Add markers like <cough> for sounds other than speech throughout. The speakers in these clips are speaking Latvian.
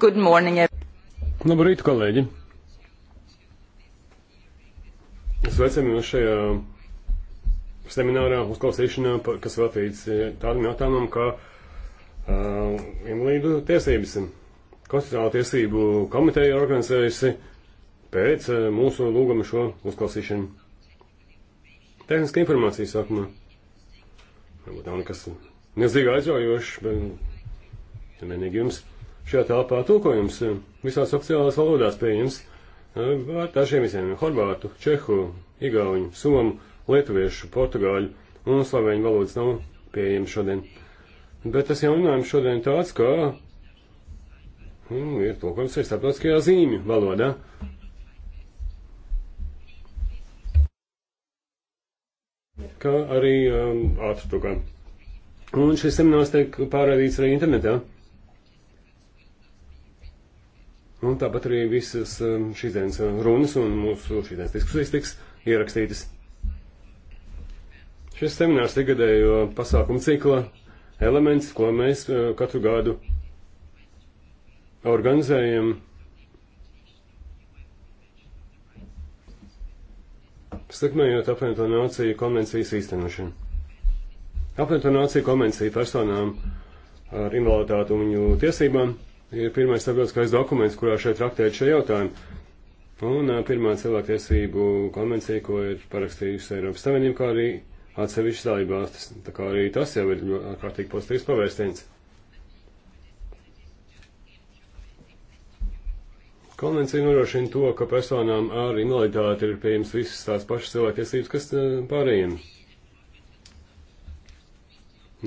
Good morning. Labrīt, kolēģi. Sveicam jūs šajā seminārā uzklausīšanā, kas veltīts eh, tādam jautājumam, kā uh, invalīdu tiesības. Konstitucionāla tiesību komiteja organizējusi pēc uh, mūsu lūguma šo uzklausīšanu. Tehniska informācija sākumā. Varbūt nav nekas milzīgi aizraujošs, bet Ja vienīgi jums šajā telpā tulkojums eh, visās oficiālās valodās pieejams eh, ar dažiem visiem - horvātu, čehu, igauņu, somu, lietuviešu, portugāļu un slavēņu valodas nav pieejams šodien. Bet tas jauninājums šodien tāds, ka mm, ir tulkojums arī starptautiskajā zīmju valodā. Kā arī um, eh, ātrtūkā. Un šis seminārs tiek pārādīts arī internetā. Ja? Nu, un tāpat arī visas um, šīs dienas uh, runas un mūsu šīs dienas diskusijas tiks ierakstītas. Šis seminārs ir gadējo pasākumu cikla elements, ko mēs uh, katru gadu organizējam sekmējot apvienoto nāciju konvencijas īstenošanu. Apvienoto nāciju konvencija personām ar invaliditāti un viņu tiesībām ir pirmais starptautiskais dokuments, kurā šeit traktēt šo jautājumu. Un pirmā cilvēktiesību konvencija, ko ir parakstījusi Eiropas Savienība, kā arī atsevišķas dalībvalstis. Tā kā arī tas jau ir ārkārtīgi pozitīvs pavērstiens. Konvencija norošina to, ka personām ar invaliditāti ir pieejams visas tās pašas cilvēktiesības, kas pārējiem.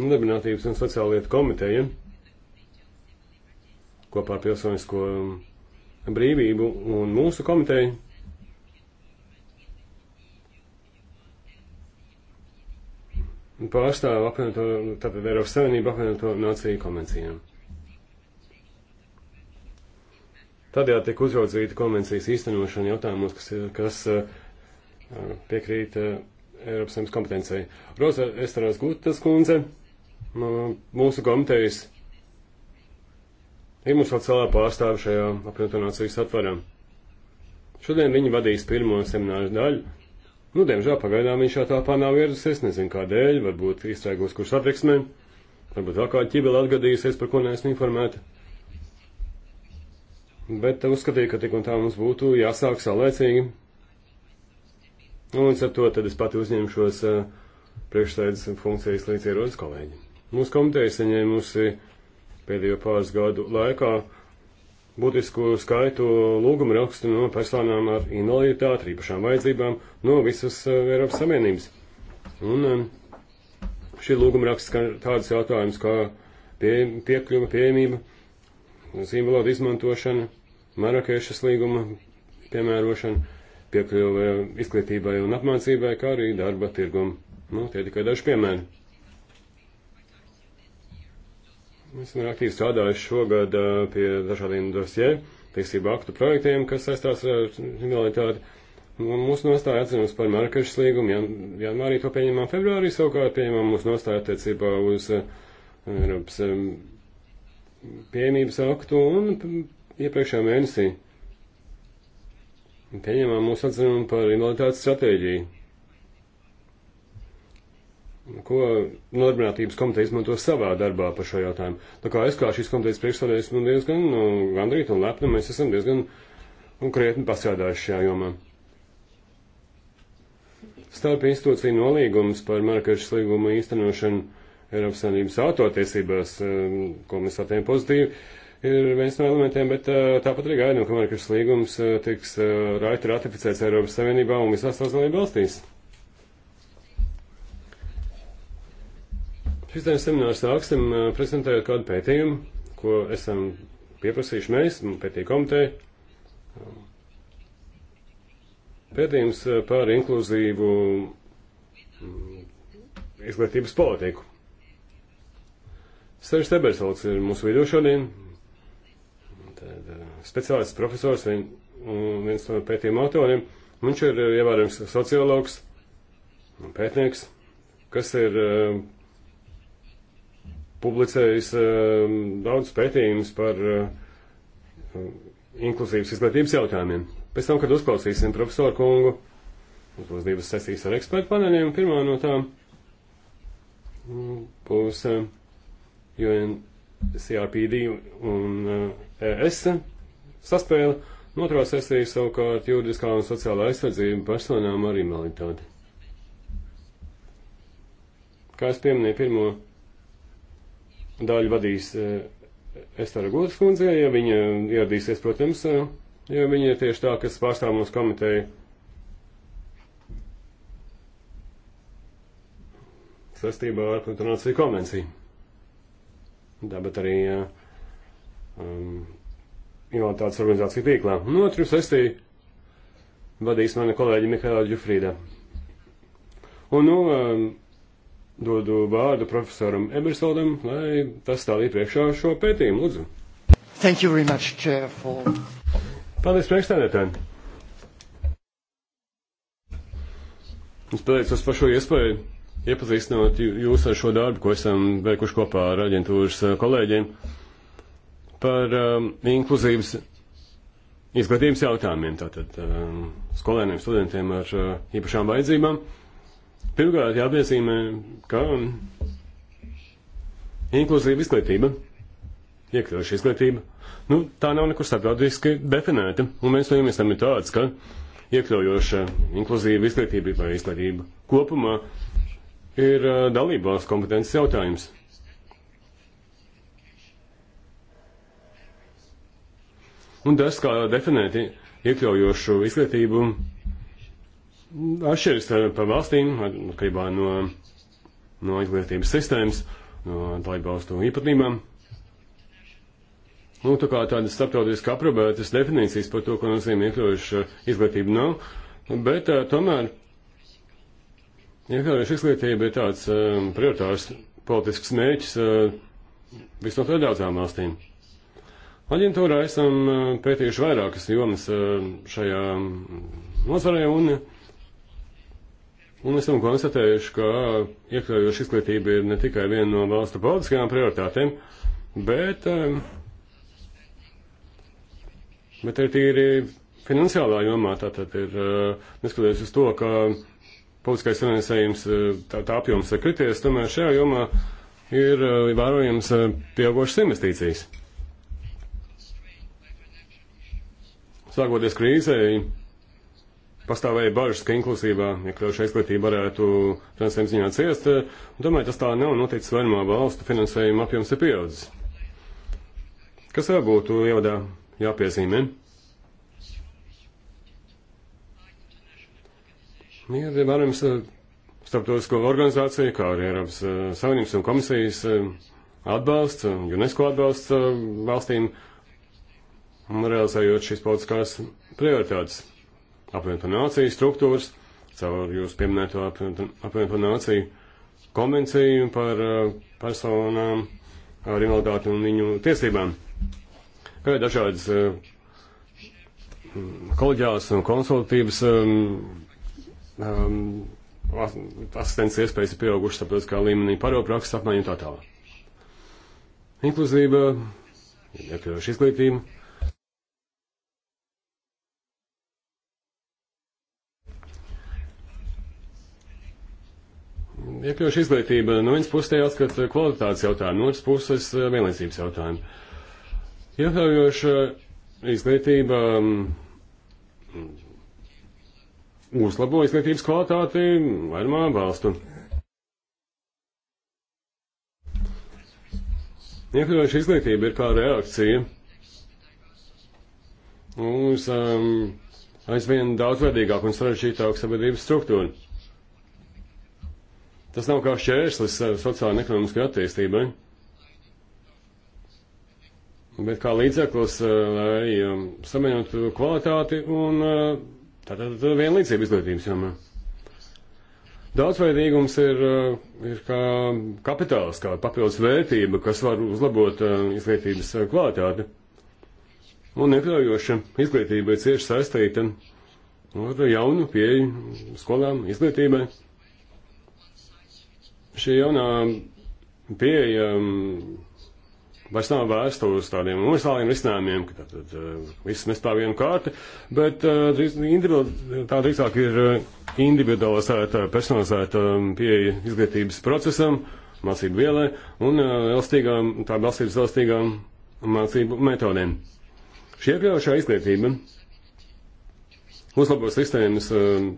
Nodarbinātības un sociālietu komiteja. Ja? kopā ar pilsonisko brīvību un mūsu komiteju. Pārstāv apvienoto, tātad Eiropas Savienību apvienoto nāciju konvencijām. Tādējādi tiek uzraudzīta konvencijas īstenošana jautājumos, kas, kas eh, piekrīt eh, Eiropas Savienības kompetencijai. Roza Estarās Gutas kundze, mūsu komitejas ir mums vēl cilvēki pārstāvi šajā apvienotā nācijas atvarā. Šodien viņi vadīs pirmo semināru daļu. Nu, diemžēl pagaidām viņš jau tāpā nav ieradusies, nezinu kādēļ, varbūt izstrēgos kurš attieksmē, varbūt vēl kāda ķibela atgadījusies, par ko neesmu informēta. Bet uzskatīju, ka tik un tā mums būtu jāsāk saulēcīgi. Un līdz ar to tad es pati uzņemšos uh, priekšsēdes funkcijas līdz ierodas kolēģi. Mūsu komiteja saņēmusi uh, pēdējo pāris gadu laikā būtisku skaitu lūgumu rakstu no personām ar invaliditāti, īpašām vajadzībām no visas eh, Eiropas Savienības. Un eh, šī lūguma raksts skar tādus jautājumus kā pie, piekļuva, pieejamība, zīmolodu izmantošana, Marakešas līguma piemērošana, piekļuva izglītībai un apmācībai, kā arī darba tirgumu. Nu, tie tikai daži piemēri. esam aktīvi strādājuši šogad pie dažādiem dosjē, tiesību aktu projektiem, kas saistās ar kriminalitāti. Nu, mūsu nostāja atzinums par Marakešas līgumu, janvārī to pieņemām februārī, savukārt pieņemām mūsu nostāja attiecībā uz Eiropas pieejamības aktu un iepriekšējā mēnesī pieņemām mūsu atzinumu par invaliditātes stratēģiju ko nodarbinātības komiteja izmanto savā darbā par šo jautājumu. Tā nu, kā es kā šīs komitejas priekšsādājs, man nu, diezgan nu, gandrīt un lepni, mēs esam diezgan nu, krietni pasēdājuši šajā jomā. Starp institūciju nolīgums par Marakešas līguma īstenošanu Eiropas Savienības autotiesībās, eh, ko mēs attiem pozitīvi, ir viens no elementiem, bet eh, tāpat arī gaidām, ka Marakešas līgums eh, tiks raiti ratificēts Eiropas Savienībā un visās tās dalība valstīs. Šis dienas seminārs sāksim prezentējot kādu pētījumu, ko esam pieprasījuši mēs, pētīja komiteja. Pētījums par inkluzīvu izglītības politiku. Servis Tebersauts ir mūsu vidū šodien. Tad, speciālists profesors, vien, viens no pētījuma autoriem. Viņš ir ievērojams sociologs un pētnieks, kas ir publicējis ehm, daudz pētījumus par eh, inklusīvas izglītības jautājumiem. Pēc tam, kad uzklausīsim profesoru kungu, uzmanības sesijas ar ekspertu paneļiem, pirmā no tām mm, būs eh, UNCRPD un ES eh, e saspēle, un otrā sesija savukārt juridiskā un sociālā aizsardzība personām ar invaliditāti. Kā es pieminēju pirmo daļu vadīs e, Estāra Gudas kundze, ja viņa ieradīsies, protams, e, jo viņa ir tieši tā, kas pārstāv mūsu komiteju. Sastībā ar Konvenāciju konvenciju. Tāpat arī e, um, invaliditātes organizācija tīklā. Un otru sestī vadīs mani kolēģi Mihāla Ģufrīda. Un, nu, um, dodu vārdu profesoram Emersonam, lai tas stādītu priekšā šo pētījumu. Lūdzu. Thank you very much, Chair, for... Paldies priekšstādētājiem. Es pateicos par šo iespēju iepazīstināt jūs ar šo darbu, ko esam veikuši kopā ar aģentūras kolēģiem par um, inkluzīvas izglītības jautājumiem, tātad um, skolēniem, studentiem ar uh, īpašām vajadzībām. Uh, Pirmkārt, jāpiezīmē, ka inkluzīva izglītība, iekļaujoša izglītība, nu, tā nav nekur starptautiski definēta, un mēs to iemeslam ir tāds, ka iekļaujoša inkluzīva izglītība vai izglītība kopumā ir dalībās kompetences jautājums. Un tas, kā definēti iekļaujošu izglītību, atšķiras pa valstīm, atkarībā no, no izglītības sistēmas, no dalībvalstu īpatnībām. Nu, tā kā tādas starptautiski aprobētas definīcijas par to, ko nozīmē iekļaujuša izglītība nav, bet uh, tomēr iekļaujuša izglītība ir tāds uh, prioritārs politisks mērķis uh, visnotaļ daudzām valstīm. Aģentūrā esam uh, pētījuši vairākas jomas uh, šajā mm, nozarē un uh, Un esam konstatējuši, ka iekļaujoša izglītība ir ne tikai viena no valstu politiskajām prioritātēm, bet, um, bet arī tīri finansiālā jomā. Tātad ir, uh, neskatoties uz to, ka politiskais finansējums, uh, tā, tā apjoms ir krities, tomēr šajā jomā ir uh, vērojams pieaugošas investīcijas. Sākoties krīzei, pastāvēja bažas, ka inklusīvā iekļauša ja izglītība varētu finansējuma ziņā ciest. Domāju, tas tā nav noticis vairumā valstu finansējuma apjoms ir pieaudzis. Kas vēl būtu ievadā jāpiezīmē? Ir varams eh, starptautisko organizāciju, kā arī Eiropas eh, Savienības un komisijas eh, atbalsts, UNESCO atbalsts valstīm, realizējot šīs politiskās prioritātes apvienoto nāciju struktūras, caur jūsu pieminēto apvienoto nāciju konvenciju par uh, personām ar invaliditāti un viņu tiesībām. Kā ir dažādas uh, kolēģās un konsultatīvas um, um, asistents iespējas ir pieaugušas starptautiskā līmenī paroprakses apmaiņu tā tālāk. Inkluzība, iekļaujoša izglītība. iekļaujuši izglītība. No vienas puses te jāskat kvalitātes jautājumu, no otras puses eh, vienlīdzības jautājumu. Iekļaujoša izglītība mm, uzlabo izglītības kvalitāti vairumā valstu. Iekļaujoša izglītība ir kā reakcija uz um, aizvien daudzveidīgāku un sarežģītāku sabiedrības struktūru. Tas nav kā šķērslis eh, sociālajai un ekonomiskai attīstībai, bet kā līdzeklis, eh, lai um, samēģinātu kvalitāti un eh, tātad vienlīdzību izglītības jomā. Daudzveidīgums ir, ir kā kapitāls, kā papildus vērtība, kas var uzlabot izglītības kvalitāti. Un iekļaujoša izglītība ir cieši saistīta ar jaunu pieeju skolām, izglītībai. Šī jaunā pieeja um, vairs nav vērsta uz tādiem universāliem risinājumiem, ka tātad uh, viss nestāv vienu kārti, bet uh, tā drīzāk ir uh, individualizēta, personalizēta um, pieeja izglītības procesam, mācību vielai un elastīgām, tā balstītas elastīgām mācību metodēm. Šī iekļaujošā izglītība uzlabos sistēmas um,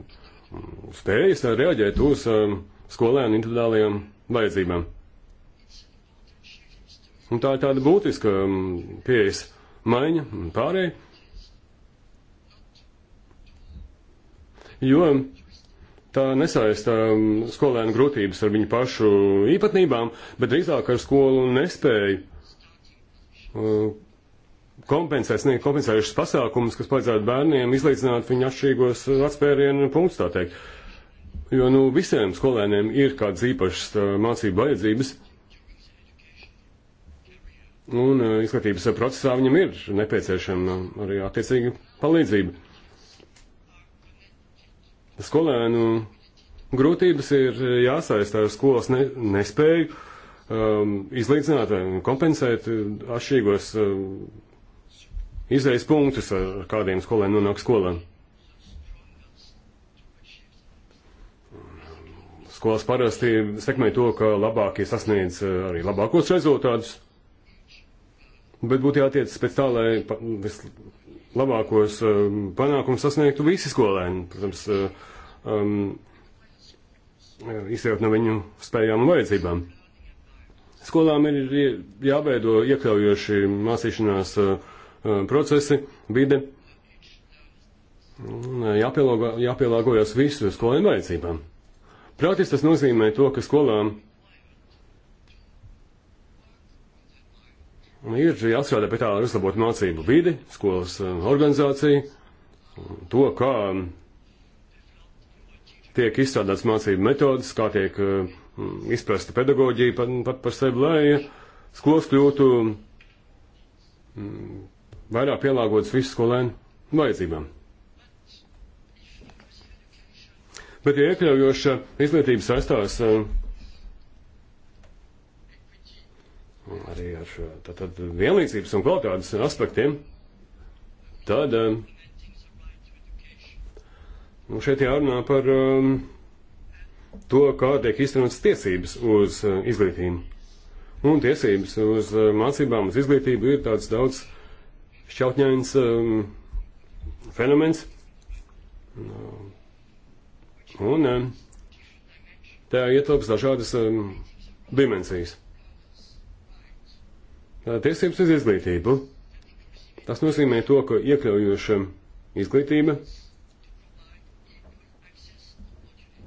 spējas reaģēt uz um, skolēnu individuālajām vajadzībām. Un tā ir tāda būtiska um, pieejas maiņa un pārēja. Jo tā nesaista um, skolēnu grūtības ar viņu pašu īpatnībām, bet drīzāk ar skolu nespēju uh, kompensēt, sniegt kompensējušas pasākumus, kas palīdzētu bērniem izlīdzināt viņu atšķirīgos atspērienu punktus, tā teikt jo nu, visiem skolēniem ir kādas īpašas mācību vajadzības. Un izglītības procesā viņam ir nepieciešama arī attiecīga palīdzība. Skolēnu grūtības ir jāsaistā ar skolas ne, nespēju um, izlīdzināt vai kompensēt atšķirīgos um, izējas punktus, ar kādiem skolēniem nonāk skolēniem. skolas parasti sekmē to, ka labākie sasniedz eh, arī labākos rezultātus, bet būtu jātiec pēc tā, lai vislabākos eh, panākumus sasniegtu visi skolēni. Protams, eh, um, izjūt no viņu spējām un vajadzībām. Skolām ir jāveido iekļaujoši mācīšanās procesi, vide, jāpielāgojas visu skolēnu vajadzībām. Praktiski tas nozīmē to, ka skolām ir jāstrādā pie tā, lai uzlabotu mācību vidi, skolas um, organizāciju, to, kā um, tiek izstrādāts mācību metodas, kā tiek uh, izprasta pedagoģija pat, pat par sevi, lai skolas kļūtu um, vairāk pielāgotas visu skolēnu vajadzībām. Bet, ja iekļaujoša izglītība saistās eh, arī ar tātad, vienlīdzības un kvalitātes aspektiem, tad eh, nu, šeit jārunā par um, to, kā tiek īstenotas tiesības uz uh, izglītību. Un tiesības uz uh, mācībām, uz izglītību ir tāds daudz šķautņains um, fenomens. Um, Un tā ietilps dažādas um, dimensijas. Tiesības uz izglītību. Tas nozīmē to, ka iekļaujoša izglītība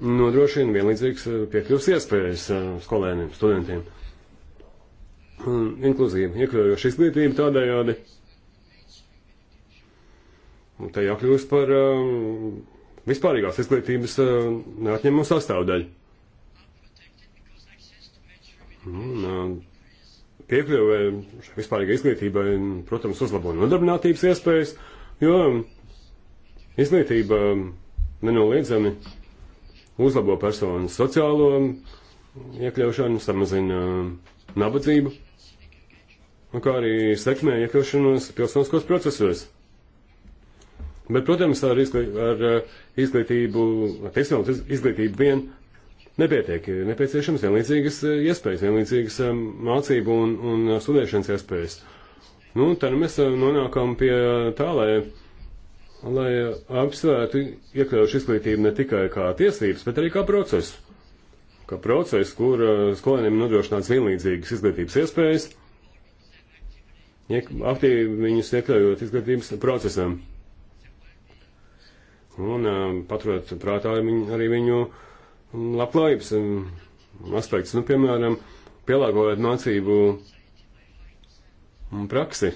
nodrošina vienlīdzīgas eh, piekļuvas iespējas eh, skolēniem, studentiem. Un inkluzīva, iekļaujoša izglītība tādējādi. Un tajā kļūst par um, vispārīgās izglītības eh, neatņemama sastāvdaļa. Un, eh, piekļuvē vispārīga izglītībai, protams, uzlabo nodarbinātības iespējas, jo izglītība eh, nenoliedzami uzlabo personu sociālo iekļaušanu, samazina nabadzību, un kā arī sekmē iekļaušanos pilsoniskos procesos. Bet, protams, ar, izglī, ar eh, izglītību, tehnoloģiju izglītību vien nepietiek. Ir nepieciešams vienlīdzīgas eh, iespējas, vienlīdzīgas eh, mācību un, un studēšanas iespējas. Nu, tad mēs nonākam pie tā, lai, lai apsvērtu iekļaujuši izglītību ne tikai kā tiesības, bet arī kā procesu. Kā procesu, kur skolēniem nodrošināts vienlīdzīgas izglītības iespējas, aktīvi viņus iekļaujot izglītības procesam. Un um, paturēt prātā viņu, arī viņu um, labklājības um, aspekts. Nu, piemēram, pielāgojot mācību praksi.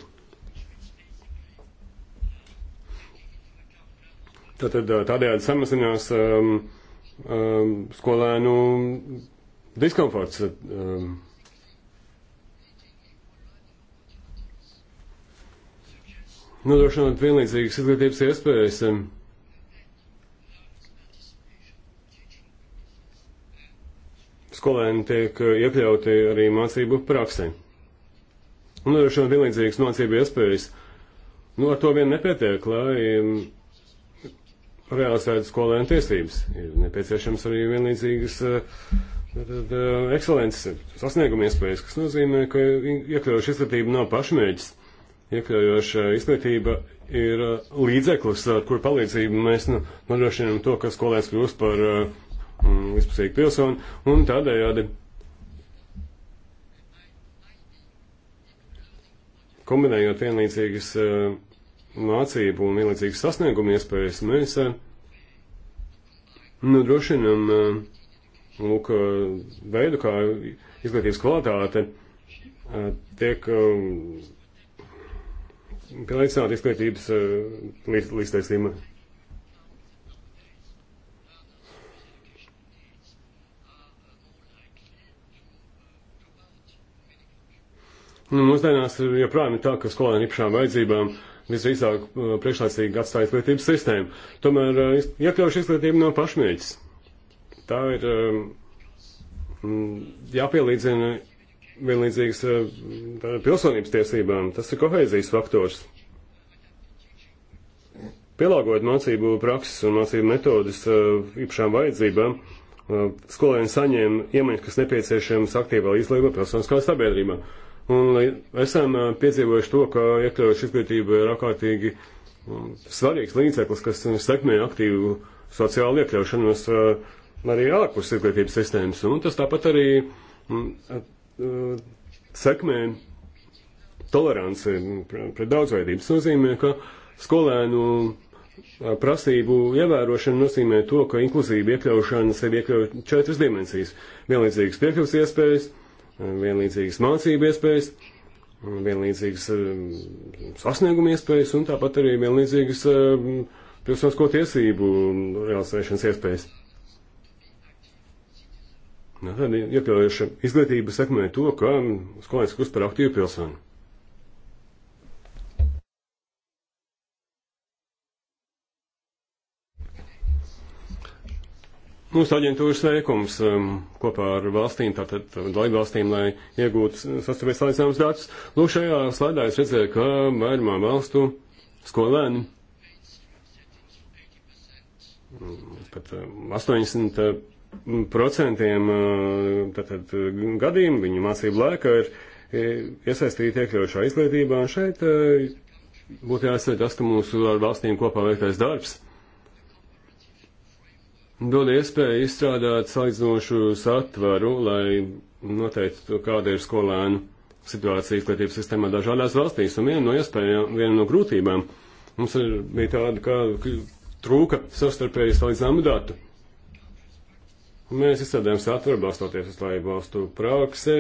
Tātad uh, tādējādi samazinās um, um, skolēnu diskomforts. Um, Nodrošinot vienlīdzīgas izglītības iespējas. Um, skolēni tiek iekļauti arī mācību praksē. Un nodrošinot vienlīdzīgas mācību iespējas, nu ar to vien nepietiek, lai mm, realizētu skolēnu tiesības. Ir nepieciešams arī vienlīdzīgas eh, eh, ekscelences sasnieguma iespējas, kas nozīmē, ka iekļaujoša izglītība nav pašmērķis. Iekļaujoša izglītība ir eh, līdzeklis, ar kur palīdzību mēs nu, nodrošinām to, ka skolēns kļūst par uh, vispusīgi pilsoni, un tādējādi kombinējot vienlīdzīgas eh, mācību un vienlīdzīgas sasniegumu iespējas, mēs eh, nodrošinam eh, lūk, veidu, kā izglītības kvalitāte tiek pielicināta izglītības līdztaisnība Nu, mūsdienās ir joprojām ir tā, ka skolēni īpašām vajadzībām visvisāk uh, priekšlaicīgi atstāja izglītības sistēmu. Tomēr uh, iekļaušu izglītību nav no pašmērķis. Tā ir um, mm, jāpielīdzina vienlīdzīgas uh, pilsonības tiesībām. Tas ir kohēzijas faktors. Pielāgojot mācību prakses un mācību metodas īpašām vajadzībām, skolēni saņem iemaņas, kas nepieciešams aktīvā izlīguma pilsoniskā sabiedrībā. Un esam piedzīvojuši to, ka iekļaujoša izglītība ir ārkārtīgi um, svarīgs līdzeklis, kas sekmē aktīvu sociālu iekļaušanos arī ārpus izglītības sistēmas. Un tas tāpat arī mm, sekmē toleranci mm, pret daudzveidības nozīmē, ka skolēnu prasību ievērošana nozīmē to, ka inkluzīva iekļaušana sev iekļauj četras dimensijas - vienlīdzīgas piekļuvas iespējas, vienlīdzīgas mācību iespējas, vienlīdzīgas eh, sasnieguma iespējas un tāpat arī vienlīdzīgas eh, pilsonisko tiesību realizēšanas iespējas. Nu, tad iekļaujoša izglītība sekmē to, ka skolēns kļūst par aktīvu pilsoni. Mūsu aģentūras veikums um, kopā ar valstīm, tātad uh, dalību valstīm, lai iegūtu sastāvēs salīdzināmus datus. Lūk, šajā slaidā es redzēju, ka vairumā valstu skolēni, mm, pat 80% um, uh, mm, uh, tātad gadījumu viņu mācību laikā ir iesaistīti iekļaujušā izglītībā, un šeit būtu jāizsver tas, ka mūsu ar valstīm kopā veiktais darbs dod iespēju izstrādāt salīdzinošu satvaru, lai noteiktu, kāda ir skolēnu situācija izglītības sistēmā dažādās valstīs. Un viena no iespējām, viena no grūtībām mums ir, bija tāda, ka trūka savstarpēji salīdzināmu datu. Un mēs izstrādājam satvaru, balstoties uz laivu valstu praksi,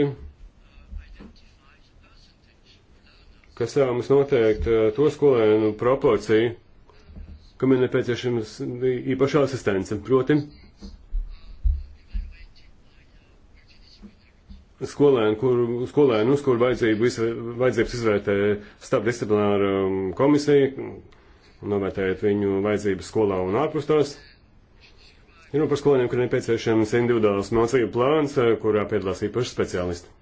kas ļāva mums noteikt eh, to skolēnu proporciju kam ir nepieciešams īpaša asistence. Proti, skolēnu, kur, skolēnu uz kuru vajadzību, vajadzības izvērtē starpdisciplināra um, komisija, novērtējot viņu vajadzības skolā un ārpus tās. Ir par skolēniem, kuriem nepieciešams individuāls mācību plāns, uh, kurā piedalās īpaši speciālisti.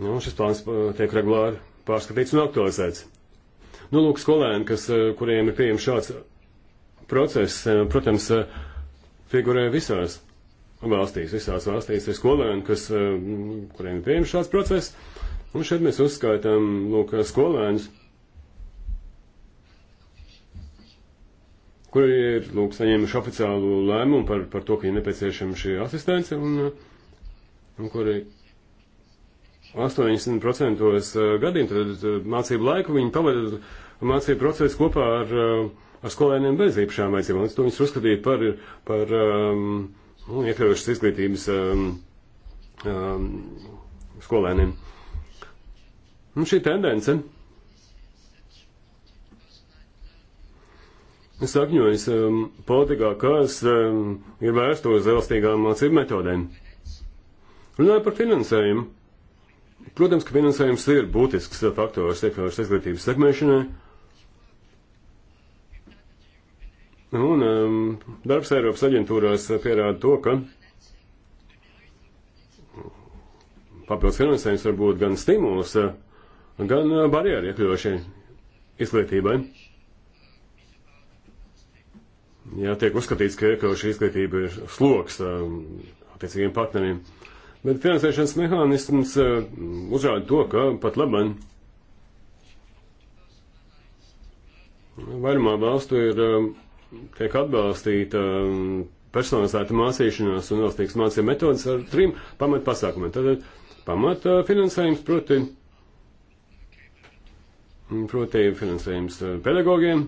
Nu, šis plāns uh, tiek regulāri pārskatīts un aktualizēts. Nu, lūk, skolēni, kas, eh, kuriem ir pieejams šāds eh, process, eh, protams, figurē visās valstīs. Visās valstīs ir skolēni, kas, mm, kuriem ir pieejams šāds process. Un šeit mēs uzskaitām, lūk, skolēnus, kuri ir lūk, saņēmuši oficiālu lēmumu par, par to, ka ir nepieciešama šī asistence, un, un kuri 80% eh, gadījumu, tad eh, mācību laiku viņi pavadīja mācību procesu kopā ar, eh, ar skolēniem bez īpašām vajadzībām. Līdz to viņus uzskatīja par, par um, nu, iekļaujušas izglītības um, um, skolēniem. Nu, šī tendence sakņojas um, politikā, kas um, ir vērsta uz elastīgām mācību metodēm. Runāju par finansējumu. Protams, ka finansējums ir būtisks faktors iekļaujošas izglītības sekmēšanai. Un um, darbs Eiropas aģentūrās pierāda to, ka papildus finansējums var būt gan stimuls, gan barjeri iekļaujošai izglītībai. Jā, tiek uzskatīts, ka iekļaujoša izglītība ir sloks um, attiecīgiem partneriem. Uh, Bet finansēšanas mehānisms eh, uzrāda to, ka pat labam vairumā valstu ir eh, tiek atbalstīta eh, personalizēta mācīšanās un elastīgas mācību metodas ar trim pamat pasākumiem. Tātad pamat finansējums, proti, proti finansējums pedagogiem,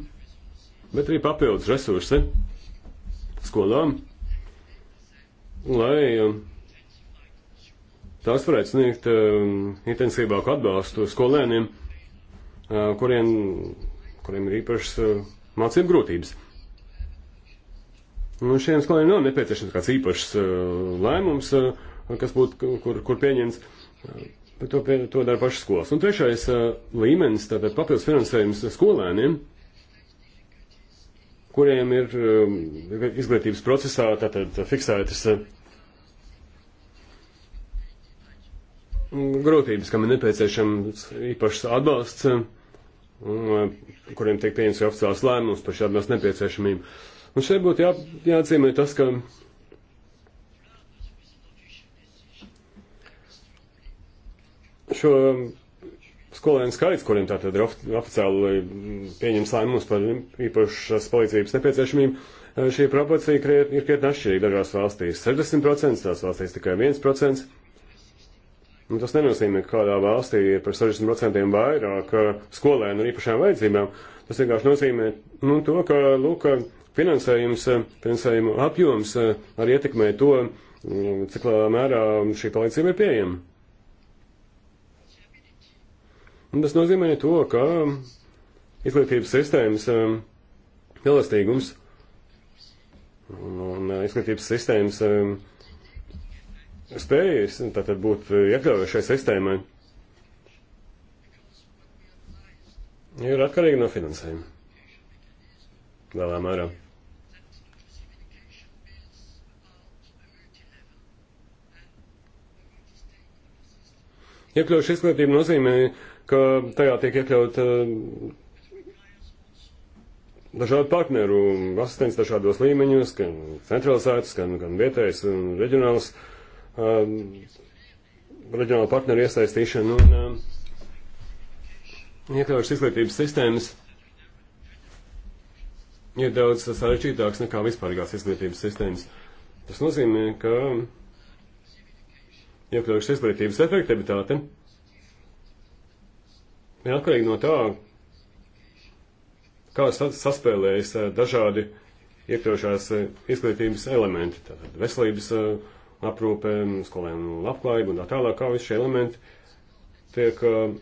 bet arī papildus resursi skolām, lai tās varētu sniegt um, intensīvāku atbalstu skolēniem, uh, kuriem, kuriem ir īpašas uh, mācību grūtības. Un nu, šiem skolēniem nav nepieciešams kāds īpašs uh, lēmums, uh, kas būtu, kur, kur pieņems. Uh, to, to dara pašas skolas. Un trešais uh, līmenis, tātad papildus finansējums skolēniem, kuriem ir uh, izglītības procesā tātad fiksētas. Uh, grūtības, kam ir nepieciešams īpašs atbalsts, un, uh, kuriem tiek pieņems oficiāls lēmums par šī atbalsta nepieciešamību. Un šeit būtu jā, jāatzīmē tas, ka šo skolēnu skaits, kuriem tātad ir oficiāli pieņems lēmums par īpašas palīdzības nepieciešamību, uh, šī proporcija ir krietni atšķirīga dažās valstīs. 60% tās valstīs tikai 1%. Un tas nenozīmē, ka kādā valstī ir par 60% vairāk uh, skolēnu ar īpašām vajadzībām. Tas vienkārši nozīmē nu, to, ka lūk, uh, finansējums, uh, finansējuma apjoms arī ietekmē to, cik lielā mērā šī palīdzība ir pieejama. Un tas nozīmē to, ka izglītības sistēmas elastīgums um, un izglītības sistēmas. Um, spējas tātad būt iekļaujošai sistēmai ir atkarīga no finansējuma. Lielā mērā. Iekļaujuša izglītība nozīmē, ka tajā tiek iekļaut eh, dažādu partneru asistents dažādos līmeņos, gan centralizētas, gan, gan vietējas un reģionālas. Uh, um, reģionāla partneru iesaistīšanu un um, iekļaujušas izglītības sistēmas ir daudz sarežģītāks nekā vispārīgās izglītības sistēmas. Tas nozīmē, ka iekļaujušas izglītības efektivitāte ir atkarīga no tā, kā saspēlējas uh, dažādi iekļaujušās uh, izglītības elementi, tātad veselības uh, aprūpēm, skolēnu labklājību un tā tālāk, kā visi šie elementi tiek uh,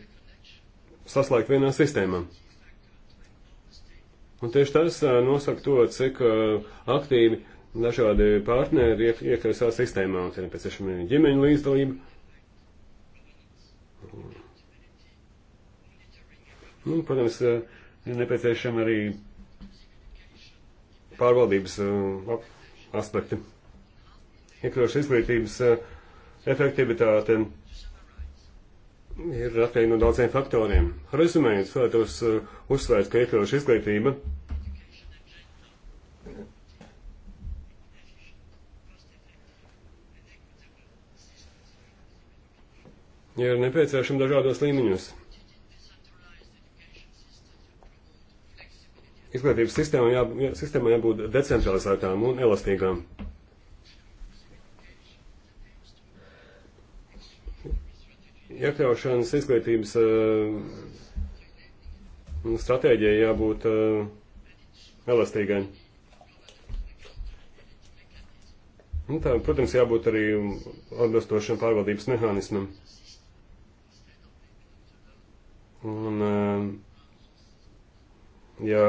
saslēgt vienā sistēmā. Un tieši tas uh, nosaka to, cik uh, aktīvi dažādi partneri iek iekļausās sistēmā, un ir nepieciešama ģimeņa līdzdalība. Nu, protams, uh, ir nepieciešama arī pārvaldības uh, aspekti iekļaušu izglītības eh, efektivitāte ir atkarīga no daudziem faktoriem. Rezumējot, vēlētos eh, uzsvērt, ka iekļaušu izglītība ir nepieciešama dažādos līmeņos. Izglītības sistēmā, jā, sistēmā jābūt decentralizētām un elastīgām. iekļaušanas izglītības eh, stratēģijai jābūt eh, elastīgai. Un nu, tā, protams, jābūt arī atbilstošam pārvaldības mehānismam. Un, eh, ja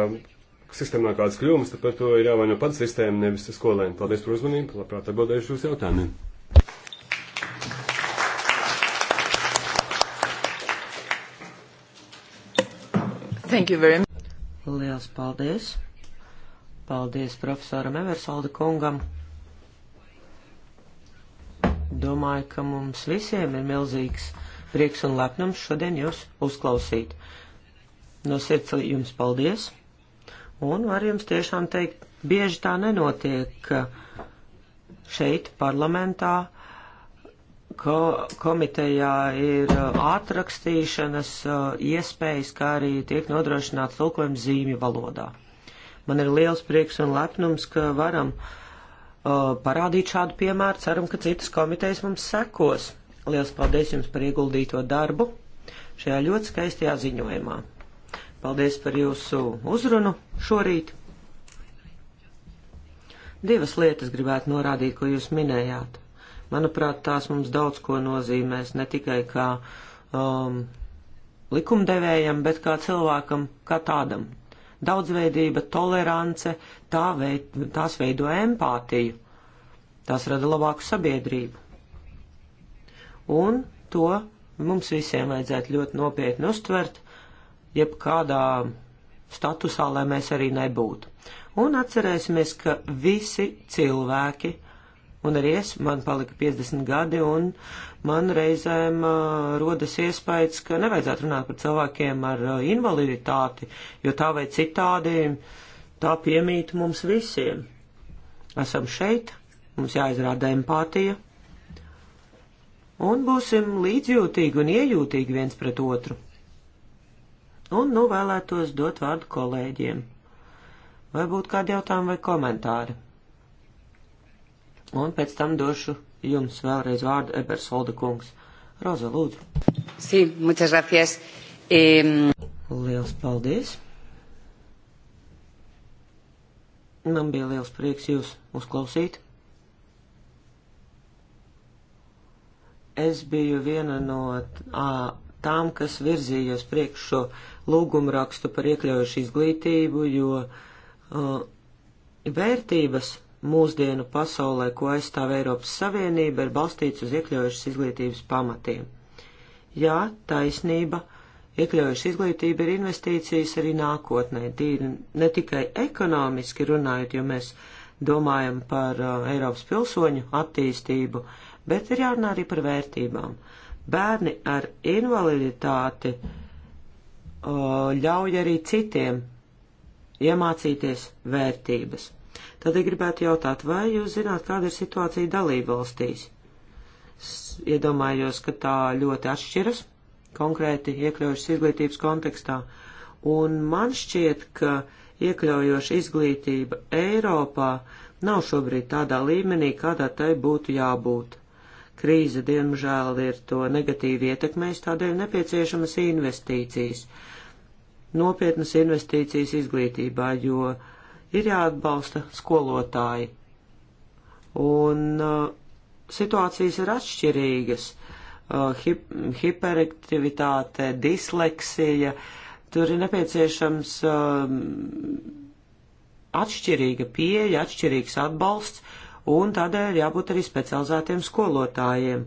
sistēmā kādas kļūmas, tad par to ir jāvaino pats sistēma, nevis skolēni. Paldies par uzmanību, labprāt atbildējuši uz jautājumiem. Mm. Thank you very much. Liels paldies. Paldies profesoram Eversolda kungam. Domāju, ka mums visiem ir milzīgs prieks un lepnums šodien jūs uzklausīt. No sirds jums paldies. Un var jums tiešām teikt, bieži tā nenotiek, ka šeit parlamentā ko, komitejā ir uh, atrakstīšanas uh, iespējas, kā arī tiek nodrošināts tulkojums zīmju valodā. Man ir liels prieks un lepnums, ka varam uh, parādīt šādu piemēru. Ceram, ka citas komitejas mums sekos. Liels paldies jums par ieguldīto darbu šajā ļoti skaistajā ziņojumā. Paldies par jūsu uzrunu šorīt. Divas lietas gribētu norādīt, ko jūs minējāt Manuprāt, tās mums daudz ko nozīmēs ne tikai kā um, likumdevējam, bet kā cilvēkam, kā tādam. Daudzveidība, tolerance, tā veid, tās veido empātiju, tās rada labāku sabiedrību. Un to mums visiem vajadzētu ļoti nopietni uztvert, jebkādā statusā, lai mēs arī nebūtu. Un atcerēsimies, ka visi cilvēki Un arī es, man palika 50 gadi, un man reizēm uh, rodas iespējas, ka nevajadzētu runāt par cilvēkiem ar uh, invaliditāti, jo tā vai citādi tā piemīt mums visiem. Esam šeit, mums jāizrāda empātija, un būsim līdzjūtīgi un iejūtīgi viens pret otru. Un nu vēlētos dot vārdu kolēģiem. Vai būtu kādi jautājumi vai komentāri? Un pēc tam došu jums vēlreiz vārdu Ebersolda kungs. Roza, lūdzu. Sí, muchas gracias. Um... Liels paldies. Man bija liels prieks jūs uzklausīt. Es biju viena no tām, kas virzījās priekš šo lūgumu rakstu par iekļaujušu izglītību, jo uh, vērtības mūsdienu pasaulē, ko aizstāv Eiropas Savienība, ir balstīts uz iekļaujušas izglītības pamatiem. Jā, taisnība, iekļaujuša izglītība ir investīcijas arī nākotnē, tīri ne tikai ekonomiski runājot, jo mēs domājam par uh, Eiropas pilsoņu attīstību, bet ir jārunā arī par vērtībām. Bērni ar invaliditāti uh, ļauj arī citiem iemācīties vērtības. Tādēļ gribētu jautāt, vai jūs zināt, kāda ir situācija dalībvalstīs? Iedomājos, ka tā ļoti atšķiras, konkrēti iekļaujušas izglītības kontekstā, un man šķiet, ka iekļaujoša izglītība Eiropā nav šobrīd tādā līmenī, kādā tai būtu jābūt. Krīze, diemžēl, ir to negatīvi ietekmējis, tādēļ nepieciešamas investīcijas, nopietnas investīcijas izglītībā, jo uh, ir jāatbalsta skolotāji. Un uh, situācijas ir atšķirīgas. Uh, hip, hiperaktivitāte, disleksija, tur ir nepieciešams uh, atšķirīga pieeja, atšķirīgs atbalsts, un tādēļ jābūt arī specializētiem skolotājiem.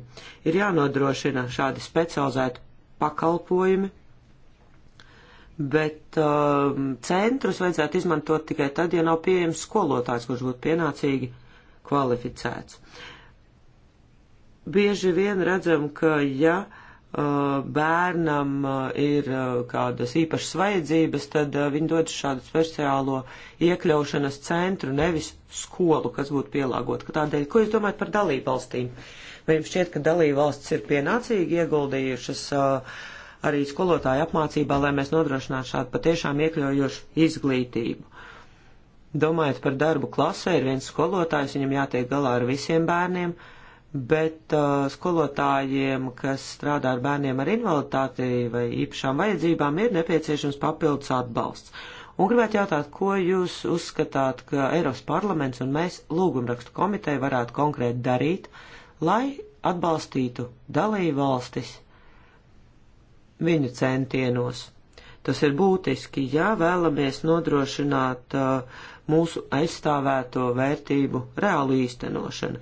Ir jānodrošina šādi specializēti pakalpojumi bet um, centrus vajadzētu izmantot tikai tad, ja nav pieejams skolotājs, kurš būtu pienācīgi kvalificēts. Bieži vien redzam, ka ja uh, bērnam uh, ir uh, kādas īpašas vajadzības, tad uh, viņi dod šādu speciālo iekļaušanas centru, nevis skolu, kas būtu pielāgot. Ka tādēļ, ko jūs domājat par dalību valstīm? Vai jums šķiet, ka dalību valsts ir pienācīgi ieguldījušas uh, arī skolotāju apmācībā, lai mēs nodrošinātu šādu patiešām iekļaujošu izglītību. Domājot par darbu klasē, ir viens skolotājs, viņam jātiek galā ar visiem bērniem, bet uh, skolotājiem, kas strādā ar bērniem ar invaliditāti vai īpašām vajadzībām, ir nepieciešams papildus atbalsts. Un gribētu jautāt, ko jūs uzskatāt, ka Eiropas parlaments un mēs lūgumrakstu komiteja varētu konkrēti darīt, lai atbalstītu dalību valstis viņu centienos. Tas ir būtiski, ja vēlamies nodrošināt uh, mūsu aizstāvēto vērtību reālu īstenošanu.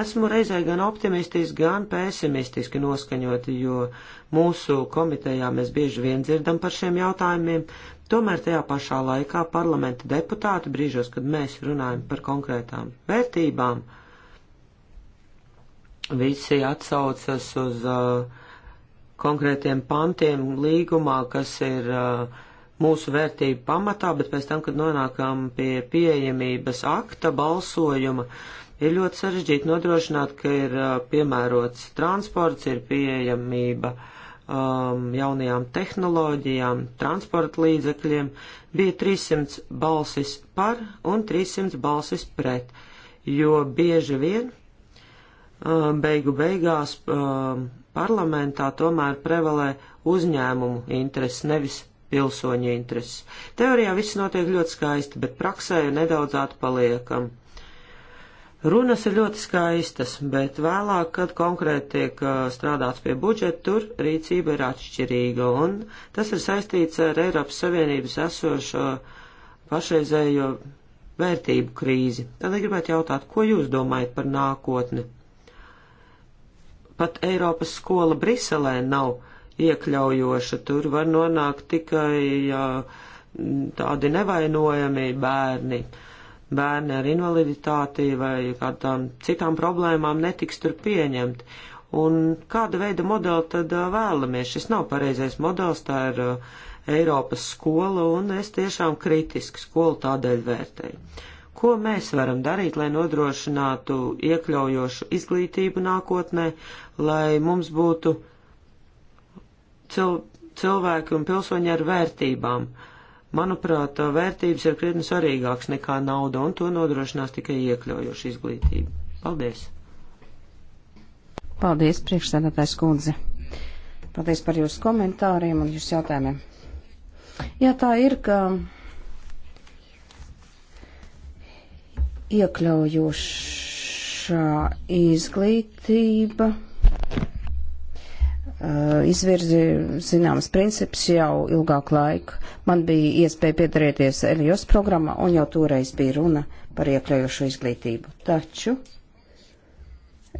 Esmu reizē gan optimistiski, gan pesimistiski noskaņoti, jo mūsu komitejā mēs bieži vien dzirdam par šiem jautājumiem, tomēr tajā pašā laikā parlamenta deputāti brīžos, kad mēs runājam par konkrētām vērtībām, visi atsaucas uz uh, konkrētiem pantiem līgumā, kas ir uh, mūsu vērtību pamatā, bet pēc tam, kad nonākam pie pieejamības akta balsojuma, ir ļoti sarežģīti nodrošināt, ka ir uh, piemērots transports, ir pieejamība um, jaunajām tehnoloģijām, transporta līdzekļiem. Bija 300 balsis par un 300 balsis pret, jo bieži vien um, beigu beigās um, parlamentā tomēr prevalē uzņēmumu intereses, nevis pilsoņu intereses. Teorijā viss notiek ļoti skaisti, bet praksē nedaudz atpaliekam. Runas ir ļoti skaistas, bet vēlāk, kad konkrēti tiek strādāts pie budžeta, tur rīcība ir atšķirīga, un tas ir saistīts ar Eiropas Savienības esošo pašreizējo vērtību krīzi. Tad gribētu jautāt, ko jūs domājat par nākotni? Pat Eiropas skola Briselē nav iekļaujoša, tur var nonākt tikai tādi nevainojami bērni. Bērni ar invaliditāti vai kādām citām problēmām netiks tur pieņemti. Un kāda veida modeli tad vēlamies? Šis nav pareizais modelis, tā ir Eiropas skola, un es tiešām kritiski skolu tādēļ vērtēju. Ko mēs varam darīt, lai nodrošinātu iekļaujošu izglītību nākotnē, lai mums būtu cil cilvēki un pilsoņi ar vērtībām. Manuprāt, vērtības ir krietni svarīgāks nekā nauda, un to nodrošinās tikai iekļaujoša izglītība. Paldies! Paldies, priekšsēdētājs kundze! Paldies par jūsu komentāriem un jūsu jautājumiem. Jā, tā ir, ka iekļaujoša izglītība Eh, izvirzi zināmas principus jau ilgāku laiku. Man bija iespēja piedarīties Elijos programmā, un jau toreiz bija runa par iekļaujošu izglītību. Taču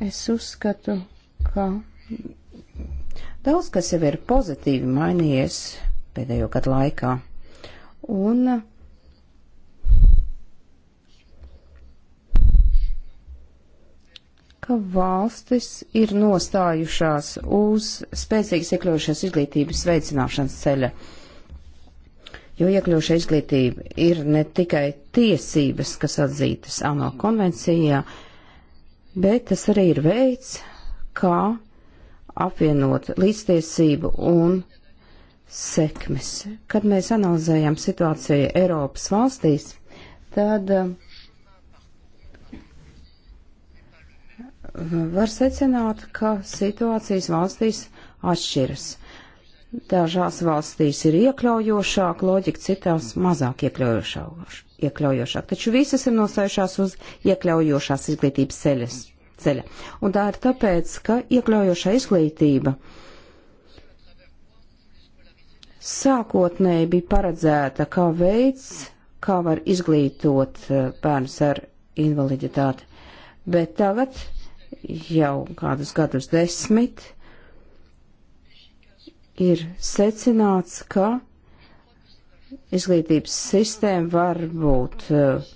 es uzskatu, ka daudz kas jau ir pozitīvi mainījies pēdējo gadu laikā. Un ka valstis ir nostājušās uz spēcīgas iekļaujušās izglītības veicināšanas ceļa. Jo iekļaujušā izglītība ir ne tikai tiesības, kas atzītas ANO konvencijā, bet tas arī ir veids, kā apvienot līdztiesību un sekmes. Kad mēs analizējam situāciju Eiropas valstīs, tad uh, var secināt, ka situācijas valstīs atšķiras. Dažās valstīs ir iekļaujošāk loģika, citās mazāk iekļaujošāk. iekļaujošāk. Taču visas ir nostājušās uz iekļaujošās izglītības ceļas, ceļa. Un tā ir tāpēc, ka iekļaujošā izglītība sākotnēji bija paredzēta kā veids, kā var izglītot eh, bērnus ar invaliditāti. Bet tagad jau kādus gadus desmit ir secināts, ka izglītības sistēma var būt uh,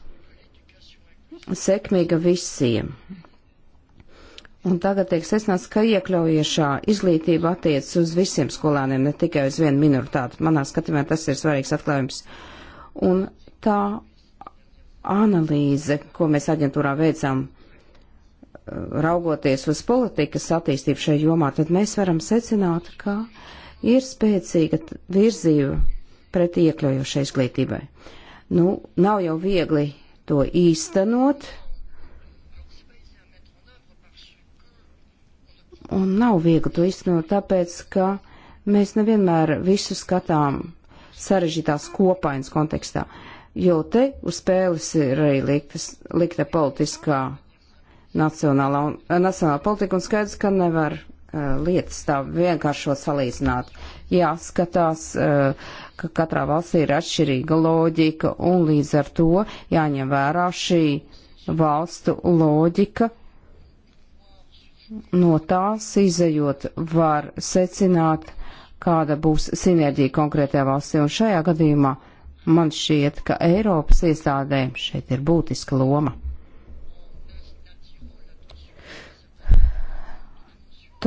sekmīga visiem. Un tagad tiek secināts, ka iekļaujošā izglītība attiec uz visiem skolāniem, ne tikai uz vienu minoritāti. Manā skatījumā tas ir svarīgs atklājums. Un tā analīze, ko mēs aģentūrā veicām, raugoties uz politikas attīstību šajā jomā, tad mēs varam secināt, ka ir spēcīga virzība pret iekļaujošai izglītībai. Nu, nav jau viegli to īstenot, un nav viegli to īstenot, tāpēc, ka mēs nevienmēr visu skatām sarežģītās kopainas kontekstā, jo te uz spēles ir arī liktas, likta politiskā nacionālā, un, eh, nacionālā politika un skaidrs, ka nevar uh, lietas tā vienkāršo salīdzināt. Jāskatās, uh, eh, ka katrā valstī ir atšķirīga loģika un līdz ar to jāņem vērā šī valstu loģika. No tās izējot var secināt, kāda būs sinerģija konkrētajā valstī un šajā gadījumā man šķiet, ka Eiropas iestādēm šeit ir būtiska loma.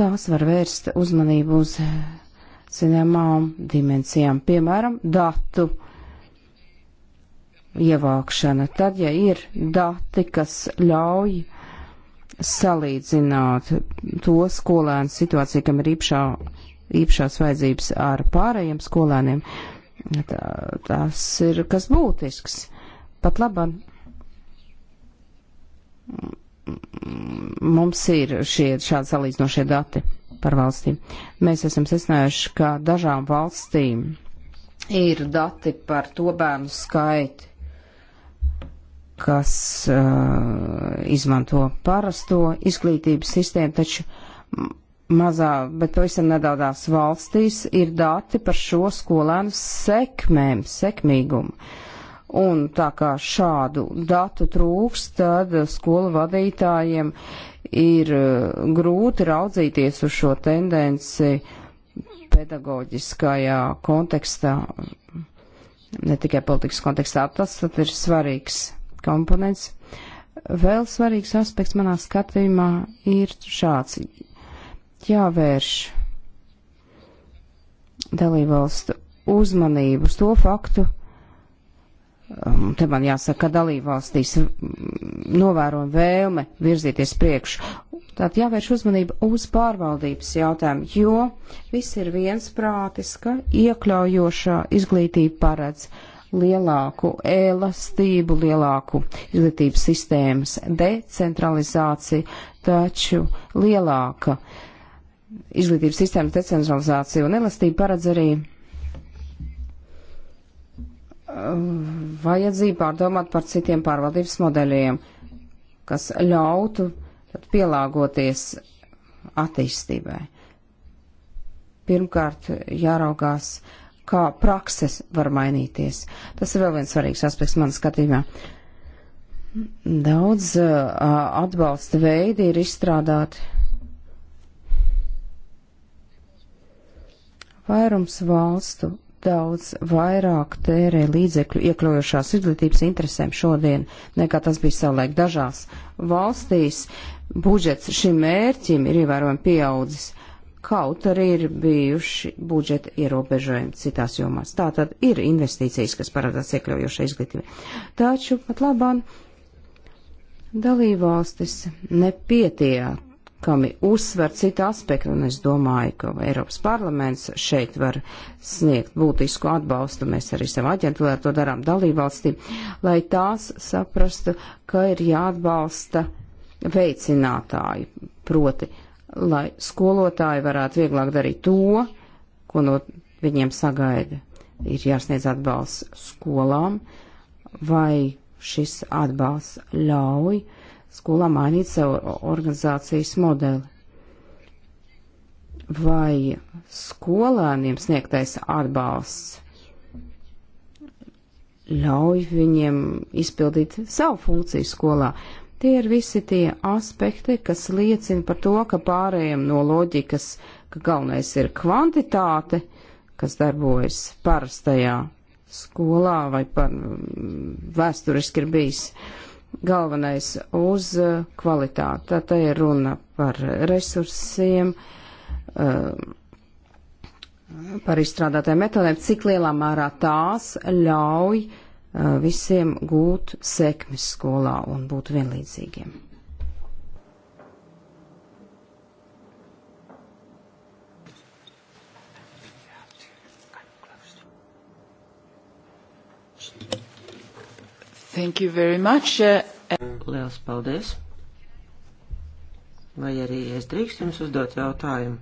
tās var vērst uzmanību uz zināmām dimensijām, piemēram, datu ievākšana. Tad, ja ir dati, kas ļauj salīdzināt to skolēnu situāciju, kam ir īpašā, īpašās vajadzības ar pārējiem skolēniem, tā, tas ir kas būtisks. Pat labam mums ir šie šādi salīdzinošie dati par valstīm. Mēs esam secinājuši, ka dažām valstīm ir dati par to bērnu skaitu, kas uh, izmanto parasto izglītības sistēmu, taču mazā, bet pavisam nedaudās valstīs ir dati par šo skolēnu sekmēm, sekmīgumu. Uh, Un tā kā šādu datu trūks, tad skolu vadītājiem ir e, grūti raudzīties uz šo tendenci pedagoģiskajā kontekstā, ne tikai politikas kontekstā. Tas tad ir svarīgs komponents. Vēl svarīgs aspekts manā skatījumā ir šāds. Jāvērš dalībvalstu uzmanību uz to faktu, Um, te man jāsaka, ka dalībvalstīs mm, novērojam vēlme virzīties priekš. Tātad jāvērš uzmanība uz pārvaldības jautājumu, jo viss ir viensprātis, ka iekļaujošā izglītība paredz lielāku elastību, lielāku izglītības sistēmas decentralizāciju, taču lielāka izglītības sistēmas decentralizācija un elastība paredz arī vajadzību pārdomāt par citiem pārvaldības modeļiem, kas ļautu pielāgoties attīstībai. Pirmkārt, jāraugās, kā prakses var mainīties. Tas ir vēl viens svarīgs aspekts manā skatījumā. Daudz uh, atbalsta veidi ir izstrādāti. Vairums valstu daudz vairāk tērē līdzekļu iekļaujošās izglītības interesēm šodien, nekā tas bija savulaik dažās valstīs. Budžets šim mērķim ir ievērojami pieaudzis, kaut arī ir bijuši budžeta ierobežojumi citās jomās. Tā tad ir investīcijas, kas parādās iekļaujošai izglītībai. Taču pat labāk dalībvalstis nepietiek pietiekami uzsver citu aspektu, un es domāju, ka Eiropas parlaments šeit var sniegt būtisku atbalstu, mēs arī savu aģentūru ar to darām dalībvalstīm, lai tās saprastu, ka ir jāatbalsta veicinātāji, proti, lai skolotāji varētu vieglāk darīt to, ko no viņiem sagaida. Ir jāsniedz atbalsts skolām, vai šis atbalsts ļauj uh, skolām mainīt savu organizācijas modeli. Vai skolēniem sniegtais atbalsts ļauj viņiem izpildīt savu funkciju skolā? Tie ir visi tie aspekti, kas liecina par to, ka pārējiem no loģikas, ka galvenais ir kvantitāte, kas darbojas parastajā skolā vai par, mm, vēsturiski ir bijis. Uh, galvenais uz uh, kvalitāti. Tā te ir runa par resursiem, uh, par izstrādātām metodēm, cik lielā mērā tās ļauj uh, visiem gūt sekmes skolā un būt vienlīdzīgiem. Thank you very much. Uh, Liels paldies. Vai arī es drīkstu jums uzdot jautājumu?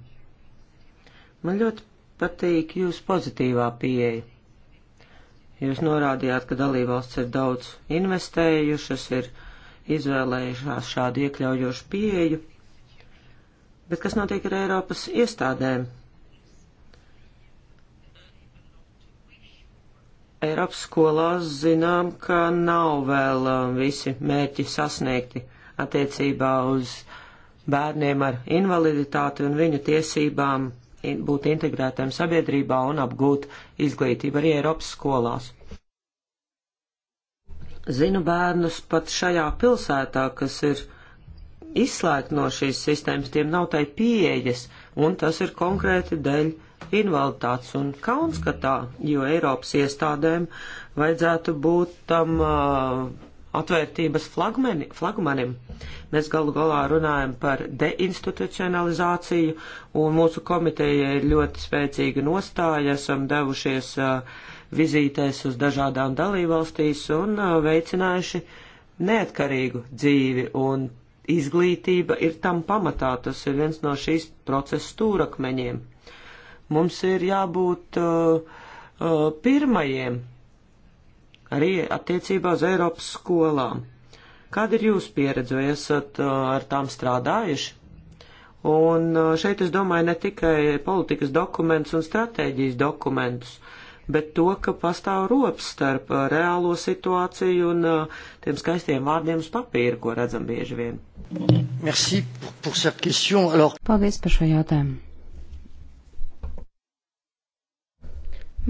Man ļoti patīk jūsu pozitīvā pieeja. Jūs norādījāt, ka dalībvalsts ir daudz investējušas, ir izvēlējušās šādu iekļaujošu pieeju. Bet kas notiek ar Eiropas iestādēm? Eiropas skolās zinām, ka nav vēl um, visi mērķi sasniegti attiecībā uz bērniem ar invaliditāti un viņu tiesībām būt integrētiem sabiedrībā un apgūt izglītību arī Eiropas skolās. Zinu bērnus pat šajā pilsētā, kas ir izslēgt no šīs sistēmas, tiem nav tai pieejas, un tas ir konkrēti dēļ invaliditātes un kaunskatā, jo Eiropas iestādēm vajadzētu būt tam uh, atvērtības flagmeni, flagmanim. Mēs galu galā runājam par deinstitucionalizāciju, un mūsu komiteja ir ļoti spēcīga nostāja, esam devušies uh, vizītēs uz dažādām dalībvalstīs un uh, veicinājuši neatkarīgu dzīvi, un izglītība ir tam pamatā, tas ir viens no šīs procesa stūrakmeņiem. Mums ir jābūt uh, uh, pirmajiem arī attiecībā uz Eiropas skolām. Kāda ir jūsu pieredze, vai esat uh, ar tām strādājuši? Un uh, šeit es domāju ne tikai politikas dokumentus un stratēģijas dokumentus, bet to, ka pastāv rops starp uh, reālo situāciju un uh, tiem skaistiem vārdiem uz papīra, ko redzam bieži vien. Merci pour, pour cette question. Alors... Paldies par šo jautājumu.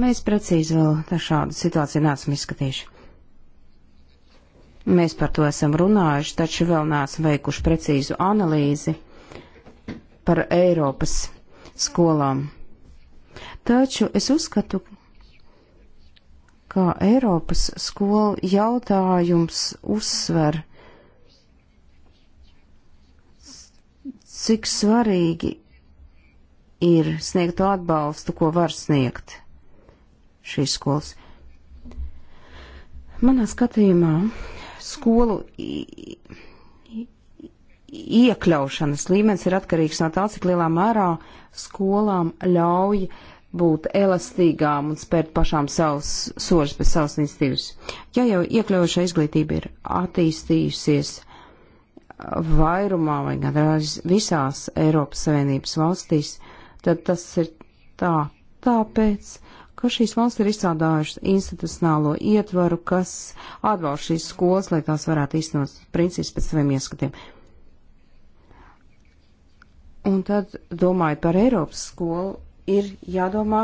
Mēs precīzi vēl šādu situāciju neesam izskatījuši. Mēs par to esam runājuši, taču vēl neesam veikuši precīzu analīzi par Eiropas skolām. Taču es uzskatu, ka Eiropas skolu jautājums uzsver, cik svarīgi ir sniegt to atbalstu, ko var sniegt šīs skolas. Manā skatījumā skolu iekļaušanas līmenis ir atkarīgs no tā, cik lielā mērā skolām ļauj būt elastīgām un spērt pašām savus soļus pēc savas institīvas. Ja jau iekļaujoša izglītība ir attīstījusies vairumā vai gandrīz visās Eiropas Savienības valstīs, tad tas ir tā tāpēc, ka šīs valsts ir izstrādājušas institucionālo ietvaru, kas atbalsta šīs skolas, lai tās varētu īstenot principus pēc saviem ieskatiem. Un tad, domājot par Eiropas skolu, ir jādomā,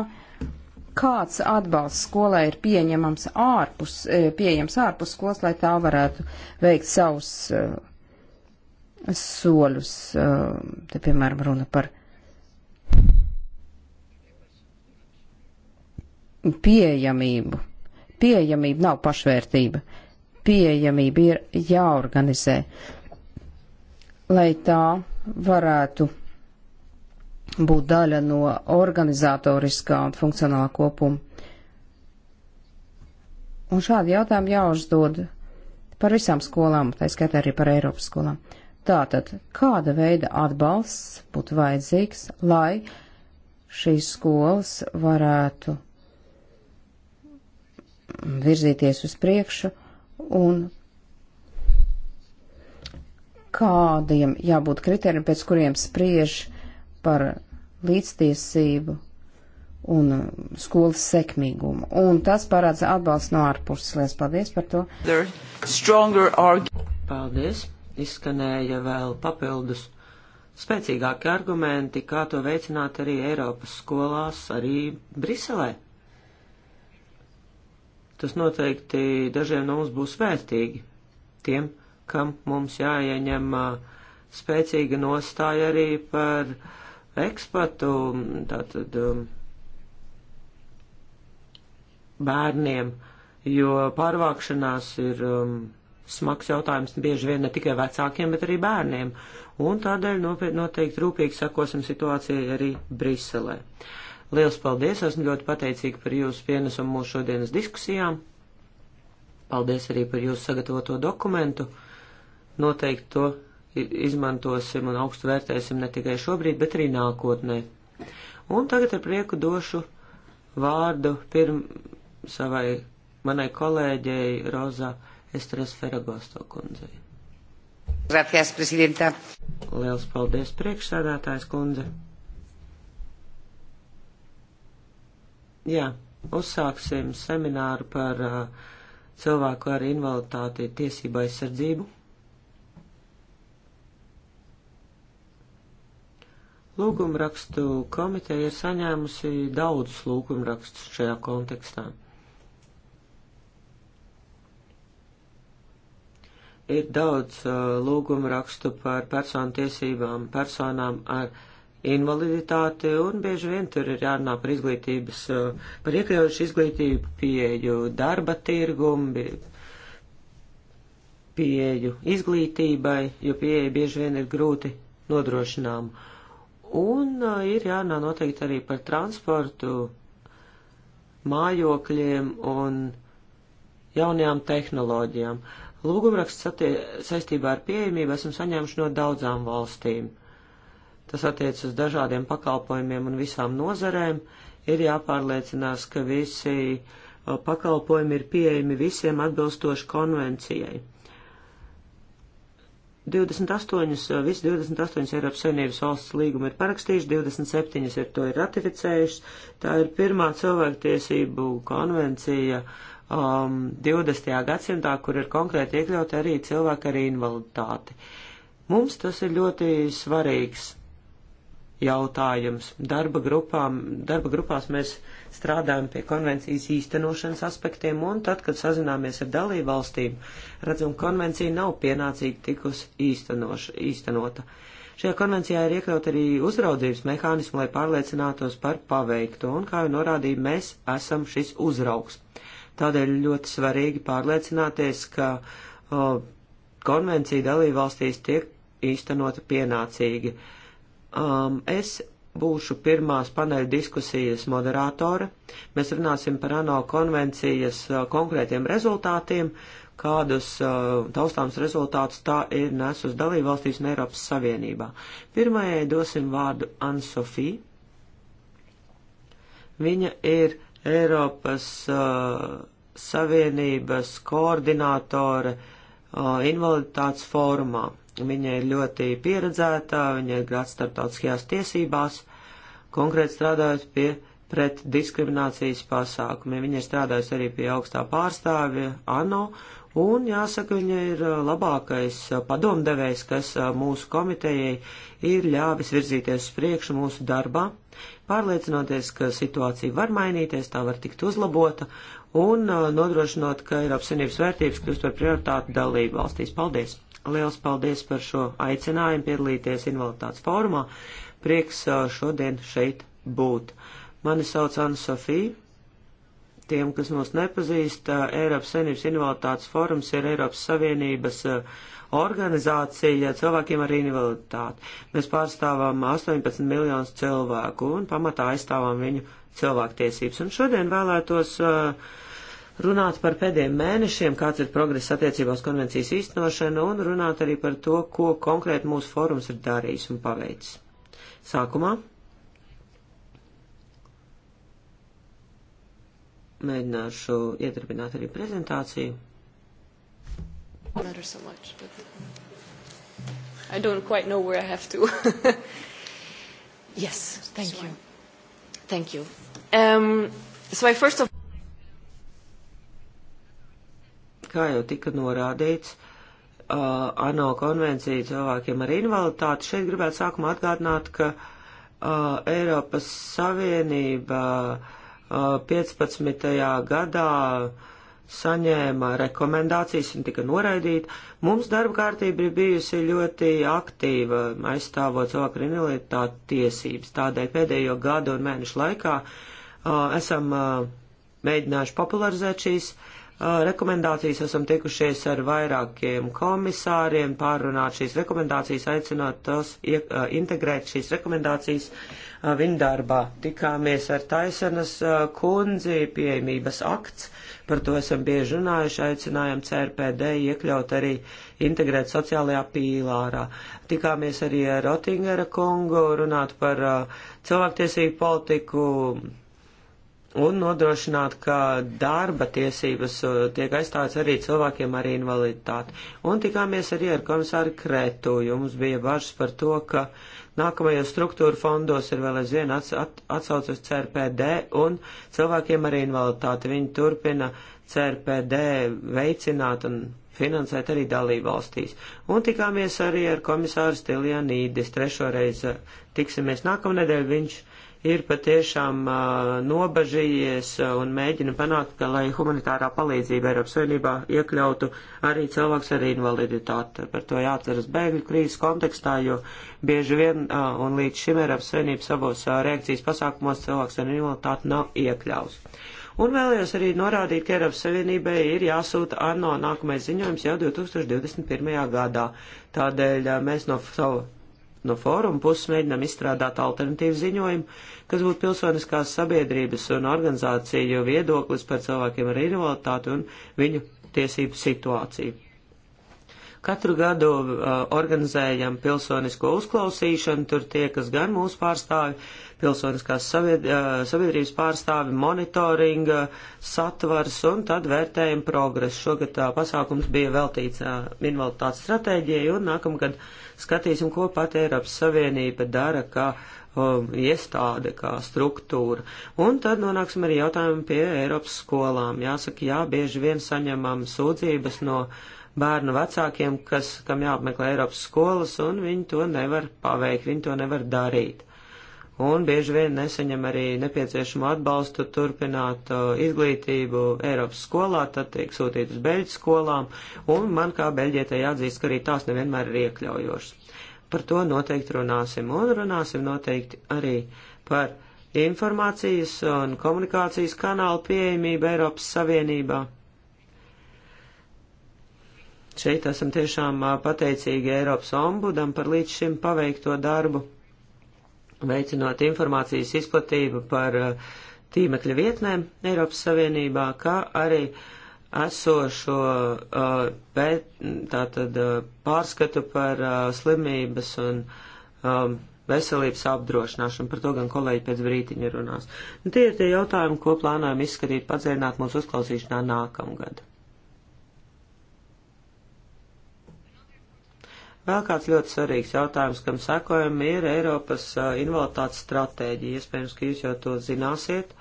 kāds atbalsts skolai ir pieņemams ārpus, e, pieejams ārpus skolas, lai tā varētu veikt savus uh, soļus. Uh, te, piemēram, runa par pieejamību. Pieejamība nav pašvērtība. Pieejamība ir jāorganizē, lai tā varētu būt daļa no organizatoriskā un funkcionālā kopuma. Un šādi jautājumi jāuzdod par visām skolām, tā skaitā arī par Eiropas skolām. Tātad, kāda veida atbalsts būtu vajadzīgs, lai šīs skolas varētu virzīties uz priekšu un kādiem jābūt kriterijiem, pēc kuriem spriež par līdztiesību un skolas sekmīgumu. Un tas parāds atbalsts no ārpuses. Lies paldies par to. Paldies. Izskanēja vēl papildus spēcīgāki argumenti, kā to veicināt arī Eiropas skolās, arī Briselē. Tas noteikti dažiem no mums būs vērtīgi, tiem, kam mums jāieņem spēcīga nostāja arī par ekspatu, tātad bērniem, jo pārvākšanās ir smags jautājums bieži vien ne tikai vecākiem, bet arī bērniem, un tādēļ noteikti rūpīgi sakosim situācijai arī Briselē. Uh, Liels paldies! Esmu ļoti pateicīga par jūsu pienesumu mūsu šodienas diskusijām. Paldies arī par jūsu sagatavoto dokumentu. Noteikti to izmantosim un augstu vērtēsim ne tikai šobrīd, bet arī nākotnē. Un tagad ar prieku došu vārdu pirm savai manai kolēģei Roza Estres Feragosto kundzei. Gracias, prezidenta. Liels paldies, priekšsēdētājs kundze. Jā, uzsāksim semināru par uh, cilvēku ar invaliditāti tiesību aizsardzību. Lūgumrakstu komiteja ir saņēmusi daudzus lūgumrakstus šajā kontekstā. Ir daudz uh, lūgumrakstu par personu tiesībām, personām ar uh, invaliditāti, un bieži vien tur ir jārunā par izglītības, eh, par iekļaujušu izglītību, pieeju darba tirgumu, pieeju izglītībai, jo pieeja bieži vien ir grūti nodrošināma. Un eh, ir jārunā noteikti arī par transportu, mājokļiem un jaunajām tehnoloģijām. Lūgumraksts saistībā ar pieejamību esam saņēmuši no daudzām valstīm tas attiec uz dažādiem pakalpojumiem un visām nozarēm, ir jāpārliecinās, ka visi uh, pakalpojumi ir pieejami visiem atbilstoši konvencijai. 28, visi 28 Eiropas Savienības valsts līgumi ir parakstījuši, 27 ir to ir ratificējuši. Tā ir pirmā cilvēktiesību konvencija um, 20. gadsimtā, kur ir konkrēti iekļauti arī cilvēki ar invaliditāti. Mums tas ir ļoti svarīgs jautājums. Darba, grupām, darba grupās mēs strādājam pie konvencijas īstenošanas aspektiem, un tad, kad sazināmies ar dalību valstīm, redzam, konvencija nav pienācīgi tikus īstenota. Šajā konvencijā ir iekļaut arī uzraudzības mehānismu, lai pārliecinātos par paveikto, un, kā jau norādīja, mēs esam šis uzraugs. Tādēļ ļoti svarīgi pārliecināties, ka o, konvencija dalībvalstīs tiek īstenota pienācīgi. Uh, Um, es būšu pirmās paneļa diskusijas moderātore. Mēs runāsim par ANO konvencijas uh, konkrētiem rezultātiem, kādus uh, taustāms rezultātus tā ir nesus dalībvalstīs un Eiropas Savienībā. Pirmajai dosim vārdu Ansofija. Viņa ir Eiropas uh, Savienības koordinātore uh, invaliditātes fórumā. Viņa ir ļoti pieredzēta, viņa ir grāts starptautiskajās tiesībās, konkrēti strādājusi pie pret diskriminācijas pasākumiem. Viņa ir strādājusi arī pie augstā pārstāvja ANO, un jāsaka, viņa ir uh, labākais uh, padomdevējs, kas uh, mūsu komitejai ir ļāvis virzīties uz priekšu mūsu darbā, pārliecinoties, ka situācija var mainīties, tā var tikt uzlabota, un nodrošinot, ka Eiropas Savienības vērtības kļūst par prioritāti dalību valstīs. Paldies! Liels paldies par šo aicinājumu piedalīties invaliditātes fórumā. Prieks uh, šodien šeit būt. Mani sauc Anna Sofija. Tiem, kas mūs nepazīst, uh, Eiropas Savienības invaliditātes fórums ir Eiropas Savienības uh, organizācija cilvēkiem ar invaliditāti. Mēs pārstāvām 18 miljonus cilvēku un pamatā aizstāvām viņu cilvēktiesības. Un šodien vēlētos uh, runāt par pēdējiem mēnešiem, kāds ir progress attiecībās konvencijas īstenošana un runāt arī par to, ko konkrēti mūsu fórums ir darījis un paveicis. Sākumā mēģināšu iedarbināt arī prezentāciju. So much, I don't quite know where I have to. <laughs> yes, thank you. Thank you. Um, so I first of kā jau tika norādīts, uh, ANO konvencija cilvēkiem ar invaliditāti. Šeit gribētu sākumā atgādināt, ka uh, Eiropas Savienība uh, 15. gadā saņēma rekomendācijas un tika noraidīta. Mums darba kārtība ir bijusi ļoti aktīva, aizstāvot cilvēku ar invaliditāti tiesības. Tādēļ pēdējo gadu un mēnešu laikā uh, esam uh, mēģinājuši popularizēt šīs uh, rekomendācijas esam tikušies ar vairākiem komisāriem, pārunāt šīs rekomendācijas, aicināt tos integrēt šīs rekomendācijas viņa darbā. Tikāmies ar Taisanas kundzi pieejamības akts, par to esam bieži runājuši, aicinājām CRPD iekļaut arī integrēt sociālajā pīlārā. Tikāmies arī ar Rotingera kungu, runāt par cilvēktiesību politiku un nodrošināt, ka darba tiesības uh, tiek aizstāts arī cilvēkiem ar invaliditāti. Un tikāmies arī ar komisāru Kretu, jo mums bija bažas par to, ka nākamajos struktūra fondos ir vēl aizvien atsauc uz CRPD un cilvēkiem ar invaliditāti. Viņi turpina CRPD veicināt un finansēt arī dalībvalstīs. Un tikāmies arī ar komisāru Stilianīdis. Trešo reizi uh, tiksimies nākamnedēļ. Viņš ir patiešām nobažījies un mēģina panākt, ka, lai humanitārā palīdzība Eiropas Savienībā iekļautu arī cilvēks ar invaliditāti. Par to jāatceras bēgļu krīzes kontekstā, jo bieži vien un līdz šim Eiropas Savienība savos reakcijas pasākumos cilvēks ar invaliditāti nav iekļaus. Un vēlējos arī norādīt, ka Eiropas Savienībai ir jāsūta ANO nākamais ziņojums jau 2021. gadā. Tādēļ mēs no sava no fóruma puses mēģinam izstrādāt alternatīvu ziņojumu, kas būtu pilsoniskās sabiedrības un organizāciju viedoklis par cilvēkiem ar invaliditāti un viņu tiesību situāciju. Katru gadu uh, organizējam pilsonisko uzklausīšanu, tur tie, kas gan mūs pārstāvi, pilsoniskās sabiedrības pārstāvi, monitoringa, satvars un tad vērtējam progresu. Šogad pasākums bija veltīts invaliditātes stratēģijai un nākamgad skatīsim, ko pat Eiropas Savienība dara, kā um, iestāde, kā struktūra. Un tad nonāksim arī jautājumu pie Eiropas skolām. Jāsaka, jā, bieži vien saņemam sūdzības no bērnu vecākiem, kas, kam jāapmeklē Eiropas skolas, un viņi to nevar paveikt, viņi to nevar darīt un bieži vien nesaņem arī nepieciešamo atbalstu turpināt uh, izglītību Eiropas skolā, tad tiek sūtīt uz Beļģu skolām, un man kā Beļģietē jāatzīst, ka arī tās nevienmēr ir iekļaujošas. Par to noteikti runāsim, un runāsim noteikti arī par informācijas un komunikācijas kanālu pieejamību Eiropas Savienībā. Šeit esam tiešām uh, pateicīgi Eiropas ombudam par līdz šim paveikto darbu veicinot informācijas izplatību par uh, tīmekļa vietnēm Eiropas Savienībā, kā arī esošo uh, pēt, tātad, uh, pārskatu par slimības un um, veselības apdrošināšanu. Par to gan kolēģi pēc brītiņa runās. Un nu, tie ir tie jautājumi, ko plānojam izskatīt padziļināt mūsu uzklausīšanā nākamgad. Vēl kāds ļoti svarīgs jautājums, kam sekojam, ir Eiropas invaliditātes stratēģija. Iespējams, ka jūs jau to zināsiet.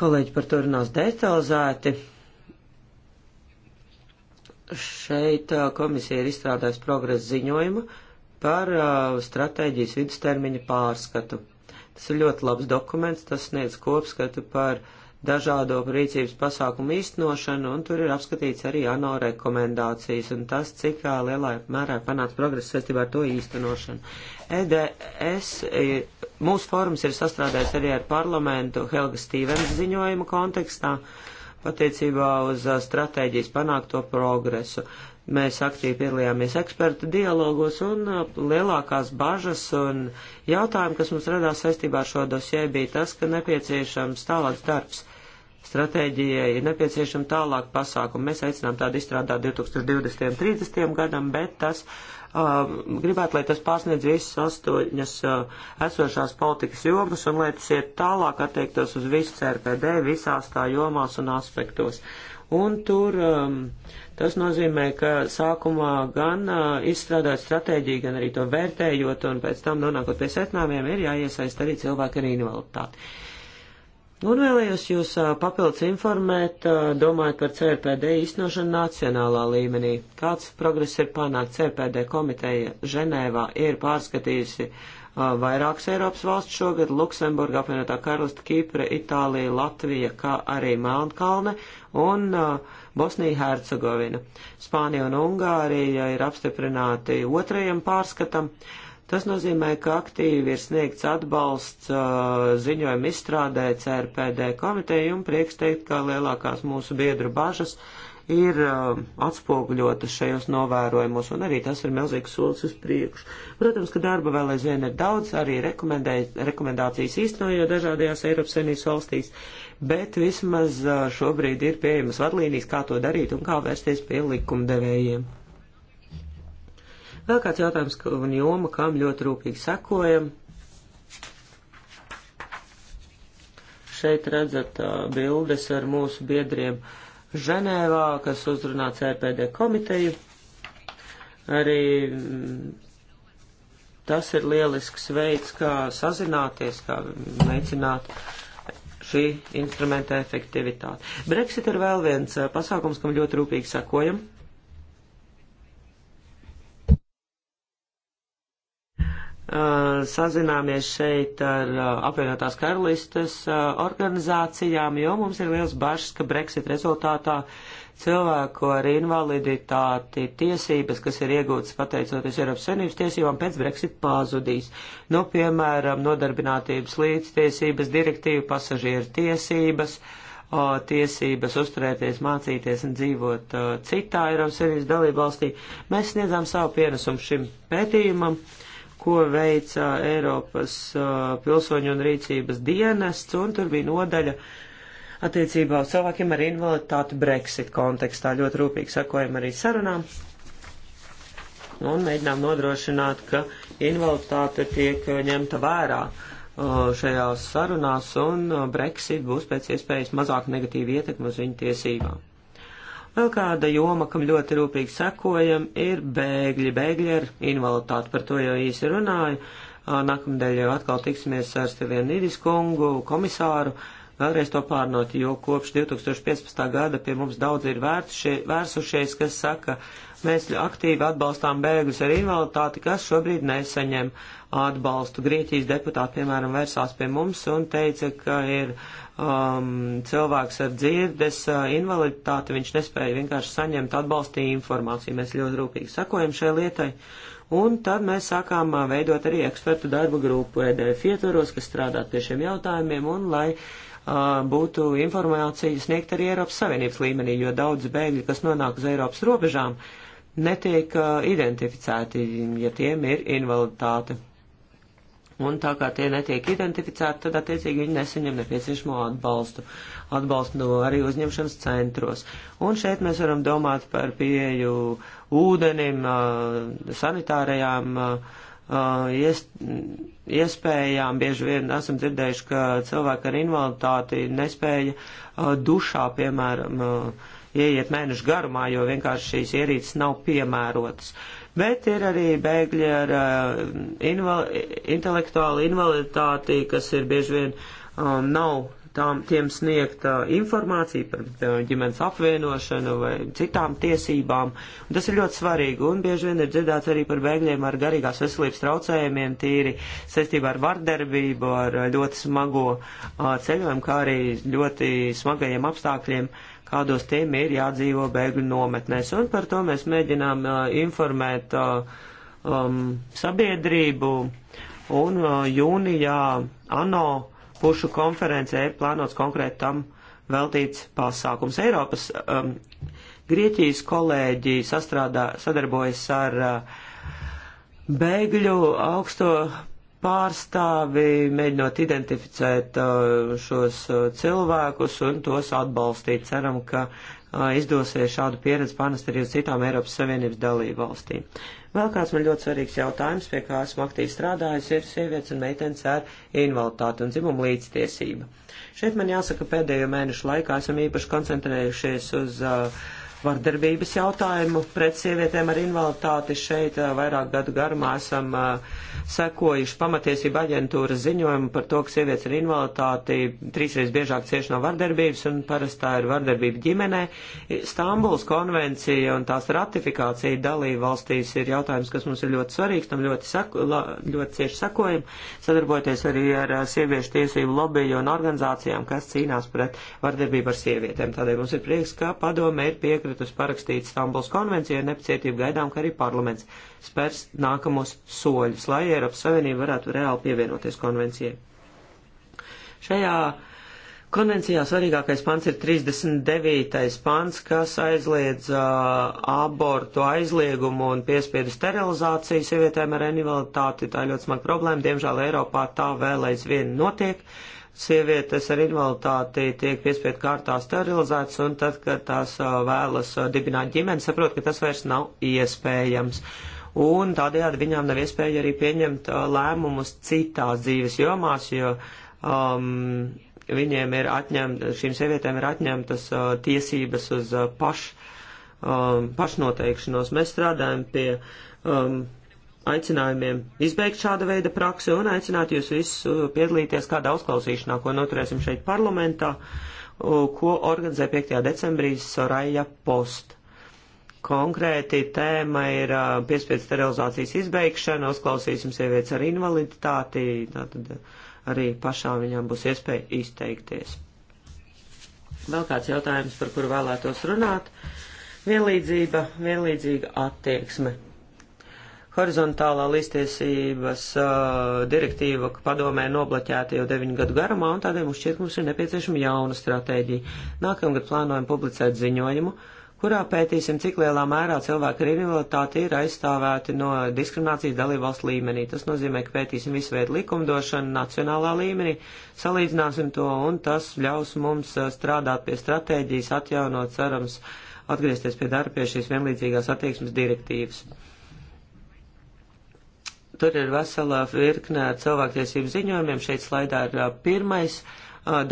Kolēģi par to runās detalizēti. Šeit komisija ir izstrādājusi progresa ziņojumu par stratēģijas vidustermiņa pārskatu. Tas ir ļoti labs dokuments, tas sniedz kopskatu par uh, dažādo rīcības pasākumu īstenošanu, un tur ir apskatīts arī ANO rekomendācijas un tas, cik lielā mērā panāca progresa saistībā ar to īstenošanu. EDS, e e, mūsu fórums ir sastrādājis arī ar parlamentu Helga Stīvens ziņojumu kontekstā patiecībā uz stratēģijas panākto progresu. Mēs aktīvi piedalījāmies ekspertu dialogos un uh, lielākās bažas un jautājumi, kas mums radās saistībā ar šo dosie, bija tas, ka nepieciešams tālāks darbs. Stratēģijai ir nepieciešama tālāk pasākuma. Mēs aicinām tādu izstrādāt 2020. un 30. gadam, bet tas um, gribētu, lai tas pārsniedz visas astoņas uh, esošās politikas jomas un lai tas iet tālāk attiektos uz visu CRPD visās tā jomās un aspektos. Un tur um, uh, Tas nozīmē, ka sākumā gan izstrādāt stratēģiju, gan arī to vērtējot un pēc tam nonākot pie secinājumiem, ir jāiesaist arī cilvēki ar invaliditāti. Un vēlējos jūs papildus informēt, domājot par CRPD īstenošanu nacionālā līmenī. Kāds progress ir panākt? CRPD komiteja Ženēvā ir pārskatījusi vairākas Eiropas valsts šogad - Luksemburga, apvienotā karalista, Kipra, Itālija, Latvija, kā arī Melnkalne. Un uh, Bosnija Hercegovina. Spānija un Ungārija ir apstiprināti otrajam pārskatam. Tas nozīmē, ka aktīvi ir sniegts atbalsts uh, ziņojuma izstrādē CRPD komiteju un prieks teikt, ka lielākās mūsu biedru bažas ir uh, atspoguļotas šajos novērojumos, un arī tas ir milzīgs solis uz priekšu. Protams, ka darba vēl aizvien ir daudz, arī rekomendācijas īstenojot dažādajās Eiropas Savienības valstīs, bet vismaz šobrīd ir pieejamas vadlīnijas, kā to darīt un kā vērsties pie likumdevējiem. Vēl kāds jautājums un joma, kam ļoti rūpīgi sekojam. Šeit redzat bildes ar mūsu biedriem Ženēvā, kas uzrunā CRPD komiteju. Arī mm, tas ir lielisks veids, kā sazināties, kā veicināt uh, šī instrumenta efektivitāti. Brexit ir vēl viens eh, pasākums, kam ļoti rūpīgi sakojam. Eh, sazināmies šeit ar eh, apvienotās karalistes organizācijām, jo mums ir liels bažas, ka Brexit rezultātā uh, cilvēku ar invaliditāti tiesības, kas ir iegūtas pateicoties Eiropas Savienības tiesībām, pēc Brexit pazudīs. Nu, piemēram, nodarbinātības līdztiesības direktīva, pasažieru tiesības, o, tiesības uzturēties, mācīties un dzīvot o, citā Eiropas Savienības dalībvalstī. Mēs sniedzām savu pienesumu šim pētījumam ko veica Eiropas uh, pilsoņu un rīcības dienests, un tur bija nodaļa uh, attiecībā uz cilvēkiem ar invaliditāti Brexit kontekstā. Ļoti rūpīgi sakojam arī sarunām un mēģinām nodrošināt, ka invaliditāte tiek ņemta vērā uh, šajās sarunās un uh, Brexit būs pēc iespējas mazāk negatīva ietekma uz viņu tiesībām. Vēl kāda joma, kam ļoti rūpīgi sekojam, ir bēgļi. Bēgļi ar invaliditāti, par to jau īsi runāju. Uh, Nākamdēļ jau atkal tiksimies ar Stevienu Nidis kungu, komisāru, uh, vēlreiz to pārnot, jo kopš 2015. gada pie mums daudz ir vērsušie, vērsušies, kas saka, mēs aktīvi atbalstām bēgļus ar invaliditāti, kas šobrīd nesaņem atbalstu. Grieķijas deputāti, piemēram, vērsās pie mums un teica, ka ir um, cilvēks ar dzirdes uh, invaliditāti, viņš nespēja vienkārši saņemt atbalstu informāciju. Mēs ļoti rūpīgi sakojam šai lietai. Un tad mēs sākām uh, veidot arī ekspertu darbu grupu EDF ietvaros, kas strādā pie šiem jautājumiem un lai uh, būtu informācija sniegt arī Eiropas Savienības līmenī, jo daudz bēgļi, kas nonāk uz Eiropas robežām, netiek identificēti, ja tiem ir invaliditāte. Un tā kā tie netiek identificēti, tad attiecīgi viņi nesaņem nepieciešamo atbalstu, atbalstu no arī uzņemšanas centros. Un šeit mēs varam domāt par pieeju ūdenim, sanitārajām iest, iespējām. Bieži vien esam dzirdējuši, ka cilvēki ar invaliditāti nespēja uh, dušā, piemēram, uh, ieiet mēnešu garumā, jo vienkārši šīs ierīces nav piemērotas. Bet ir arī bēgļi ar uh, inval intelektuālu invaliditāti, kas ir bieži vien um, nav tām, tiem sniegt uh, informāciju par uh, ģimenes apvienošanu vai citām tiesībām. Un tas ir ļoti svarīgi, un bieži vien ir dzirdēts arī par bēgļiem ar garīgās veselības traucējumiem, tīri saistībā ar vardarbību, ar ļoti smago uh, ceļojumu, kā arī ļoti smagajiem apstākļiem kādos tiem ir jādzīvo bēgļu nometnēs. Un par to mēs mēģinām uh, informēt uh, um, sabiedrību. Un uh, jūnijā ANO uh, pušu konferencē ir plānots konkrēti tam veltīts pasākums. Eiropas um, Grieķijas kolēģi sastrādā, sadarbojas ar uh, bēgļu augsto pārstāvi, mēģinot identificēt uh, šos uh, cilvēkus un tos atbalstīt. Ceram, ka uh, izdosies šādu pieredzi panest arī uz citām Eiropas Savienības dalību valstīm. Uh, Vēl kāds man ļoti svarīgs jautājums, pie kā esmu aktīvi strādājusi, ir sievietes un meitenes ar invaliditāti un dzimumu līdztiesību. Šeit man jāsaka, pēdējo mēnešu laikā esam īpaši koncentrējušies uz uh, vardarbības jautājumu pret sievietēm ar invaliditāti. Šeit vairāk gadu garumā esam sekojuši pamatiesība aģentūras ziņojumu par to, ka sievietes ar invaliditāti trīsreiz biežāk cieši no vardarbības un parastā ir vardarbība ģimenē. Stambuls konvencija un tās ratifikācija dalība valstīs ir jautājums, kas mums ir ļoti svarīgs, tam ļoti, saku, la, ļoti cieši sakojam, sadarbojoties arī ar sieviešu tiesību lobiju un organizācijām, kas cīnās pret vardarbību ar sievietēm. Tādēļ mums ir prieks, ka padome ir piekrīt piekritusi parakstīt Stambuls konvenciju, ar nepacietību gaidām, ka arī parlaments spērs nākamos soļus, lai Eiropas Savienība varētu reāli pievienoties konvencijai. Šajā konvencijā svarīgākais pants ir 39. pants, kas aizliedz uh, abortu aizliegumu un piespiedu sterilizāciju sievietēm ar invaliditāti. Tā ir ļoti smaga problēma. Diemžēl Eiropā tā vēl aizvien notiek. Uh, sievietes ar invaliditāti tiek piespiedu kārtā sterilizētas, un tad, kad tās vēlas dibināt ģimeni, saprot, ka tas vairs nav iespējams. Un tādējādi viņām nav iespēja arī pieņemt lēmumus citās dzīves jomās, jo um, viņiem ir atņemta, šīm sievietēm ir atņemtas uh, tiesības uz uh, paš, um, pašnoteikšanos. Mēs strādājam pie um, aicinājumiem izbeigt šāda veida praksi un aicināt jūs visus uh, piedalīties kādā uzklausīšanā, ko noturēsim šeit parlamentā, uh, ko organizē 5. decembrī Soraya Post. Konkrēti tēma ir uh, piespiedu sterilizācijas izbeigšana, uzklausīsim sievietes ar invaliditāti, tātad arī pašām viņām būs iespēja izteikties. Vēl kāds jautājums, par kuru vēlētos runāt. Vienlīdzība, vienlīdzīga attieksme. Horizontālā līstiesības uh, direktīva padomē noblaķēta jau 9 gadu garumā, un tādēļ mums šķiet, mums ir nepieciešama jauna stratēģija. Nākamgad plānojam publicēt ziņojumu, kurā pētīsim, cik lielā mērā cilvēka ar invaliditāti ir aizstāvēti no diskriminācijas dalībvalsts līmenī. Tas nozīmē, ka pētīsim visu veidu likumdošanu nacionālā līmenī, salīdzināsim to, un tas ļaus mums uh, strādāt pie stratēģijas, atjaunot cerams, atgriezties pie darba pie šīs vienlīdzīgās attieksmes direktīvas. Tur ir veselā virknē cilvēktiesību ziņojumiem. Šeit slaidā ir pirmais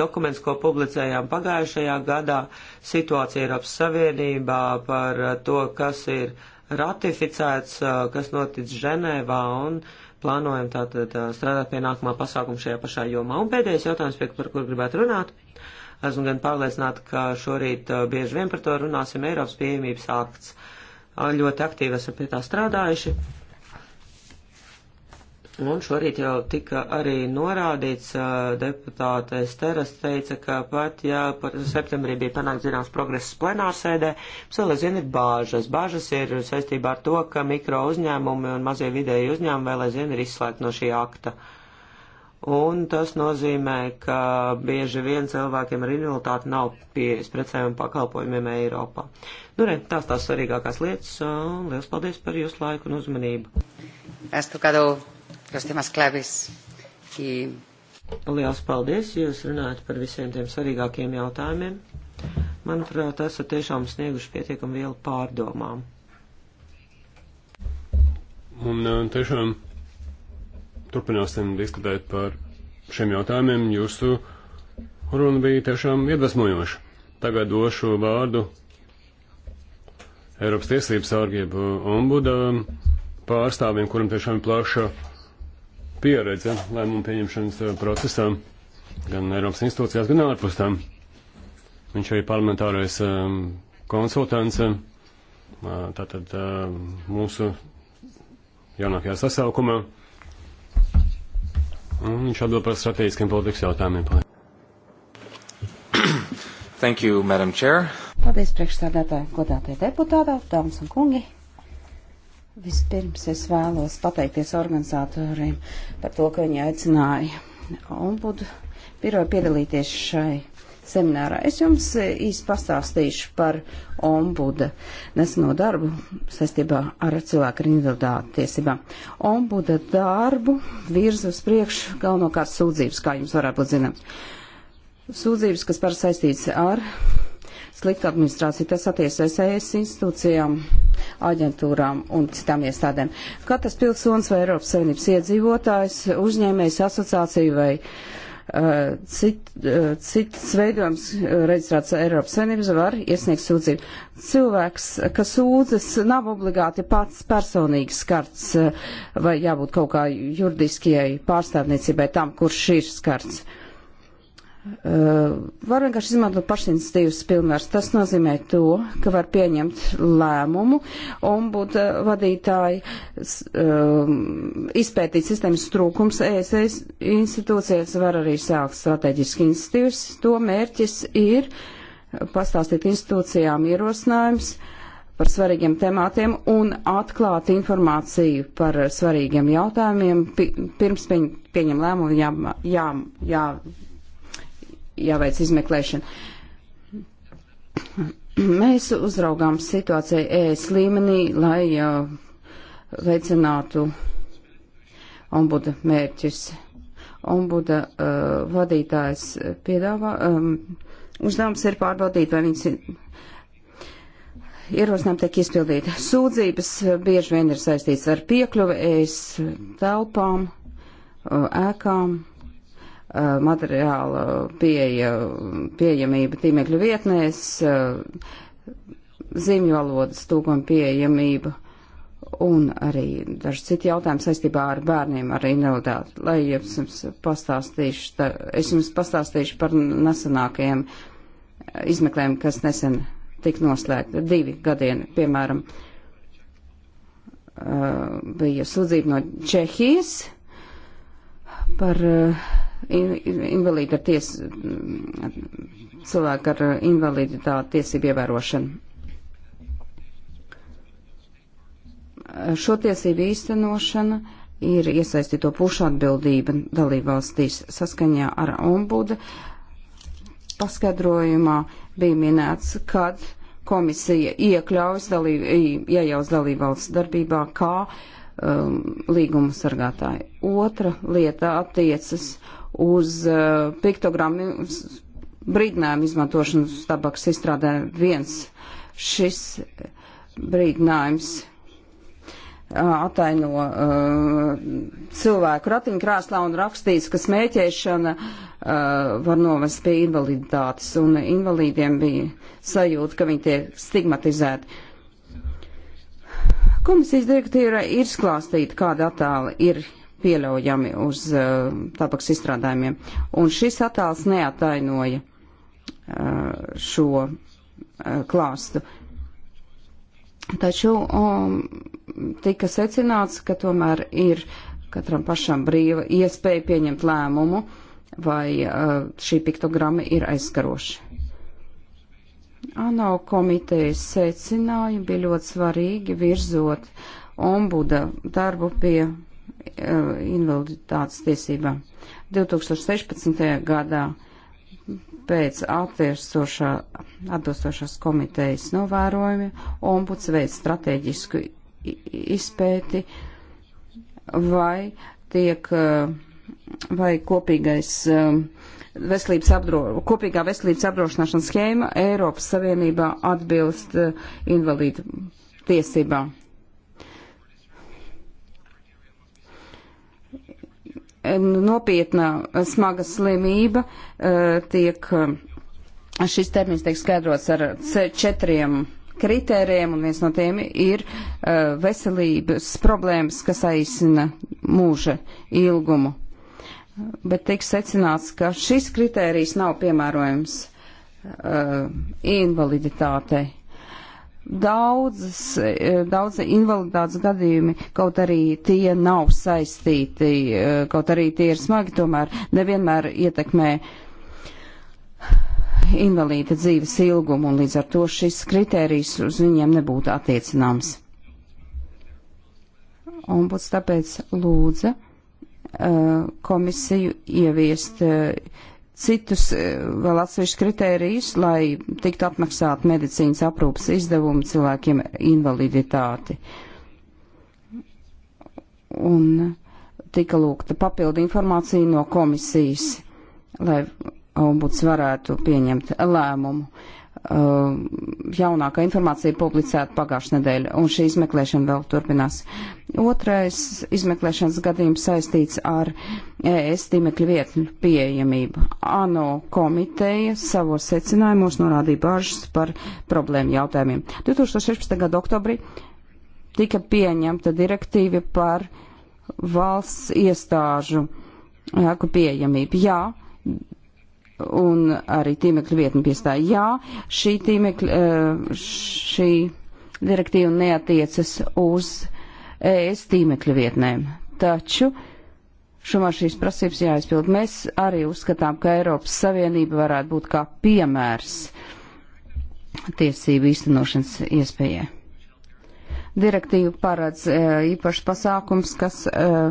dokuments, ko publicējām pagājušajā gadā - situācija Eiropas Savienībā par to, kas ir ratificēts, kas notic Ženēvā un plānojam tātad strādāt pie nākamā pasākuma šajā pašā jomā. Un pēdējais jautājums, par kur gribētu runāt. Esmu gan pārliecināta, ka šorīt bieži vien par to runāsim Eiropas pieejamības akts. Ļoti aktīvi esam pie tā strādājuši. Un šorīt jau tika arī norādīts, deputāte Steras teica, ka pat, ja par septembrī bija panākt zināms progress plenārsēdē, mums vēl aizvien ir bāžas. Bāžas ir saistībā ar to, ka mikro uzņēmumi un mazie vidēji uzņēmumi vēl aizvien ir izslēgti no šī akta. Un tas nozīmē, ka bieži vien cilvēkiem ar invaliditāti nav pieejas precēm un pakalpojumiem Eiropā. Nu, re, tās tās svarīgākās lietas. Lielas paldies par jūsu laiku un uzmanību. Has tocado los temas claves. Y... Lielas paldies, jūs runājat par visiem tiem svarīgākiem jautājumiem. Manuprāt, esat tiešām snieguši pietiekam vielu pārdomām. Un eh, tiešām turpināsim diskutēt par šiem jautājumiem. Jūsu runa bija tiešām iedvesmojoša. Tagad došu vārdu Eiropas tiesības sārgiebu ombuda pārstāvjiem, kuram tiešām ir plaša pieredze lēmumu pieņemšanas eh, procesā, gan Eiropas institūcijās, gan ārpus tām. Viņš arī parlamentārais ehm, konsultants, eh, tātad ehm, mūsu jaunākajā sasaukumā. Un viņš atbild par strateģiskiem politikas jautājumiem. Thank you, Madam Chair. Paldies, priekšstādātāji, godātie deputātā, dāmas un kungi. Vispirms es vēlos pateikties organizatoriem par to, ka viņi aicināja ombudu biroju piedalīties šai seminārā. Es jums īsti pastāstīšu par ombuda neseno darbu saistībā ar cilvēku ar individuālu tiesībām. Ombuda darbu virz uz priekšu galvenokārt sūdzības, kā jums varētu būt zināms. Sūdzības, kas par saistīts ar sliktu administrāciju, tas attiecas ES institūcijām aģentūrām un citām iestādēm. Katrs pilsonis vai Eiropas Savienības iedzīvotājs, uzņēmējs, asociācija vai uh, cit, uh, cits veidojums uh, reģistrēts Eiropas Savienības var iesniegt sūdzību. Cilvēks, kas sūdzas, nav obligāti pats personīgi skarts uh, vai jābūt kaut kā juridiskajai pārstāvniecībai tam, kurš ir skarts. Uh, Eh, var vienkārši izmantot pašinstīvas pilnvars. Tas nozīmē to, ka var pieņemt lēmumu un būt vadītāji eh, izpētīt sistēmas trūkums ESS institūcijas, var arī sākt strateģiski institīvas. To mērķis ir pastāstīt institūcijām ierosinājums par svarīgiem temātiem un atklāt informāciju par svarīgiem jautājumiem. Pirms pieņem lēmumu jā, jā, jā, jāveic izmeklēšana. Mēs uzraugām situāciju ES līmenī, lai uh, veicinātu ombuda mērķus. Ombuda uh, vadītājs piedāvā, um, uzdevums ir pārbaudīt, vai viņas ierosinājumi tiek izpildīti. Sūdzības bieži vien ir saistīts ar piekļuvi ēst e telpām, ēkām Uh, materiāla pieeja, pieejamība tīmekļu vietnēs, uh, zīmju valodas tūkuma pieejamība un arī daži citi jautājumi saistībā ar bērniem ar invaliditāti. Lai es jums pastāstīšu, tā, es jums pastāstīšu par nesenākajiem izmeklējumiem, kas nesen tik noslēgti. Divi gadieni, piemēram, uh, bija sūdzība no Čehijas par uh, invalīdu ar ties, cilvēku ar invaliditāti tiesību ievērošanu. Šo tiesību īstenošana ir iesaistīto pušu atbildība dalībvalstīs saskaņā ar ombuda paskaidrojumā bija minēts, kad komisija iekļaujas dalību, iejaus dalībvalsts darbībā kā um, līguma sargātāji. Otra lieta attiecas uz uh, piktogrammu brīdinājumu izmantošanu tabaks izstrādē viens šis brīdinājums eh, ataino uh, cilvēku ratiņkrāslā un rakstīts, ka smēķēšana uh, var novest pie invaliditātes, un invalīdiem bija sajūta, ka viņi tiek stigmatizēti. Komisijas direktīva ir izklāstīta, kāda attēla ir pieļaujami uz uh, eh, tabaks izstrādājumiem. Un šis attēls neatainoja uh, šo uh, klāstu. Taču um, tika secināts, ka tomēr ir katram pašam brīva iespēja pieņemt lēmumu, vai uh, šī piktogramma ir aizskaroša. ANO komitejas secinājumi bija ļoti svarīgi virzot ombuda darbu pie Eh, invaliditātes tiesībām. 2016. gadā pēc atbilstošās komitejas novērojumi ombuds veids strateģisku izpēti vai tiek eh, vai kopīgais eh, veselības apdro, kopīgā veselības apdrošināšanas schēma Eiropas Savienībā atbilst invalīdu tiesībām. nopietna smaga slimība eh, tiek, eh, šis termins tiek skaidrots ar četriem kritērijiem, un viens no tiem ir eh, veselības problēmas, kas aizsina mūža ilgumu. Bet tiek secināts, ka šis kritērijs nav piemērojams invaliditātei daudzas, e, daudzi invaliditātes gadījumi, kaut arī tie nav saistīti, e, kaut arī tie ir smagi, tomēr nevienmēr ietekmē invalīda dzīves ilgumu, un līdz ar to šis kritērijs uz viņiem nebūtu attiecināms. Un būs tāpēc lūdza e, komisiju ieviest uh, citus e, vēl atsevišķus kritērijus, lai tiktu apmaksāt medicīnas aprūpas izdevumu cilvēkiem invaliditāti. Un tika lūgta papildu informācija no komisijas, lai ombuds varētu pieņemt lēmumu. Uh, jaunākā informācija publicēta pagājušā nedēļa, un šī izmeklēšana vēl turpinās. Otrais izmeklēšanas gadījums saistīts ar ES tīmekļa vietņu pieejamību. ANO komiteja savos secinājumos norādīja bāžas par problēmu jautājumiem. 2016. gada oktobrī tika pieņemta direktīva par valsts iestāžu ēku pieejamību. Jā, un arī tīmekļa vietni piestāja. Jā, šī tīmekļa, eh, šī direktīva neatiecas uz ES tīmekļa vietnēm, taču šumā šīs prasības jāizpild. Mēs arī uzskatām, ka Eiropas Savienība varētu būt kā piemērs tiesību īstenošanas iespējai. Direktīva paredz eh, īpašs pasākums, kas uh,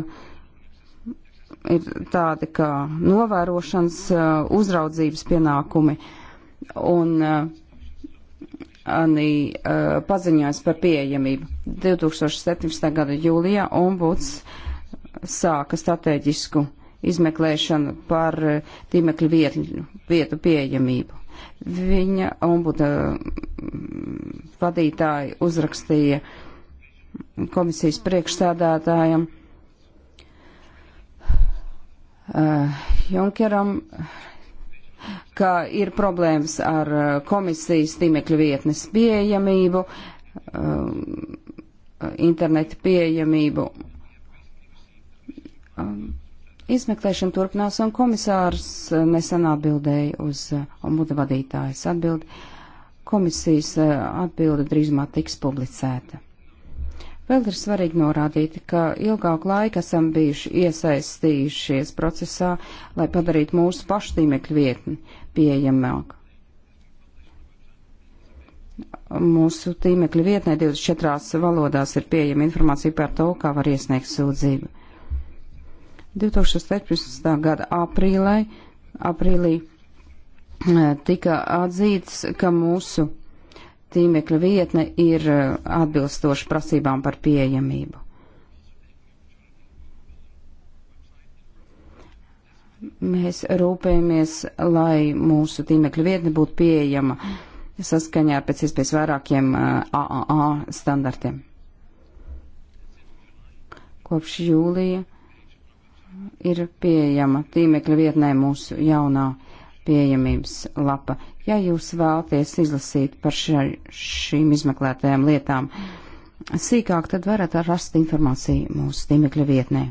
ir tādi kā novērošanas eh, uzraudzības pienākumi un eh, arī eh, paziņojums par pieejamību. 2017. gada jūlijā ombuds sāka strateģisku izmeklēšanu par tīmekļu vietu, vietu pieejamību. Viņa ombuda mm, vadītāji uzrakstīja komisijas priekšstādātājiem Eh, Junkeram, ka ir problēmas ar eh, komisijas tīmekļu vietnes pieejamību, eh, interneta pieejamību. Izmeklēšana turpinās, un komisārs nesen atbildēja uz ombuda vadītājas atbildi. Komisijas atbilde drīzumā tiks publicēta. Vēl ir svarīgi norādīt, ka ilgāku laiku esam bijuši iesaistījušies procesā, lai padarītu mūsu pašu tīmekļu vietni pieejamāku. Mūsu tīmekļa vietnē 24 valodās ir pieejama informācija par to, kā var iesniegt sūdzību. 2017. gada aprīlē, aprīlī eh, tika atzīts, ka mūsu tīmekļa vietne ir eh, atbilstoša prasībām par pieejamību. Mēs rūpējamies, lai mūsu tīmekļa vietne būtu pieejama saskaņā ar pēc iespējas vairākiem AAA eh, standartiem. Kopš jūlija ir pieejama tīmekļa vietnē mūsu jaunā pieejamības lapa. Ja jūs vēlaties izlasīt par ša, šīm izmeklētajām lietām sīkāk, tad varat rast informāciju mūsu tīmekļa vietnē.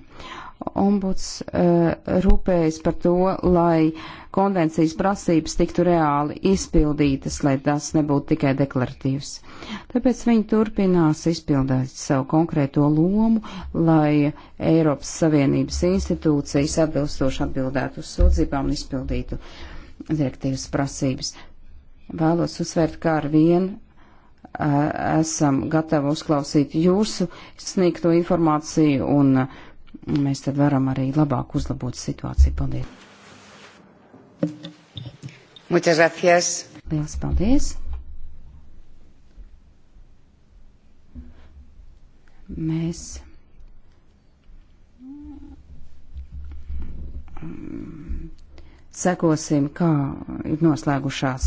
Ombuds uh, rūpējas par to, lai konvencijas prasības tiktu reāli izpildītas, lai tas nebūtu tikai deklaratīvs. Tāpēc viņi turpinās izpildīt savu konkrēto lomu, lai Eiropas Savienības institūcijas atbilstoši atbildētu uz sūdzībām un izpildītu uh, direktīvas prasības. Vēlos uzsvērt, kā ar vienu esam gatavi uzklausīt jūsu sniegto informāciju un mēs tad varam arī labāk uzlabot situāciju. Paldies! Muchas gracias! Liels paldies! Mēs. Um, sekosim, kā ir noslēgušās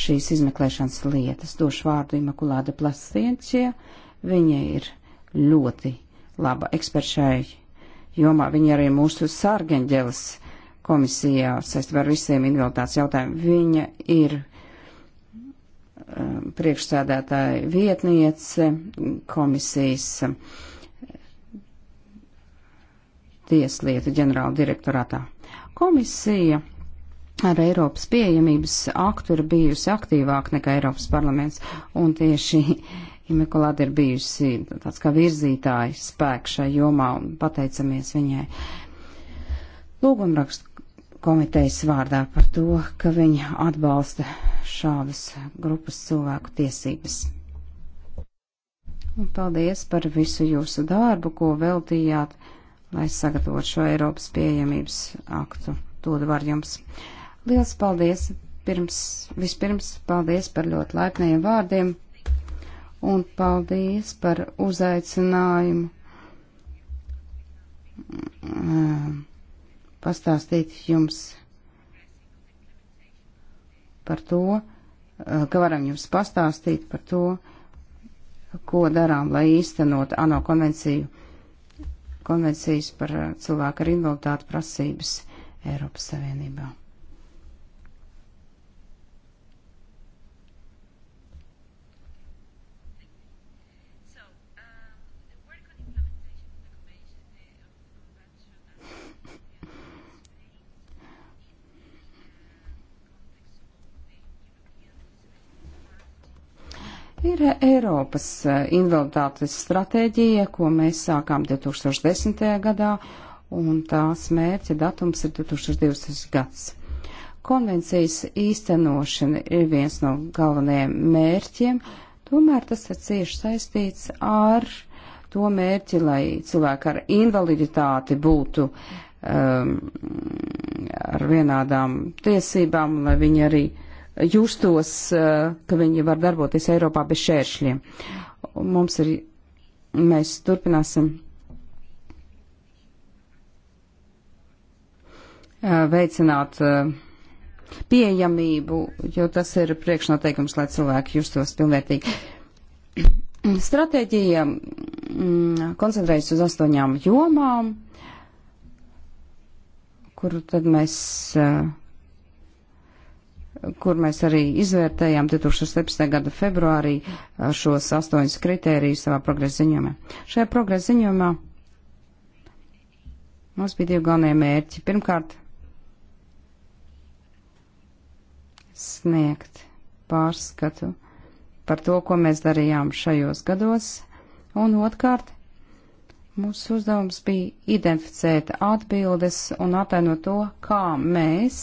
šīs izmeklēšanas lietas. Došu vārdu Imakulāda Plastienčie. Viņa ir ļoti laba eksperta šai jomā. Viņa arī mūsu sārgeņģeles komisijā saistībā ar visiem invaliditātes jautājumiem. Viņa ir um, priekšsēdētāja vietniece komisijas um, tieslietu ģenerāla direktorātā. Komisija ar Eiropas pieejamības aktu ir bijusi aktīvāk nekā Eiropas parlaments, un tieši Imekolāda ir bijusi tāds kā virzītāja spēks šai jomā, un pateicamies viņai. Lūgumrakstu komitejas vārdā par to, ka viņa atbalsta šādas grupas cilvēku tiesības. Un paldies par visu jūsu darbu, ko veltījāt, lai sagatavotu šo Eiropas pieejamības aktu. Dodu var jums. Liels paldies! Pirms, vispirms paldies par ļoti laipniem vārdiem un paldies par uzaicinājumu pastāstīt jums par to, ka varam jums pastāstīt par to, ko darām, lai īstenot ANO konvenciju, konvencijas par cilvēku ar invaliditāti prasības Eiropas Savienībā. Ir Eiropas eh, invaliditātes stratēģija, ko mēs sākām 2010. gadā, un tās mērķa datums ir 2020. gads. Konvencijas īstenošana ir viens no galvenajiem mērķiem, tomēr tas ir cieši saistīts ar to mērķi, lai cilvēki ar invaliditāti būtu um, ar vienādām tiesībām, lai viņi arī uh, justos, eh, ka viņi var darboties Eiropā bez šēršļiem. Mums ir, mēs turpināsim eh, veicināt eh, pieejamību, jo tas ir priekšnoteikums, lai cilvēki justos pilnvērtīgi. Stratēģija mm, koncentrējas uz astoņām jomām, kuru tad mēs uh, kur mēs arī izvērtējām 2017. gada februārī eh, šos astoņus kritērijus savā progresa ziņojumā. Šajā progresa ziņojumā mums bija divi galvenie mērķi. Pirmkārt, sniegt pārskatu par to, ko mēs darījām šajos gados, un otrkārt, mūsu uzdevums bija identificēt atbildes un atainot to, kā mēs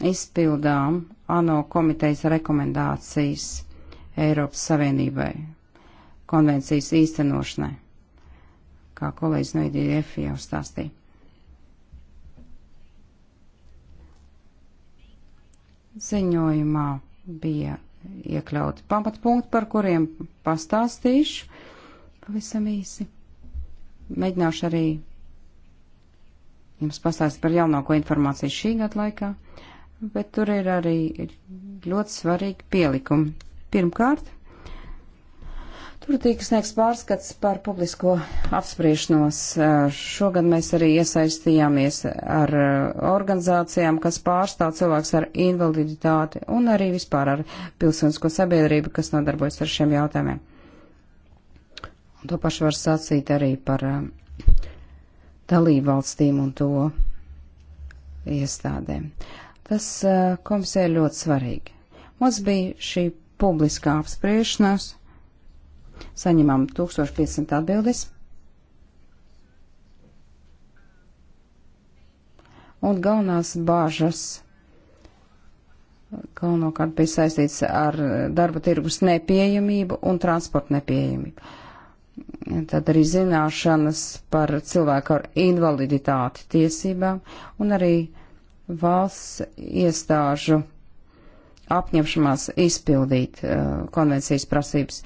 izpildām ANO komitejas rekomendācijas Eiropas Savienībai konvencijas īstenošanai, kā kolēģis no IDF jau stāstīja. Ziņojumā bija iekļauti pamatpunkti, par kuriem pastāstīšu pavisam īsi. Mēģināšu arī jums pastāstīt par jaunāko informāciju šī gada laikā bet tur ir arī ļoti svarīgi pielikumi. Pirmkārt, Tur tika sniegs pārskats par publisko apspriešanos. Šogad mēs arī iesaistījāmies ar organizācijām, kas pārstāv cilvēks ar invaliditāti un arī vispār ar pilsonisko sabiedrību, kas nodarbojas ar šiem jautājumiem. Un to pašu var sacīt arī par dalību valstīm un to iestādēm. Uh, Tas eh, komisija ir ļoti svarīgi. Mums bija šī publiskā apspriešanās, saņemam 1500 atbildes. Un galvenās bāžas galvenokārt bija saistīts ar darba tirgus nepieejamību un transporta nepieejamību. Tad arī zināšanas par cilvēku ar invaliditāti tiesībām un arī uh, valsts iestāžu apņemšanās izpildīt uh, konvencijas prasības.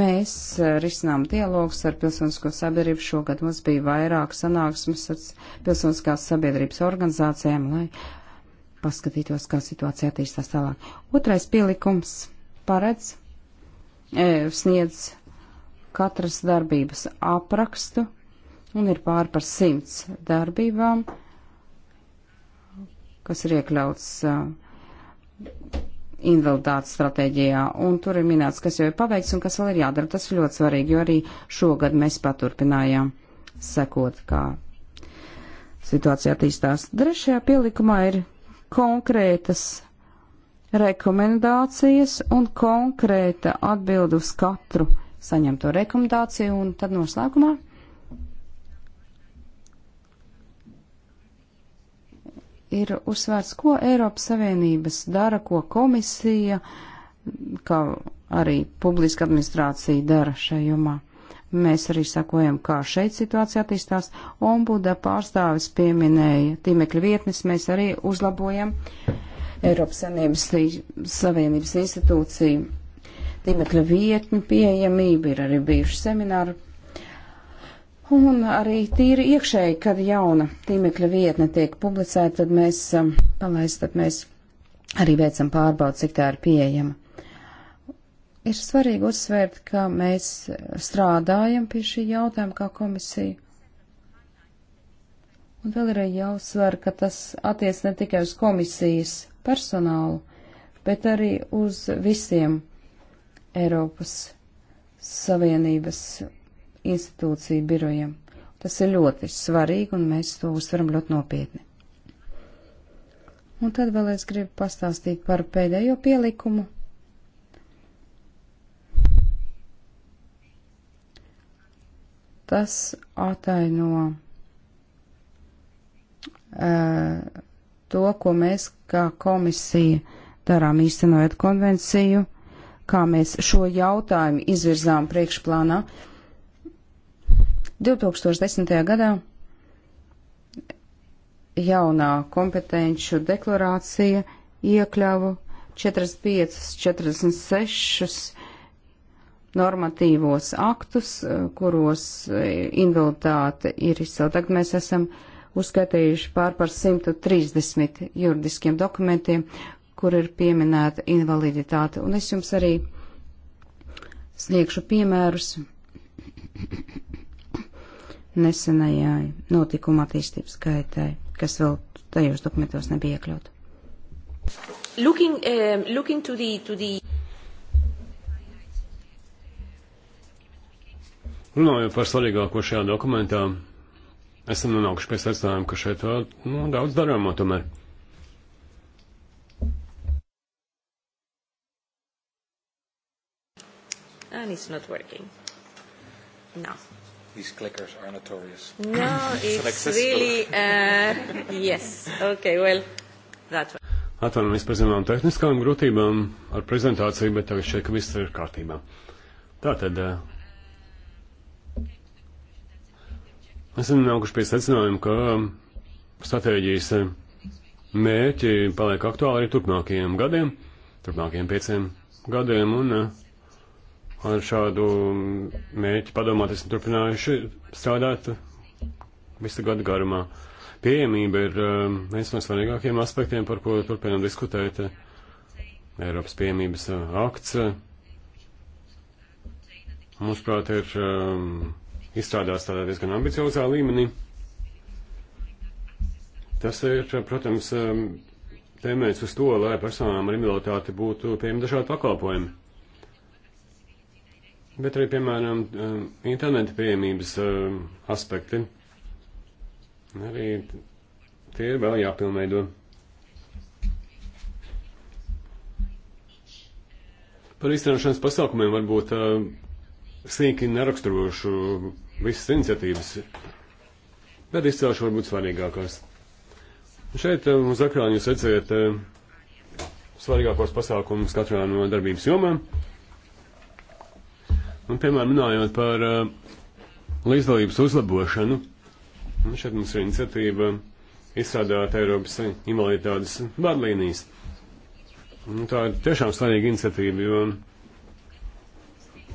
Mēs uh, risinām dialogus ar pilsonisko sabiedrību. Šogad mums bija vairāk sanāksmes ar pilsoniskās sabiedrības organizācijām, lai paskatītos, kā situācija attīstās tālāk. Otrais pielikums paredz, e, sniedz katras darbības aprakstu un ir pār par simts darbībām. Uh, kas ir iekļauts invaliditātes stratēģijā, un tur ir minēts, kas jau ir paveikts un kas vēl ir jādara. Tas ir ļoti svarīgi, jo arī šogad mēs paturpinājām sekot, kā situācija attīstās. Trešajā pielikumā ir konkrētas rekomendācijas un konkrēta atbildu uz katru saņemto rekomendāciju, un tad noslēgumā ir uzsvērts, ko Eiropas Savienības dara, ko komisija, kā arī publiska administrācija dara šajā jomā. Mēs arī sakojam, kā šeit situācija attīstās. Ombuda pārstāvis pieminēja tīmekļa vietnes, mēs arī uzlabojam Eiropas Savienības, Savienības institūciju tīmekļa vietņu pieejamību, ir arī bijuši semināri Un arī tīri iekšēji, kad jauna tīmekļa vietne tiek publicēta, tad mēs, um, palaist, tad mēs arī veicam pārbaudu, cik tā ir pieejama. Ir svarīgi uzsvērt, ka mēs strādājam pie šī jautājuma kā komisija. Un vēl ir jāuzsver, ka tas attiec ne tikai uz komisijas personālu, bet arī uz visiem Eiropas Savienības institūciju birojiem. Tas ir ļoti svarīgi, un mēs to uztveram ļoti nopietni. Un tad vēl es gribu pastāstīt par pēdējo pielikumu. Tas ataino uh, to, ko mēs kā komisija darām īstenojot konvenciju, kā mēs šo jautājumu izvirzām priekšplānā. Uh, 2010. gadā jaunā kompetenču deklarācija iekļāva 45, 46 normatīvos aktus, eh, kuros eh, invaliditāte ir izcelt. Tagad mēs esam uzskaitījuši pār par 130 juridiskiem dokumentiem, kur ir pieminēta invaliditāte. Un es jums arī sniegšu piemērus nesenajai notikuma attīstības gaitai, kas vēl tajos dokumentos nebija iekļaut. Looking, um, looking to the, to the... Runājot par svarīgāko šajā dokumentā, esam nonākuši pie secinājuma, ka šeit vēl nu, daudz darāmā tomēr. And it's not working. No. These clickers are notorious. No, <laughs> it's really, <laughs> uh, yes. Okay, well, that one. Atvainojamies par zināmām tehniskām grūtībām ar prezentāciju, bet tagad šķiet, ka viss ir kārtībā. Tātad, uh, esam nākuši pie secinājuma, ka stratēģijas uh, mērķi paliek aktuāli arī turpmākajiem gadiem, turpmākajiem pieciem gadiem, un uh, ar šādu mērķi padomāt, esmu turpinājuši strādāt visu gadu garumā. Pieejamība ir um, viens no svarīgākajiem aspektiem, par ko turpinām diskutēt. Eiropas pieejamības uh, akts, uh, mūsuprāt, ir um, izstrādās tādā diezgan ambiciozā līmenī. Tas ir, uh, protams, um, tēmēts uz to, lai personām ar invaliditāti būtu pieejami dažādi pakalpojumi bet arī, piemēram, um, interneta pieejamības um, aspekti. Arī tie ir vēl jāpilnveido. Par īstenošanas pasākumiem varbūt um, sīki neraksturošu visas iniciatīvas, bet izcelšu varbūt svarīgākās. Šeit uz ekrāna jūs redzat svarīgākos pasākumus katrā no darbības jomām. Un, piemēram, runājot par uh, līdzdalības uzlabošanu, un šeit mums ir iniciatīva izstrādāt Eiropas invaliditātes vadlīnijas. Un tā ir tiešām svarīga iniciatīva, jo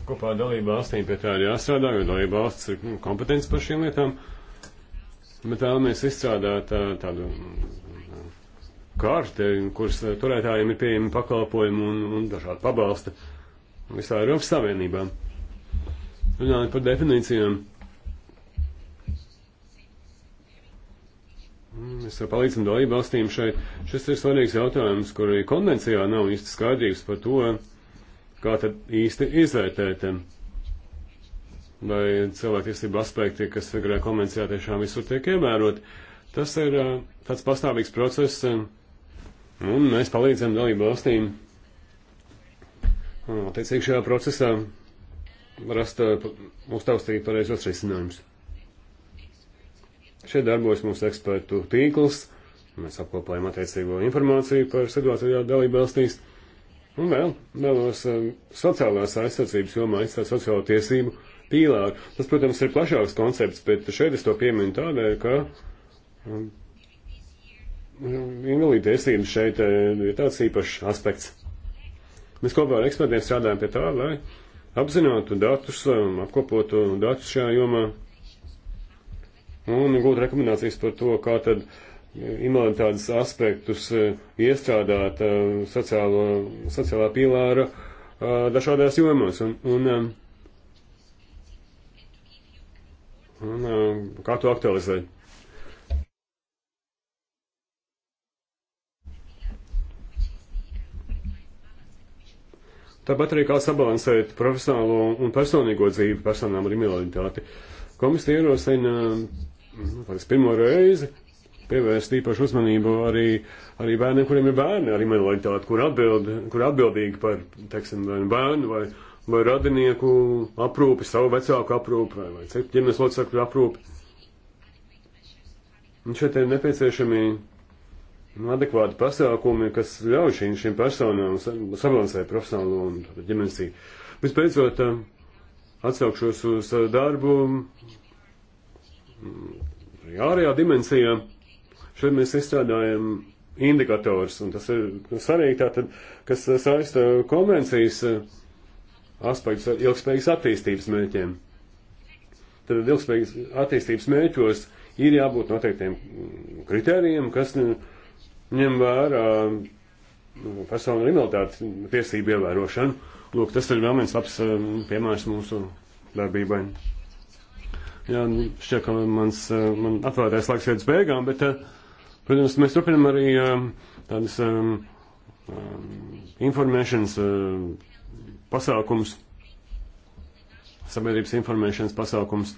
kopā dalība valstīm pie tā ir jāstrādā, jo dalība valsts ir nu, kompetents par šīm lietām, bet vēlamies izstrādāt tā, uh, tādu uh, karte, kuras turētājiem ir pieejami pakalpojumi un, un dažādi pabalsti visā Eiropas Savienībā. Runājot par definīcijām. Mēs jau palīdzam dalību valstīm šeit. Šis ir svarīgs jautājums, kur arī konvencijā nav īsti skaidrības par to, kā tad īsti izvērtēt. Eh, vai cilvēktiesību aspekti, kas figurē konvencijā, tiešām visur tiek ievērot. Tas ir eh, tāds pastāvīgs process, eh, un mēs palīdzam dalību valstīm. Attiecīgi šajā procesā rast eh, mūsu taustību pareizos risinājumus. Šeit darbojas mūsu ekspertu tīkls, mēs apkopējam attiecīgo informāciju par situāciju dalību valstīs, un vēl vēlos eh, sociālās aizsardzības jomā aizstāt sociālo tiesību pīlāru. Tas, protams, ir plašāks koncepts, bet šeit es to pieminu tādēļ, ka um, invalīdu tiesības šeit eh, ir tāds īpašs aspekts. Mēs kopā ar ekspertiem strādājam pie tā, lai apzinātu datus, um, apkopotu datus šajā jomā un gūt rekomendācijas par to, kā tad e, invaliditātes aspektus e, iestrādāt e, sociālo, sociālā pīlāra dažādās jomās. Un, un, un kā to aktualizēt. Tāpat arī kā sabalansēt profesionālo un personīgo dzīvi personām ar invaliditāti. Komisija ierosina nu, pirmo reizi pievērst īpašu uzmanību arī, arī bērniem, kuriem ir bērni ar invaliditāti, kur, atbild, kur atbildīgi par, teiksim, nu bērnu vai, vai radinieku aprūpi, savu vecāku aprūpi vai, vai citu ģimenes locekļu aprūpi. Un šeit ir nepieciešami adekvāti pasākumi, kas ļauj šīm, šīm personām sabalansēt profesionālo un ģimenes dzīvi. Vispēcot, eh, atsaukšos uz eh, darbu mm, ārējā dimensijā. Šeit mēs izstrādājam indikators, un tas ir nu, svarīgi tātad, kas eh, saista konvencijas aspektus ar ilgspējīgas attīstības mērķiem. Tad ilgspējīgas attīstības mērķos ir jābūt noteiktiem mm, kritērijiem, kas. Ne, ņem vērā nu, personu invaliditātes tiesību ievērošanu. Lūk, tas ir vēl viens labs um, piemērs mūsu darbībai. Jā, nu, šķiet, ka mans, uh, man atvēlētais laiks iet uz beigām, bet, uh, protams, mēs turpinam arī um, tādas um, um informēšanas uh, pasākums, sabiedrības informēšanas pasākums.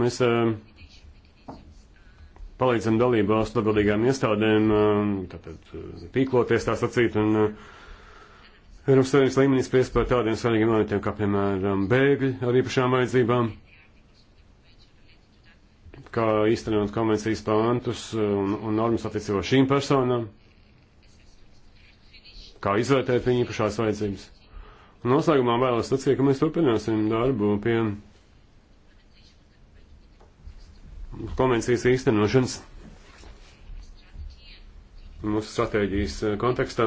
Mēs um, palīdzam dalību valstu atbildīgām iestādēm, um, tātad uh, tīkloties tā sacīt, un uh, Eiropas Savienības līmenī spriest par tādiem svarīgiem elementiem, kā piemēram bēgļi ar īpašām vajadzībām, kā īstenot konvencijas pāntus uh, un, un normas attiecībā šīm personām, kā izvērtēt viņu īpašās vajadzības. Un noslēgumā vēlos sacīt, ka mēs turpināsim darbu pie. Pie konvencijas īstenošanas mūsu stratēģijas eh, kontekstā.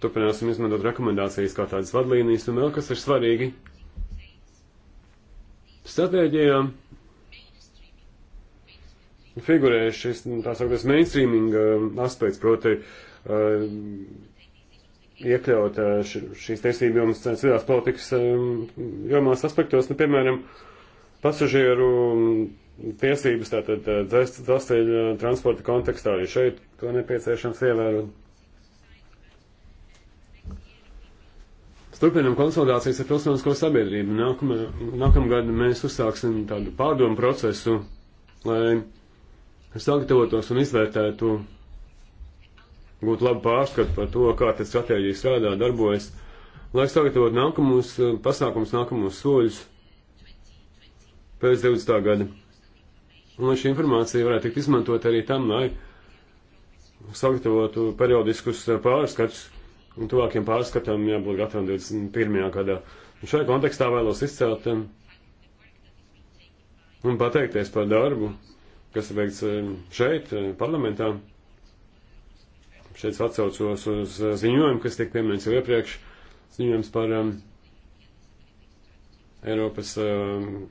Turpināsim izmantot rekomendācijas kā tādas vadlīnijas un vēl kas ir svarīgi. Stratēģijā figurē šis nu, tā sauktais mainstreaming eh, aspekts, proti uh, iekļaut š, šīs tiesību jomas citās politikas jomās aspektos, nu, piemēram, pasažieru tiesības, tātad eh, dzelzceļa transporta kontekstā arī šeit to nepieciešams ievērot. Turpinām konsultācijas ar pilsonisko sabiedrību. Nākamā, nākamgad mēs uzsāksim tādu pārdomu procesu, lai sagatavotos un izvērtētu, gūtu labu pārskatu par to, kā tas stratēģija strādā, darbojas, lai sagatavotu nākamos eh, pasākums, nākamos soļus pēc 20. gada. Un lai šī informācija varētu tikt izmantot arī tam, lai sagatavotu periodiskus pārskats, un tuvākiem pārskatām jābūt gatavam 21. gadā. Un šajā kontekstā vēlos izcelt um, un pateikties par darbu, kas ir veikts um, šeit, uh, parlamentā. Šeit atsaucos uz uh, ziņojumu, kas tika pieminēts jau iepriekš, ziņojums par um, Eiropas um,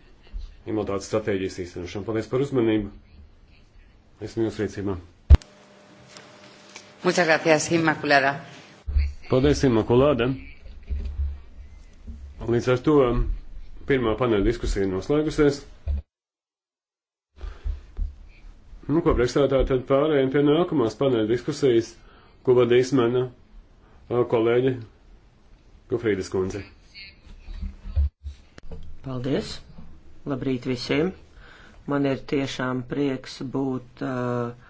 imunitātes stratēģijas īstenošanu. Paldies par uzmanību. Esmu jūsu rīcībā. Muchas gracias, Inmaculada. Paldies, Inmaculada. Līdz ar to um, pirmā paneļa diskusija noslēgusies. Nu, ko priekšstādā tad pārējiem pie nākamās paneļa diskusijas, ko vadīs mana uh, kolēģe Gufrīdas kundze. Paldies! Labrīt visiem! Man ir tiešām prieks būt uh,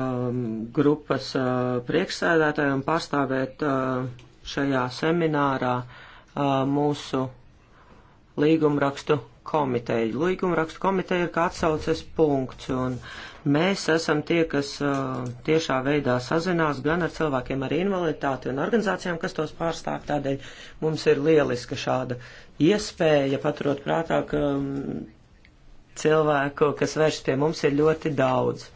um, grupas uh, priekšsēdētāju un pārstāvēt uh, šajā seminārā uh, mūsu līgumrakstu komiteju. Līgumrakstu komiteja ir kā atsauces punkts, un Mēs esam tie, kas uh, tiešā veidā sazinās gan ar cilvēkiem ar invaliditāti un organizācijām, kas tos pārstāv. Tādēļ mums ir lieliska šāda iespēja paturot prātā, ka um, cilvēku, kas vēršas pie mums, ir ļoti daudz.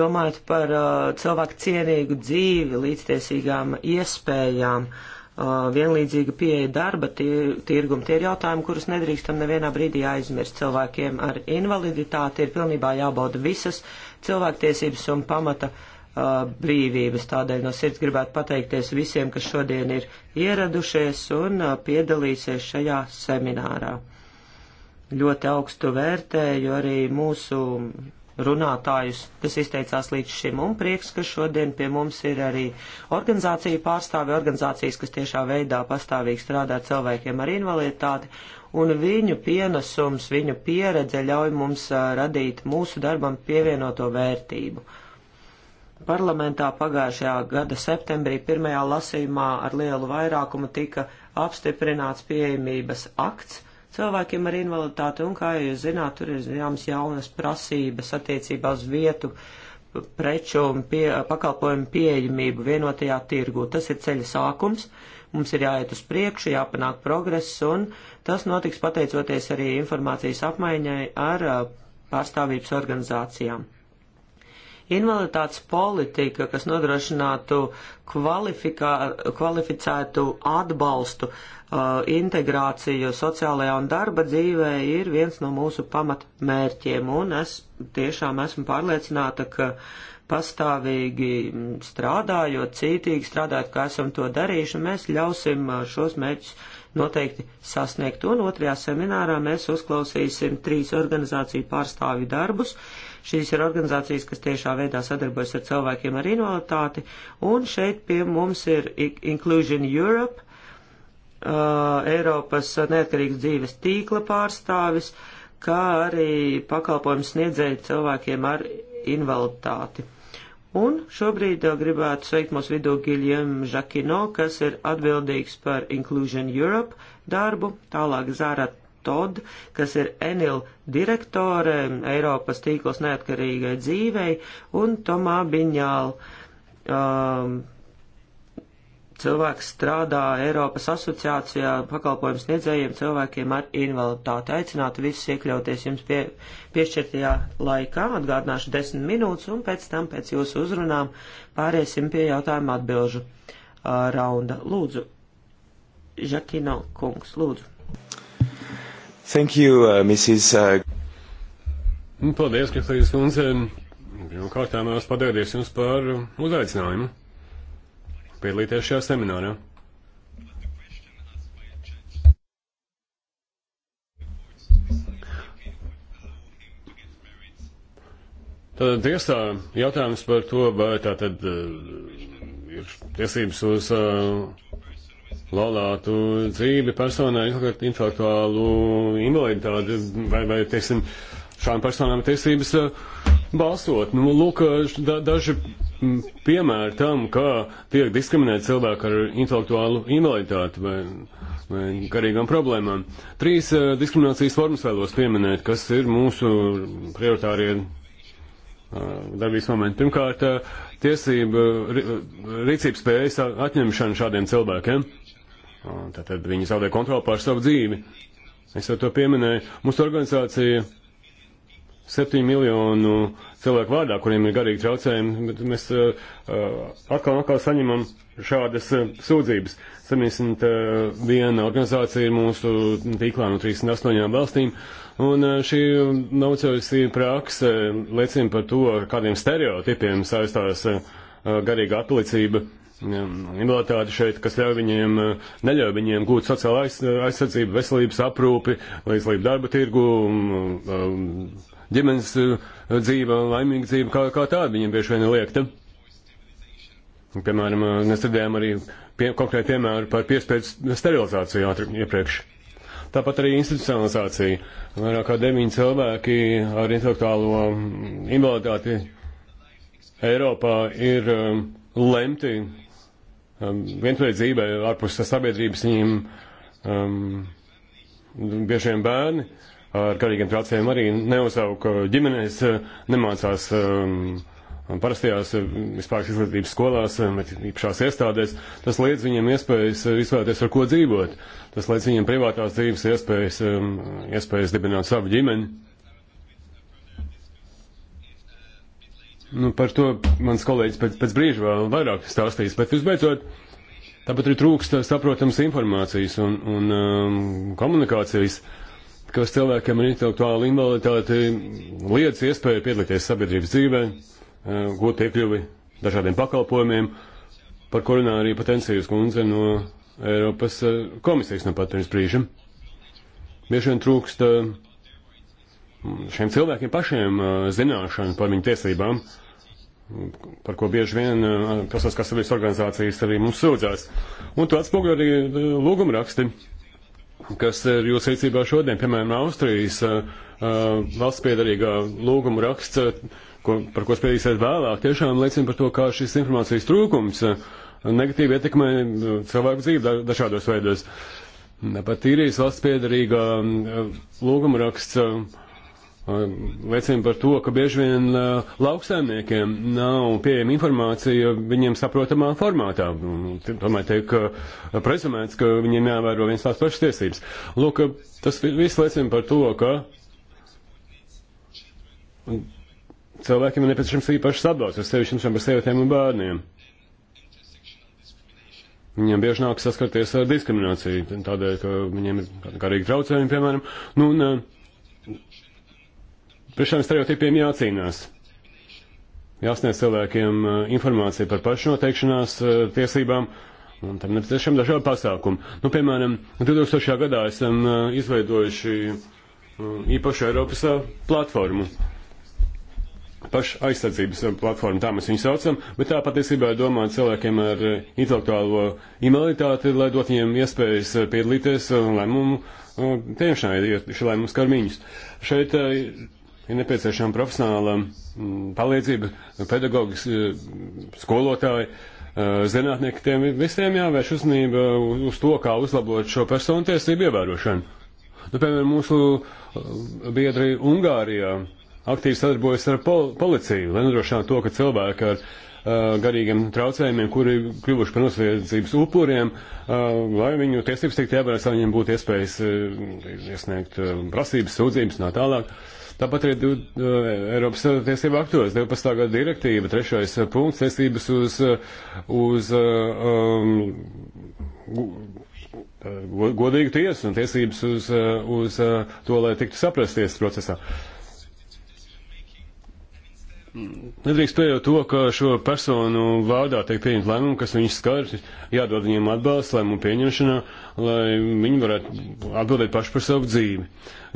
Domājot par uh, cilvēku cienīgu dzīvi, līdztiesīgām iespējām. Uh, Uh, vienlīdzīga pieeja darba tirgum. Tie ir jautājumi, kurus nedrīkstam nevienā brīdī aizmirst. Cilvēkiem ar invaliditāti ir pilnībā jābauda visas cilvēktiesības un pamata uh, brīvības. Tādēļ no sirds gribētu pateikties visiem, kas šodien ir ieradušies un uh, piedalīsies šajā seminārā. Ļoti augstu vērtēju arī mūsu runātājus, kas izteicās līdz šim. Un prieks, ka šodien pie mums ir arī organizācija pārstāvi, organizācijas, kas tiešā veidā pastāvīgi strādā cilvēkiem ar invaliditāti. Un viņu pienesums, viņu pieredze ļauj mums radīt mūsu darbam pievienoto vērtību. Parlamentā pagājušajā gada septembrī pirmajā lasījumā ar lielu vairākumu tika apstiprināts pieejamības akts, cilvēkiem ar invaliditāti, un, kā jūs zināt, tur ir zināmas jaunas prasības attiecībā uz vietu preču un pie, pakalpojumu pieejamību vienotajā tirgu. Tas ir ceļa sākums, mums ir jāiet uz priekšu, jāpanāk progress, un tas notiks pateicoties arī informācijas apmaiņai ar pārstāvības organizācijām. Invaliditātes politika, kas nodrošinātu kvalificētu atbalstu, uh, integrāciju sociālajā un darba dzīvē, ir viens no mūsu pamatmērķiem, un es tiešām esmu pārliecināta, ka pastāvīgi strādājot, cītīgi strādājot, kā esam to darījuši, mēs ļausim uh, šos mērķus noteikti sasniegt. Un otrajā seminārā mēs uzklausīsim trīs organizāciju pārstāvju darbus, Šīs ir organizācijas, kas tiešā veidā sadarbojas ar cilvēkiem ar invaliditāti, un šeit pie mums ir Inclusion Europe, uh, Eiropas neatkarīgas dzīves tīkla pārstāvis, kā arī pakalpojums sniedzēja cilvēkiem ar invaliditāti. Un šobrīd uh, gribētu sveikt mūsu vidū Giljemu Žakino, kas ir atbildīgs par Inclusion Europe darbu, tālāk Zārat Todd, kas ir Enil direktore Eiropas tīkls neatkarīgai dzīvei, un Tomā Biņāla um, cilvēks strādā Eiropas asociācijā pakalpojums sniedzējiem cilvēkiem ar invaliditāti. Aicinātu visus iekļauties jums pie, piešķirtajā laikā, atgādināšu desmit minūtes, un pēc tam pēc jūsu uzrunām pāriesim pie jautājumu atbilžu uh, raunda. Lūdzu, Žakino kungs, lūdzu. Thank you, uh, Mrs. Uh... Nu, paldies, Krislīdas kundze. Pirmkārt, mēs pateicāmies jums par uzaicinājumu piedalīties šajā seminārā. Tad tiesā jautājums par to, vai tā tad uh, ir tiesības uz uh, laulātu dzīvi personai intelektuālu invaliditāti vai, vai teiksim, šām personām tiesības eh, balsot. Nu, lūk, da, daži piemēri tam, kā tiek diskriminēti cilvēki ar intelektuālu invaliditāti vai, vai garīgām problēmām. Trīs eh, diskriminācijas formas vēlos pieminēt, kas ir mūsu prioritārie eh, darbības momenti. Pirmkārt, tiesība, rīcības spējas atņemšana šādiem cilvēkiem. Ja? Tātad viņi zaudē kontroli pār savu dzīvi. Es jau to pieminēju. Mūsu organizācija septiņu miljonu cilvēku vārdā, kuriem ir garīgi traucējumi, bet mēs uh, atkal un atkal saņemam šādas uh, sūdzības. 71 uh, organizācija ir mūsu tīklā no 38 valstīm, un uh, šī naucojusi prakse liecina par to, ar kādiem stereotipiem saistās uh, garīga atlicība. Uh, invaliditāti šeit, kas ļauj viņiem, neļauj viņiem gūt sociālo aizsardzību, veselības aprūpi, līdzlību darba tirgu, um, um, ģimenes uh, dzīve, laimīga dzīve, kā, kā tāda viņiem bieži vien ir liekta. Piemēram, uh, mēs redzējām arī pie, konkrēti piemēru par piespēju sterilizāciju iepriekš. Tāpat arī institucionalizācija. Vairāk kā deviņi cilvēki ar intelektuālo um, invaliditāti Eiropā ir lemti Um, vienveidzība ārpus sabiedrības viņiem um, bieži vien bērni ar garīgiem traucējumiem arī neuzauga ģimenēs, nemācās um, parastajās um, vispārākas izglītības skolās, um, bet īpašās iestādēs, tas liedz viņiem iespējas uh, izvēlēties, ar ko dzīvot. Tas liedz viņiem privātās dzīves iespējas, iespējas dibināt savu ģimeni. Nu, par to mans kolēģis pēc, pēc brīža vēl vairāk stāstīs, bet visbeidzot, tāpat arī trūkst saprotams informācijas un, un um, komunikācijas, kas cilvēkiem ar intelektuālu invaliditāti liedz iespēju piedalīties sabiedrības dzīvē, uh, gūt piekļuvi dažādiem pakalpojumiem, par ko runā arī potencijas kundze no Eiropas uh, komisijas no pat pirms brīža. Bieži vien trūkst uh, šiem cilvēkiem pašiem zināšanu par viņu tiesībām, par ko bieži vien pilsētiskās sabiedrības organizācijas arī mums sūdzās. Un to atspoguļo arī lūgumraksti, kas ir jūsu rīcībā šodien, piemēram, Austrijas valsts piedarīgā lūguma raksts, ko, par ko spēdīsiet vēlāk, tiešām liecina par to, kā šis informācijas trūkums negatīvi ietekmē cilvēku dzīvi dažādos veidos. Pat īrijas valsts piedarīgā lūguma raksts liecina par to, ka bieži vien lauksaimniekiem nav pieejama informācija viņiem saprotamā formātā. Tomēr tiek prezumēts, ka viņiem jāvēro viens tās pašas tiesības. Lūk, tas viss liecina par to, ka cilvēkiem ir nepieciešams īpašs atbalsts, jo sevišķi šiem par sievietēm un bērniem. Viņiem bieži nāk saskarties ar diskrimināciju, tādēļ, ka viņiem ir karīgi traucējumi, piemēram. Nu, un, Pret šiem stereotipiem jācīnās. Jāsniedz cilvēkiem uh, informācija par pašnoteikšanās uh, tiesībām, un tam nepieciešami dažādi pasākumi. Nu, piemēram, 2000. gadā esam uh, izveidojuši īpašu Eiropas platformu pašu aizsardzības platformu, tā mēs viņu saucam, bet tā patiesībā ir domāta cilvēkiem ar intelektuālo invaliditāti, lai dot viņiem iespējas piedalīties lēmumu pieņemšanai, jo šī lēmums karmiņus. Šeit ir nepieciešama profesionāla mm, palīdzība, pedagogi, e, skolotāji, e, zinātnieki, tiem visiem jāvērš uzmanība uz to, kā uzlabot šo personu tiesību ievērošanu. Nu, piemēram, mūsu e, biedri Ungārijā aktīvi sadarbojas ar pol policiju, lai nodrošinātu to, ka cilvēki ar Uh, garīgiem traucējumiem, kuri kļuvuši par nosviedzības upuriem, uh, lai viņu tiesības tiktu ievērēts, lai viņiem būtu iespējas uh, iesniegt prasības, sūdzības, nā tālāk. Tāpat arī Eiropas tiesība aktos 12. gada direktīva, trešais punkts, tiesības uz, uz um, godīgu tiesu un tiesības uz, uz to, lai tiktu saprasties procesā. Uh, Nedrīkst pieļaut to, ka šo personu vārdā tiek pieņemta lēmuma, kas viņus skar, jādod viņiem atbalsts lēmumu pieņemšanā, lai viņi varētu atbildēt paši par savu dzīvi.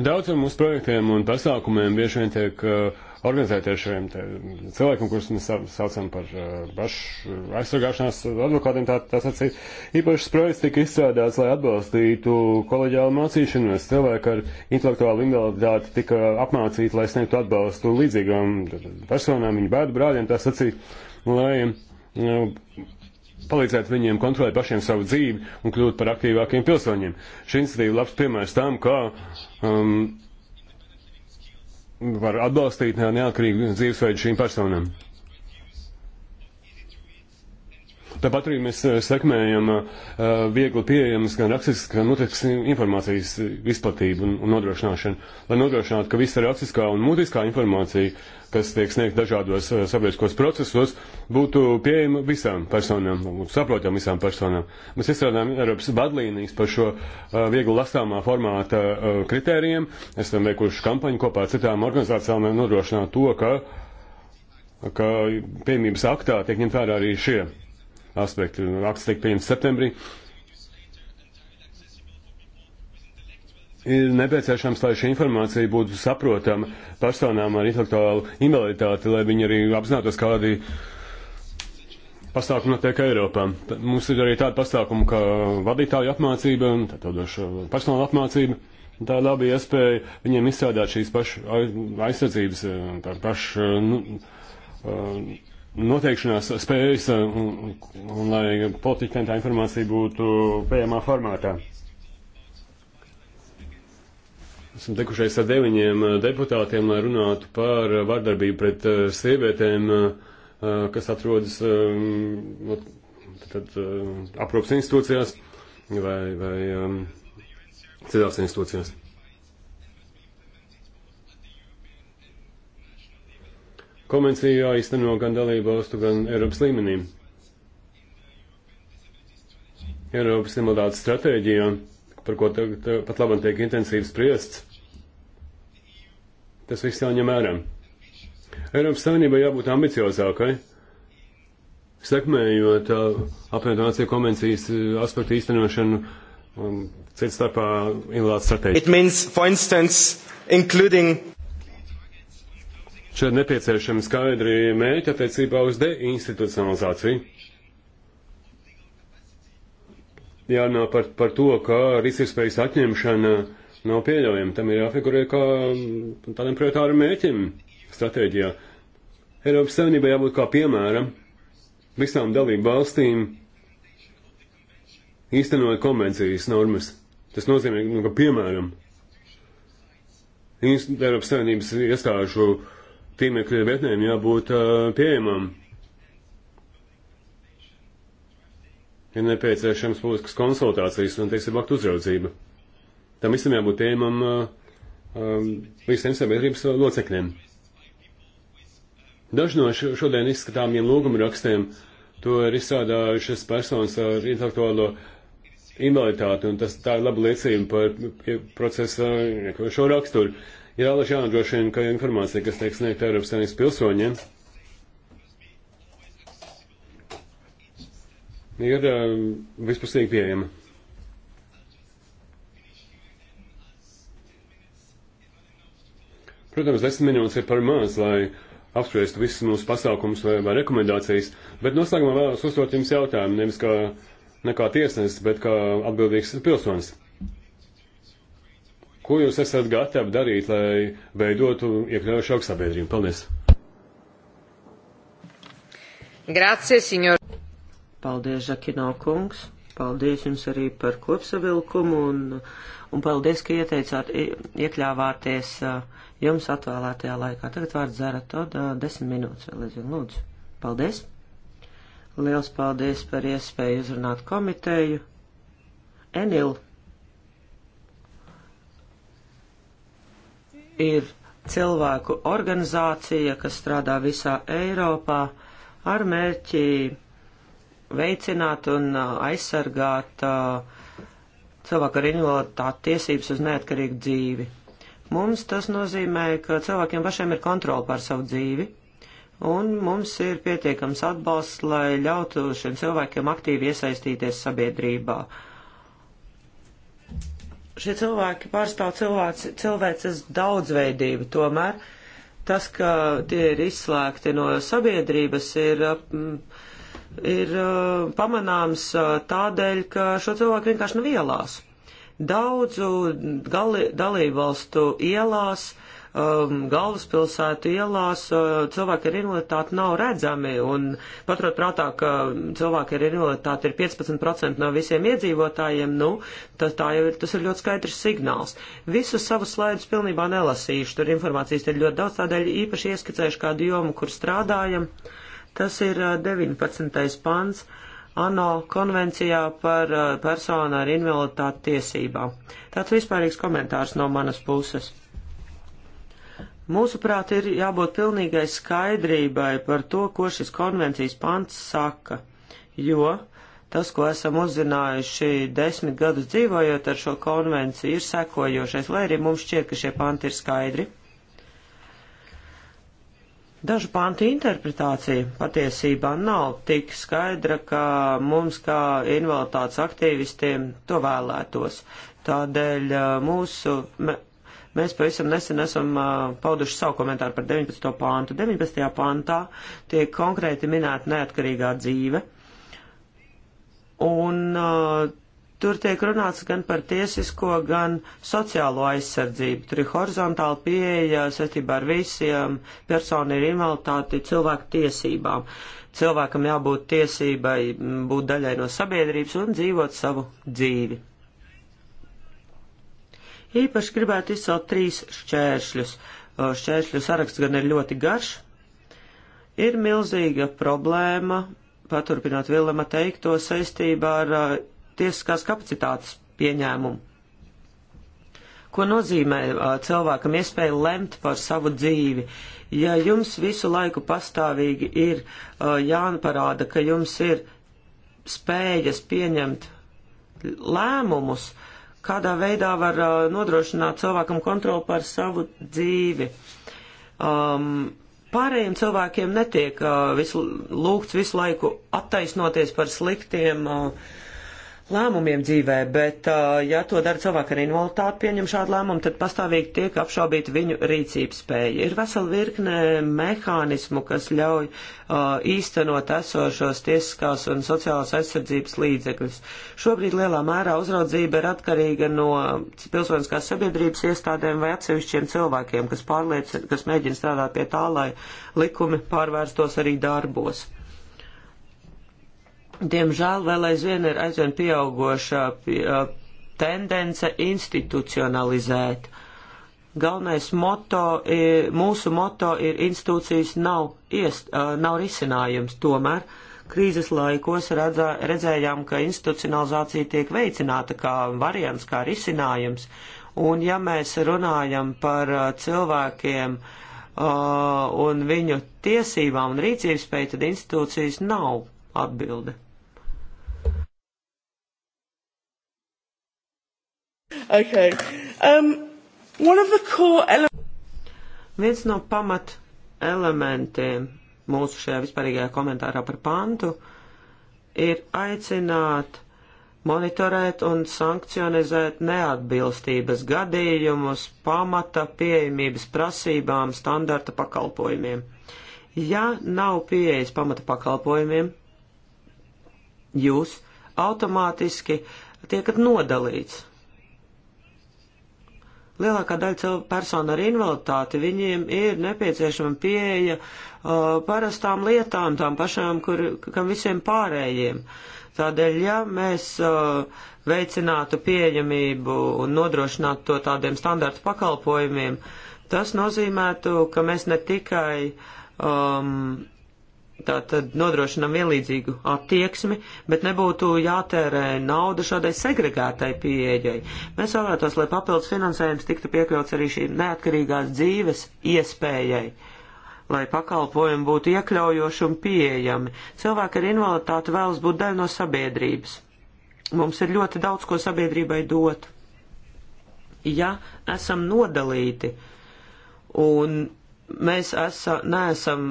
Daudziem mūsu projektiem un pasākumiem bieži vien tiek uh, organizēties šiem cilvēkiem, kurus mēs saucam par pašu uh, uh, aizsargāšanās advokātiem, tā, tā sacīt. Īpašs projekts tika izstrādāts, lai atbalstītu koleģiālu mācīšanos. Cilvēki ar intelektuālu invaliditāti tika apmācīti, lai sniegtu atbalstu līdzīgām personām, viņu bērnu brāļiem, tā sacīt, lai uh, palīdzēt viņiem kontrolēt pašiem savu dzīvi un kļūt par aktīvākiem pilsoņiem. Šī iniciatīva labs piemērs tam, kā um, var atbalstīt neatkarīgu dzīvesveidu šīm personām. Tāpat arī mēs eh, sekmējam eh, viegli pieejamas gan rakstiskas, gan mutiskas informācijas izplatību un, un nodrošināšanu, lai nodrošinātu, ka visa rakstiskā un mutiskā informācija kas tiek sniegt dažādos eh, sabiedriskos procesos, būtu pieejama visām personām, saprotam visām personām. Mēs izstrādājam Eiropas vadlīnijas par šo eh, viegli lasāmā formāta eh, kritērijiem. Esam veikuši kampaņu kopā ar citām organizācijām, lai nodrošinātu to, ka, ka pieejamības aktā tiek ņemt vērā arī šie aspekti. Akts tiek pieņemts septembrī. Uh, ir nepieciešams, lai šī informācija būtu saprotama personām ar intelektuālu invaliditāti, lai viņi arī apzinātos, kādi pasākumi notiek Eiropā. Mums ir arī tāda pasākuma, kā vadītāju apmācība, tādošu personāla apmācība. Tā ir laba iespēja viņiem izstrādāt šīs pašu aizsardzības, tā pašu nu, noteikšanās spējas, un, un, un lai politiķiem tā informācija būtu pieejamā formātā. esam tikušies ar deviņiem eh, deputātiem, lai runātu par eh, vardarbību pret eh, sievietēm, kas atrodas nu, tad, aprops institūcijās vai, vai ehm, citās institūcijās. Konvencijā īsteno gan dalību valstu, gan Eiropas līmenī. Eiropas invaliditātes stratēģijā, par ko tagad pat labam tiek intensīvi spriests, Tas viss jāņem vērā. Eiropas Savienībai jābūt ambiciozākai, sekmējot uh, apvienotā nācija konvencijas uh, aspektu īstenošanu un cits starpā invaliditātes stratēģiju. It means, for instance, including Šeit nepieciešami skaidri mērķi attiecībā uz deinstitucionalizāciju. Jārunā par, par to, kā risks spējas atņemšana uh, nav pieļaujama. Tam ir jāfigurē kā tādam prioritāram mēķim stratēģijā. Eiropas Savienībai jābūt kā piemēram visām dalību valstīm īstenot konvencijas normas. Tas nozīmē, nu, ka piemēram Eiropas Savienības iestāžu tīmekļa vietnēm jābūt uh, pieejamām. Ir nepieciešams būtiskas konsultācijas un, teiksim, aktu uzraudzība. Tam visam jābūt pieejamam visiem uh, um, sabiedrības locekļiem. Daži no šodien izskatāmiem lūgumrakstiem to ir izstrādājušas personas ar intelektuālo invaliditāti, un tas tā ir laba liecība par procesa šo raksturu. Ir alaši jānodrošina, ka informācija, kas tiek sniegta Eiropas Savienības pilsoņiem, ir um, vispusīgi pieejama. Protams, desmit minūtes ir par maz, lai apspriestu visus mūsu pasākumus vai, vai rekomendācijas, bet noslēgumā vēlos uzdot jums jautājumu, nevis kā, ne kā tiesnesis, bet kā atbildīgs pilsonis. Ko jūs esat gatavi darīt, lai veidotu iekļaujošāku sabiedrību? Paldies! Grazie, signor! Paldies, Žakino kungs! Paldies jums arī par kopsavilkumu un, un paldies, ka ieteicāt, iekļāvāties uh, jums atvēlētajā laikā. Tagad vārds Zara Toda, desmit minūtes vēl aizvien lūdzu. Paldies! Liels paldies par iespēju uzrunāt komiteju. Enil ir cilvēku organizācija, kas strādā visā Eiropā ar mērķi veicināt un aizsargāt cilvēku ar invaliditāti tiesības uz neatkarīgu dzīvi. Mums tas nozīmē, ka cilvēkiem pašiem ir kontroli pār savu dzīvi, un mums ir pietiekams atbalsts, lai ļautu šiem cilvēkiem aktīvi iesaistīties sabiedrībā. Šie cilvēki pārstāv cilvēks, cilvēces daudzveidību, tomēr tas, ka tie ir izslēgti no sabiedrības, ir, mm, ir mm, pamanāms mm, tādēļ, ka šo cilvēku vienkārši nav ielās. Daudzu gali, dalībvalstu ielās, um, galvaspilsētu ielās uh, cilvēki ar invaliditāti nav redzami, un paturot prātā, ka cilvēki ar invaliditāti ir 15% no visiem iedzīvotājiem, nu, tas, tā jau ir, tas ir ļoti skaidrs signāls. Visus savus slaidus pilnībā nelasīšu, tur informācijas ir ļoti daudz, tādēļ īpaši ieskicējuši kādu jomu, kur strādājam. Tas ir 19. Uh, pants. Uh, ANO konvencijā par uh, personu ar invaliditāti tiesībām. Tāds vispārīgs komentārs no manas puses. Mūsuprāt, ir jābūt pilnīgai skaidrībai par to, ko šis konvencijas pants saka, jo tas, ko esam uzzinājuši desmit gadus dzīvojot ar šo konvenciju, ir sekojošais, lai arī mums šķiet, ka šie panti ir skaidri. Dažu pāntu interpretācija patiesībā nav tik skaidra, ka mums kā invaliditātes aktīvistiem to vēlētos. Tādēļ uh, mūsu, mēs pavisam nesen esam uh, pauduši savu komentāru par 19. pāntu. 19. pāntā tiek konkrēti minēta neatkarīgā dzīve. Un uh, Tur tiek runāts gan par tiesisko, gan sociālo aizsardzību. Tur ir horizontāla pieeja saistībā ar visiem personu ir invaliditāti cilvēku tiesībām. Cilvēkam jābūt tiesībai būt daļai no sabiedrības un dzīvot savu dzīvi. Īpaši gribētu izcelt trīs šķēršļus. Šķēršļu saraksts gan ir ļoti garš. Ir milzīga problēma paturpināt Vilama teikto saistībā ar tiesiskās kapacitātes pieņēmumu. Ko nozīmē cilvēkam iespēja lemt par savu dzīvi? Ja jums visu laiku pastāvīgi ir jāparāda, ka jums ir spējas pieņemt lēmumus, kādā veidā var nodrošināt cilvēkam kontroli par savu dzīvi. Um, pārējiem cilvēkiem netiek uh, visu, lūgts visu laiku attaisnoties par sliktiem uh, lēmumiem dzīvē, bet uh, ja to dara cilvēki ar invaliditāti, pieņem šādu lēmumu, tad pastāvīgi tiek apšaubīta viņu rīcības spēja. Ir vesela virkne mehānismu, kas ļauj uh, īstenot esošos tiesiskās un sociālās aizsardzības līdzekļus. Šobrīd lielā mērā uzraudzība ir atkarīga no pilsoniskās sabiedrības iestādēm vai atsevišķiem cilvēkiem, kas, pārliec, kas mēģina strādāt pie tā, lai likumi pārvērstos arī darbos. Diemžēl vēl aizvien ir aizvien pieaugoša tendence institucionalizēt. Galvenais moto, ir, mūsu moto ir institūcijas nav, iest, nav risinājums, tomēr krīzes laikos redzā, redzējām, ka institucionalizācija tiek veicināta kā variants, kā risinājums, un ja mēs runājam par cilvēkiem un viņu tiesībām un rīcības spēju, tad institūcijas nav atbilde. Okay. Um, one of the core Viens no pamat elementiem mūsu šajā vispārīgajā komentārā par pantu ir aicināt monitorēt un sankcionizēt neatbilstības gadījumus pamata pieejamības prasībām standarta pakalpojumiem. Ja nav pieejas pamata pakalpojumiem, jūs automātiski tiekat nodalīts lielākā daļa personu ar invaliditāti, viņiem ir nepieciešama pieeja uh, parastām lietām, tām pašām, kur, kam visiem pārējiem. Tādēļ, ja mēs uh, veicinātu pieejamību un nodrošinātu to tādiem standartu pakalpojumiem, tas nozīmētu, ka mēs ne tikai um, Tātad nodrošinam vienlīdzīgu attieksmi, bet nebūtu jātērē nauda šādai segregētai pieeģai. Mēs vēlētos, lai papildus finansējums tiktu piekļauts arī šī neatkarīgās dzīves iespējai lai pakalpojumi būtu iekļaujoši un pieejami. Cilvēki ar invaliditāti vēlas būt daļa no sabiedrības. Mums ir ļoti daudz, ko sabiedrībai dot. Ja esam nodalīti un mēs esa, neesam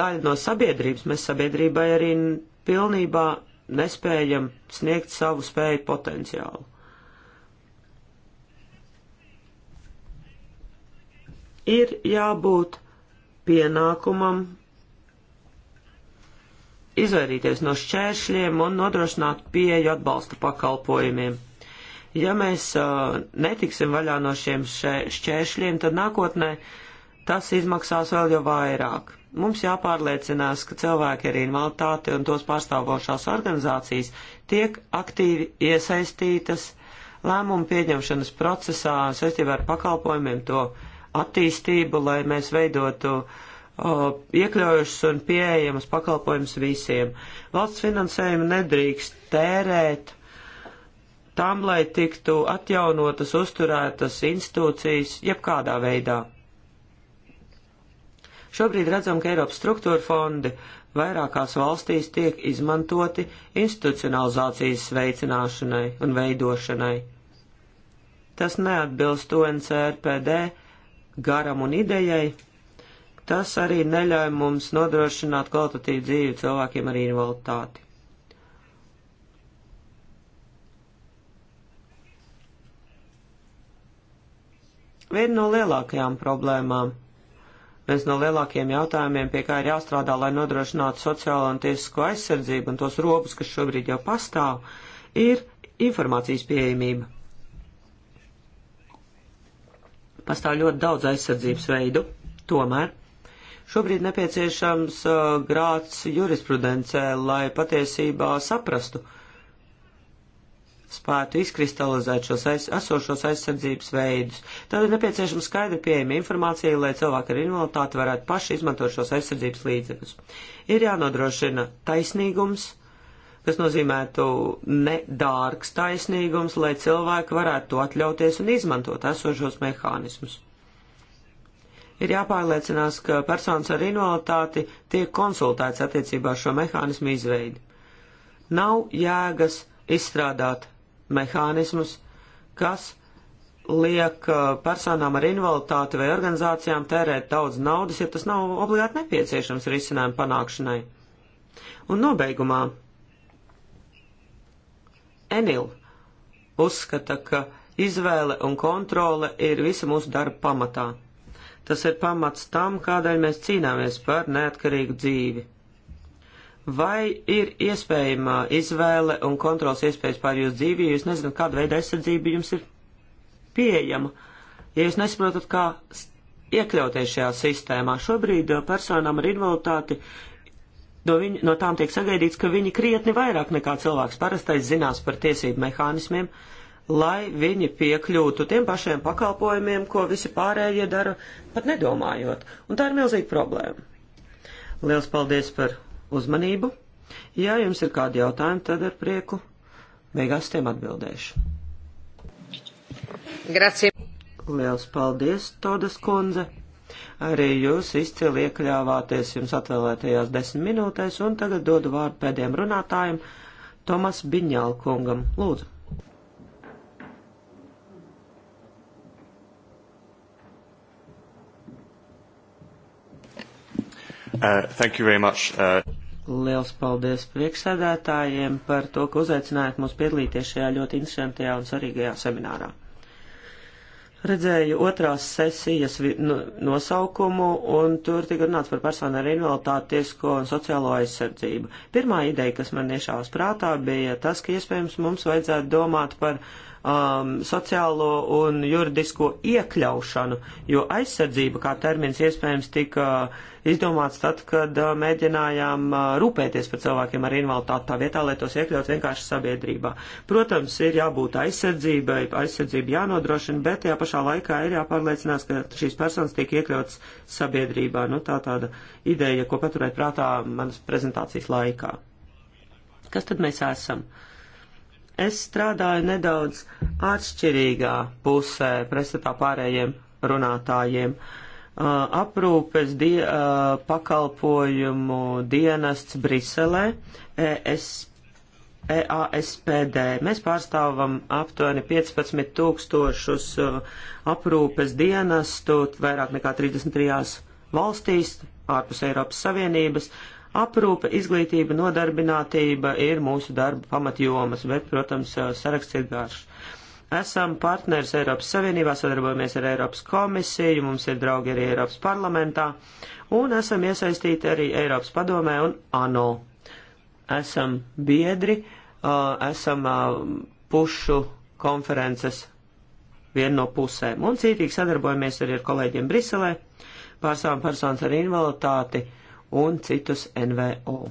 daļa no sabiedrības, mēs sabiedrībai arī pilnībā nespējam sniegt savu spēju potenciālu. Ir jābūt pienākumam izvairīties no šķēršļiem un nodrošināt pieeju atbalsta pakalpojumiem. Ja mēs uh, netiksim vaļā no šiem šķēršļiem, tad nākotnē uh, tas izmaksās vēl jau vairāk. Mums jāpārliecinās, ka cilvēki ar invaliditāti un tos pārstāvošās organizācijas tiek aktīvi iesaistītas lēmumu pieņemšanas procesā saistībā ar pakalpojumiem, to attīstību, lai mēs veidotu uh, iekļaujušas un pieejamas pakalpojumus visiem. Valsts finansējumu nedrīkst tērēt tam, lai tiktu atjaunotas, uzturētas institūcijas jebkādā veidā. Šobrīd redzam, ka Eiropas struktūra fondi vairākās valstīs tiek izmantoti institucionalizācijas veicināšanai un veidošanai. Tas neatbilst UNCRPD garam un idejai. Tas arī neļauj mums nodrošināt kvalitatīvu dzīvi cilvēkiem ar invaliditāti. Viena no lielākajām problēmām viens no lielākajiem jautājumiem, pie kā ir jāstrādā, lai nodrošinātu sociālo un tiesisko aizsardzību un tos robus, kas šobrīd jau pastāv, ir informācijas pieejamība. Pastāv ļoti daudz aizsardzības veidu, tomēr šobrīd nepieciešams uh, grāts jurisprudencē, lai patiesībā saprastu, spētu izkristalizēt šos aiz, esošos aizsardzības veidus. Tad ir nepieciešama skaidra pieejama informācija, lai cilvēki ar invaliditāti varētu paši izmantot šos aizsardzības līdzekļus. Ir jānodrošina taisnīgums, kas nozīmētu nedārgs taisnīgums, lai cilvēki varētu to atļauties un izmantot esošos mehānismus. Ir jāpārliecinās, ka personas ar invaliditāti tiek konsultēts attiecībā ar šo mehānismu izveidi. Nav jēgas izstrādāt mehānismus, kas liek uh, personām ar invaliditāti vai organizācijām tērēt daudz naudas, ja tas nav obligāti nepieciešams risinājumu panākšanai. Un nobeigumā Enil uzskata, ka izvēle un kontrole ir visa mūsu darba pamatā. Tas ir pamats tam, kādēļ mēs cīnāmies par neatkarīgu dzīvi. Vai ir iespējama izvēle un kontrols iespējas pār jūsu dzīvi, ja jūs nezināt, kāda veida aizsardzība jums ir pieejama, ja jūs nesaprotat, kā iekļauties šajā sistēmā? Šobrīd uh, personām ar invaliditāti no, viņ, no tām tiek sagaidīts, ka viņi krietni vairāk nekā cilvēks parastais zinās par tiesību mehānismiem, lai viņi piekļūtu tiem pašiem pakalpojumiem, ko visi pārējie dara, pat nedomājot. Un tā ir milzīga problēma. Liels paldies par uzmanību. Ja jums ir kādi jautājumi, tad ar prieku beigās tiem atbildēšu. Grazie. Liels paldies, Todas kundze. Arī jūs izcili iekļāvāties jums atvēlētajās desmit minūtēs, un tagad dodu vārdu pēdējiem runātājiem Tomas Biņālkungam. Lūdzu. Uh, thank you very much. Uh... Liels paldies priekšsēdētājiem par to, ka uzaicinājāt mūs piedalīties šajā ļoti interesantajā un svarīgajā seminārā. Redzēju otrās sesijas nu, nosaukumu, un tur tika runāts par personu ar invaliditāti, tiesisko un sociālo aizsardzību. Pirmā ideja, kas man iešāvas prātā, bija tas, ka iespējams mums vajadzētu domāt par uh, um, sociālo un juridisko iekļaušanu, jo aizsardzība kā termins iespējams tika izdomāts tad, kad uh, mēģinājām uh, rūpēties par cilvēkiem ar invaliditāti tā vietā, lai tos iekļaut vienkārši sabiedrībā. Protams, ir jābūt aizsardzībai, aizsardzība jānodrošina, bet tajā pašā laikā ir jāpārliecinās, ka šīs personas tiek iekļauts sabiedrībā. Nu, tā tāda ideja, ko paturēt prātā manas prezentācijas laikā. Kas tad mēs esam? Uh, Es strādāju nedaudz atšķirīgā pusē, pretstatā pārējiem runātājiem. Uh, aprūpes die, uh, pakalpojumu dienests Briselē, ES, EASPD. Mēs pārstāvam aptuveni 15 tūkstošus uh, aprūpes dienestu vairāk nekā 33 valstīs, ārpus Eiropas Savienības. Uh, Aprūpe, izglītība, nodarbinātība ir mūsu darba pamatjomas, bet, protams, saraksts ir garš. Esam partners Eiropas Savienībā, sadarbojamies ar Eiropas komisiju, mums ir draugi arī Eiropas parlamentā, un esam iesaistīti arī Eiropas padomē un ANO. Esam biedri, esam pušu konferences viena no pusēm, un cītīgi sadarbojamies arī ar kolēģiem Briselē, pārstāvam personas ar invaliditāti un citus NVO.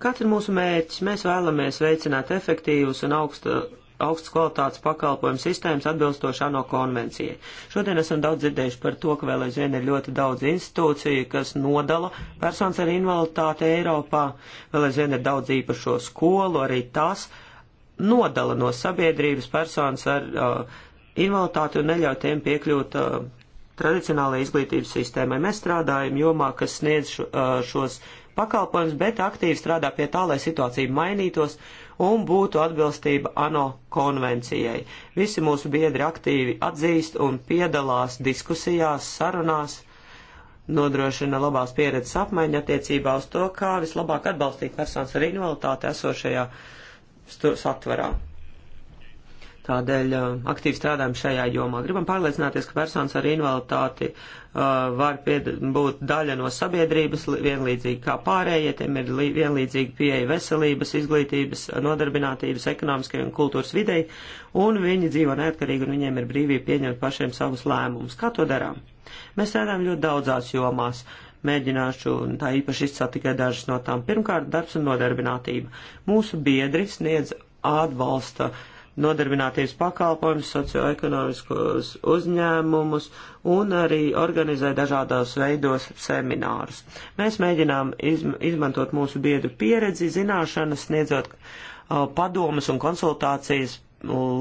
Kāds ir mūsu mērķis? Mēs vēlamies veicināt efektīvus un augsta, augstas kvalitātes pakalpojumu sistēmas atbilstošā no konvencijai. Šodien esam daudz dzirdējuši par to, ka vēl aizvien ir ļoti daudz institūciju, kas nodala personas ar invaliditāti Eiropā, vēl aizvien ir daudz īpašo skolu, arī tas nodala no sabiedrības personas ar uh, invaliditāti un neļauj tiem piekļūt uh, tradicionālajai izglītības sistēmai. Mēs strādājam jomā, kas sniedz šo, šos pakalpojumus, bet aktīvi strādā pie tā, lai situācija mainītos un būtu atbilstība ANO konvencijai. Visi mūsu biedri aktīvi atzīst un piedalās diskusijās, sarunās nodrošina labās pieredzes apmaiņu attiecībā uz to, kā vislabāk atbalstīt personas ar invaliditāti esošajā satvarā. Tādēļ um, aktīvi strādājam šajā jomā. Gribam pārliecināties, ka personas ar invaliditāti uh, var pied, būt daļa no sabiedrības, vienlīdzīgi kā pārējie, tiem ir vienlīdzīgi pieeja veselības, izglītības, nodarbinātības, ekonomiskai un kultūras videi, un viņi dzīvo neatkarīgi un viņiem ir brīvība pieņemt pašiem savus lēmumus. Kā to darām? Mēs strādājam ļoti daudzās jomās mēģināšu tā īpaši izcelt tikai dažas no tām. Pirmkārt, darbs un nodarbinātība. Mūsu biedri sniedz atbalsta nodarbinātības pakalpojumus, socioekonomiskos uzņēmumus un arī organizē dažādās veidos seminārus. Mēs mēģinām izm izmantot mūsu biedru pieredzi, zināšanas, sniedzot uh, padomas un konsultācijas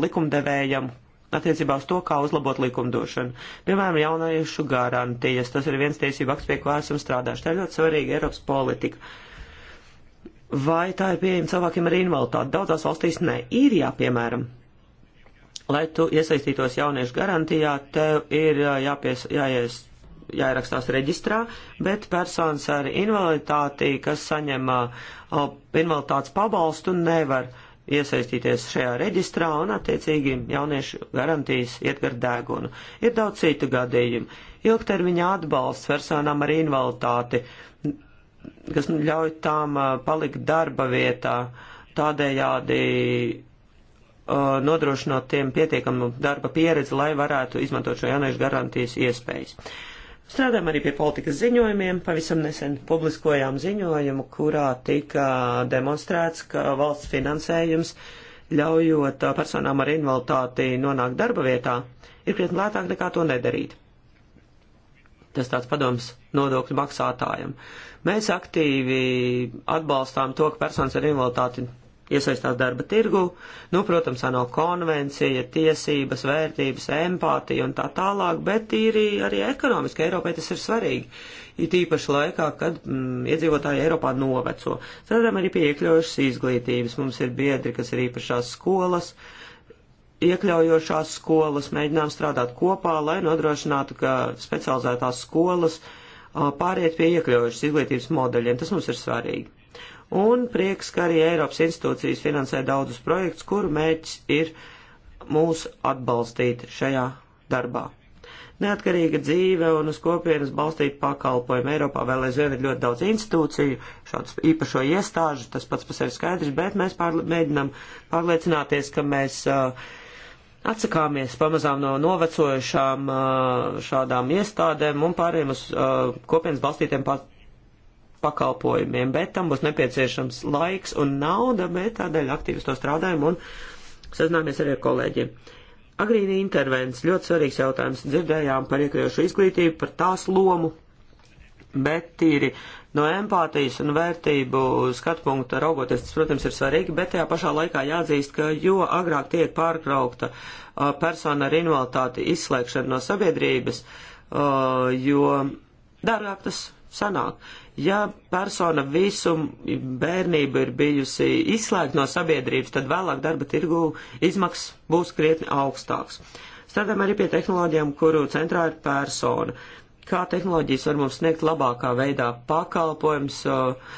likumdevējam attiecībā uz to, kā uzlabot likumdošanu. Piemēram, jauniešu garantijas, tas ir viens tiesību akts, pie kā esam strādājuši. Tā ir ļoti svarīga Eiropas politika. Uh, vai tā ir pieejama cilvēkiem ar invaliditāti. Daudzās valstīs nē, ir jāpiemēram. Lai tu iesaistītos jauniešu garantijā, tev ir uh, jāpies, jāies, jāierakstās reģistrā, bet personas ar invaliditāti, kas saņem uh, invaliditātes pabalstu, nevar iesaistīties šajā reģistrā un, attiecīgi, jauniešu garantijas iet gar dēgunu. Ir daudz citu gadījumu. Ilgtermiņa atbalsts personām ar invaliditāti. Uh, kas ļauj tām palikt darba vietā, tādējādi nodrošinot tiem pietiekamu darba pieredzi, lai varētu izmantot šo jauniešu garantijas iespējas. Strādājam arī pie politikas ziņojumiem. Pavisam nesen publiskojām ziņojumu, kurā tika demonstrēts, ka valsts finansējums ļaujot personām ar invaliditāti nonākt darba vietā, ir krietni lētāk nekā to nedarīt. Tas tāds padoms nodokļu maksātājiem. Uh, Mēs aktīvi atbalstām to, ka personas ar invaliditāti iesaistās darba tirgu. Nu, protams, ANO konvencija, tiesības, vērtības, empātija un tā tālāk, bet tīri arī ekonomiski Eiropai tas ir svarīgi. It īpaši laikā, kad mm, iedzīvotāji Eiropā noveco. Strādājam arī pie iekļaujušas izglītības. Mums ir biedri, kas ir īpašās skolas. Iekļaujošās skolas mēģinām strādāt kopā, lai nodrošinātu, ka specializētās skolas uh, pāriet pie iekļaujušas izglītības modeļiem. Tas mums ir svarīgi. Un prieks, ka arī Eiropas institūcijas finansē daudzus projektus, kuru mērķis ir mūs atbalstīt šajā darbā. Neatkarīga dzīve un uz kopienas balstīt pakalpojumu Eiropā vēl aizvien ir ļoti daudz institūciju, šādas īpašo iestāžu, tas pats par sevi skaidrs, bet mēs pārli mēģinam pārliecināties, ka mēs uh, atsakāmies pamazām no novecojušām šādām iestādēm un pārējiem uz kopienas balstītiem pakalpojumiem, bet tam būs nepieciešams laiks un nauda, bet tādēļ aktīvi to strādājam un sazināmies arī ar kolēģiem. Agrīna intervents, ļoti svarīgs jautājums, dzirdējām par iekļaujošu izglītību, par tās lomu, bet tīri No empātijas un vērtību skatu punkta raugoties, tas, protams, ir svarīgi, bet tajā pašā laikā jāatzīst, ka jo agrāk tiek pārtraukta uh, persona ar invaliditāti izslēgšana no sabiedrības, uh, jo dārgāk tas sanāk. Ja persona visu bērnību ir bijusi izslēgta no sabiedrības, tad vēlāk darba tirgu izmaksas būs krietni augstāks. Strādājam arī pie tehnoloģijām, kuru centrā ir persona. Uh, kā tehnoloģijas var mums sniegt labākā veidā pakalpojums uh,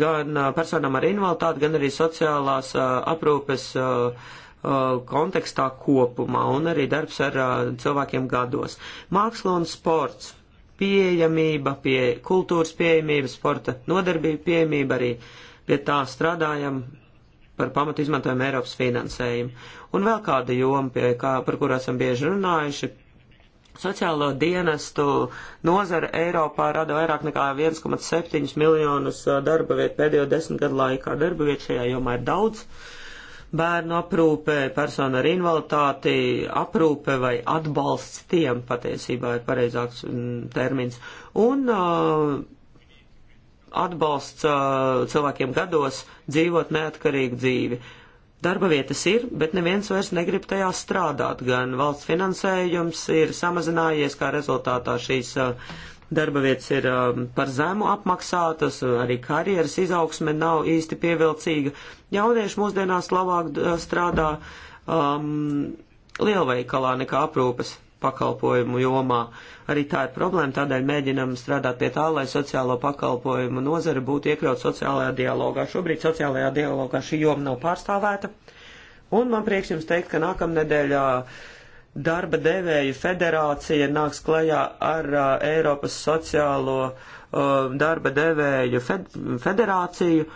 gan uh, personām ar invaliditāti, gan arī sociālās uh, aprūpes kontekstā kopumā un arī darbs ar cilvēkiem gados. Māksla un sports pieejamība, pie kultūras pieejamība, sporta nodarbība pieejamība, arī pie tā strādājam, par pamatu izmantojam Eiropas finansējumu. Un vēl kāda joma, pie kā, par kuru esam bieži runājuši, Sociālo dienestu nozara Eiropā rada vairāk nekā 1,7 miljonus darba vietu pēdējo desmit gadu laikā. Darba vietu šajā jomā ir daudz. Bērnu aprūpe, persona ar invaliditāti, aprūpe vai atbalsts tiem patiesībā ir pareizāks mm, termins. Un uh, atbalsts uh, cilvēkiem gados dzīvot neatkarīgu dzīvi. Uh, Darba vietas ir, bet neviens vairs negrib tajās strādāt. Gan valsts finansējums ir samazinājies, kā rezultātā šīs uh, darba vietas ir um, par zemu apmaksātas, uh, arī karjeras izaugsme nav īsti pievilcīga. Jaunieši mūsdienās labāk uh, strādā um, lielveikalā nekā aprūpes pakalpojumu jomā. Arī tā ir problēma, tādēļ mēģinam strādāt pie tā, lai sociālo pakalpojumu nozare būtu iekļaut sociālajā dialogā. Šobrīd sociālajā dialogā šī joma nav pārstāvēta. Un man prieks jums teikt, ka nākamnedēļā darba devēju federācija nāks klajā ar uh, Eiropas sociālo uh, darba devēju fed federāciju.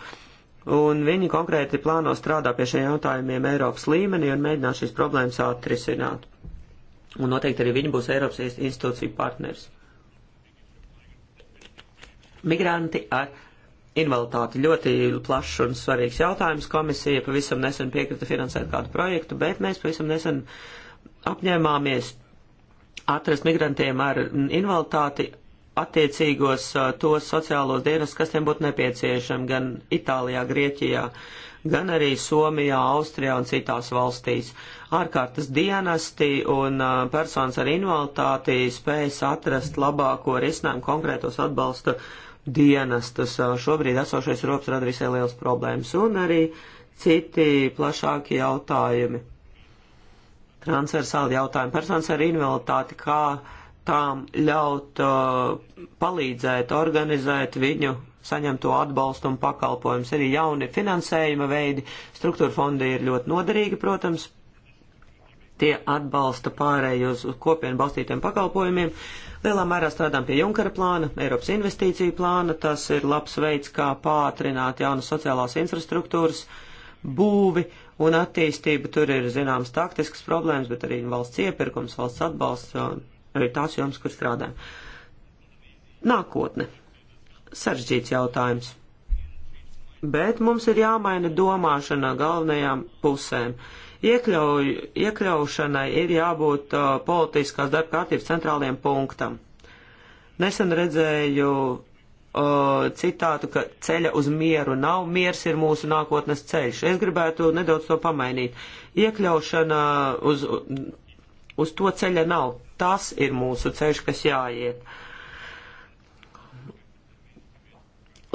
Un viņi konkrēti plāno strādāt pie šiem jautājumiem Eiropas līmenī un mēģināt šīs problēmas atrisināt un noteikti arī viņi būs Eiropas institūciju partners. Migranti ar invaliditāti ļoti plašs un svarīgs jautājums. Komisija pavisam nesen piekrita finansēt kādu projektu, bet mēs pavisam nesen apņēmāmies atrast migrantiem ar invaliditāti attiecīgos uh, tos sociālos dienas, kas tiem būtu nepieciešami gan Itālijā, Grieķijā. Uh, gan arī Somijā, Austrijā un citās valstīs. Ārkārtas dienesti un personas ar invaliditāti spējas atrast labāko risinājumu konkrētos atbalsta dienestus. Šobrīd esošais rops rada visai liels problēmas un arī citi plašāki jautājumi. Transversāli jautājumi. Personas ar invaliditāti, kā tām ļaut uh, palīdzēt, organizēt viņu saņemto atbalstu un pakalpojumus. Arī jauni finansējuma veidi, struktūra fondi ir ļoti noderīgi, protams, tie atbalsta pārēju uz kopienu balstītiem pakalpojumiem. Lielā mērā strādājam pie Junkara plāna, Eiropas investīciju plāna. Tas ir labs veids, kā pātrināt jaunas sociālās infrastruktūras būvi un attīstību. Tur ir zināmas taktiskas problēmas, bet arī valsts iepirkums, valsts atbalsts, arī tās joms, kur strādājam. Nākotne sarežģīts jautājums. Bet mums ir jāmaina domāšana galvenajām pusēm. Iekļauj, iekļaušanai ir jābūt uh, politiskās darba kārtības centrālajiem punktam. Nesen redzēju uh, citātu, ka ceļa uz mieru nav, miers ir mūsu nākotnes ceļš. Es gribētu nedaudz to pamainīt. Iekļaušana uz, uz to ceļa nav. Tas ir mūsu ceļš, kas jāiet. Uh,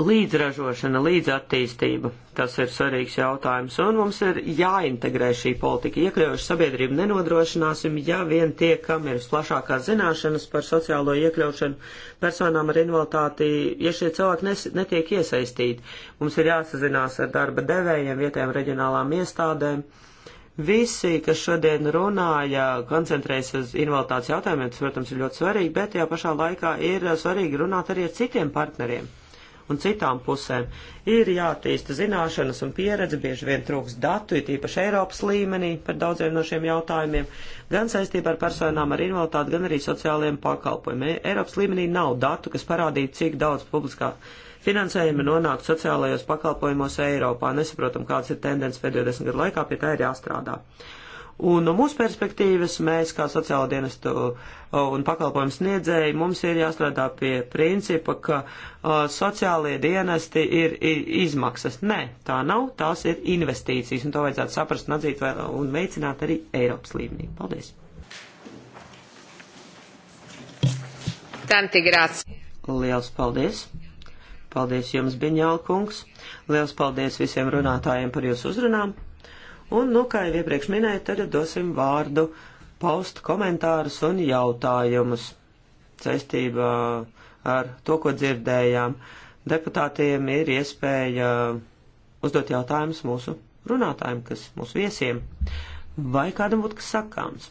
līdzražošana, līdzattīstība, tas ir svarīgs jautājums, un mums ir jāintegrē šī politika. Iekļaujuši sabiedrību nenodrošināsim, ja vien tie, kam ir plašākās zināšanas par sociālo iekļaušanu personām ar invaliditāti, ja šie cilvēki nes, netiek iesaistīti. Mums ir jāsazinās ar darba devējiem, vietējām reģionālām iestādēm. Visi, kas šodien runāja, koncentrējas uz invaliditātes jautājumiem, tas, protams, ir ļoti svarīgi, bet tajā pašā laikā ir svarīgi runāt arī ar citiem partneriem un citām pusēm. Ir jātīsta zināšanas un pieredze, bieži vien trūks datu, it īpaši Eiropas līmenī par daudziem no šiem jautājumiem, gan saistībā ar personām ar invaliditāti, gan arī sociālajiem pakalpojumiem. Eiropas līmenī nav datu, kas parādītu, cik daudz publiskā finansējuma nonāk sociālajos pakalpojumos Eiropā. Nesaprotam, kādas ir tendences pēdējo desmit gadu laikā, pie tā ir jāstrādā. Un no mūsu perspektīvas mēs, kā sociāla dienestu uh, un pakalpojumu sniedzēji, mums ir jāstrādā pie principa, ka uh, sociālie dienesti ir, ir izmaksas. Nē, tā nav, tās ir investīcijas, un to vajadzētu saprast un atzīt vēl, un veicināt arī Eiropas līmenī. Paldies! Tanti grāts! Liels paldies! Paldies jums, Biņālkungs! Liels paldies visiem runātājiem par jūsu uzrunām! Un, nu, kā jau iepriekš minēju, tagad dosim vārdu paust komentārus un jautājumus saistībā ar to, ko dzirdējām. Deputātiem ir iespēja uzdot jautājumus mūsu runātājiem, kas mūsu viesiem, vai kādam būtu kas sakāms.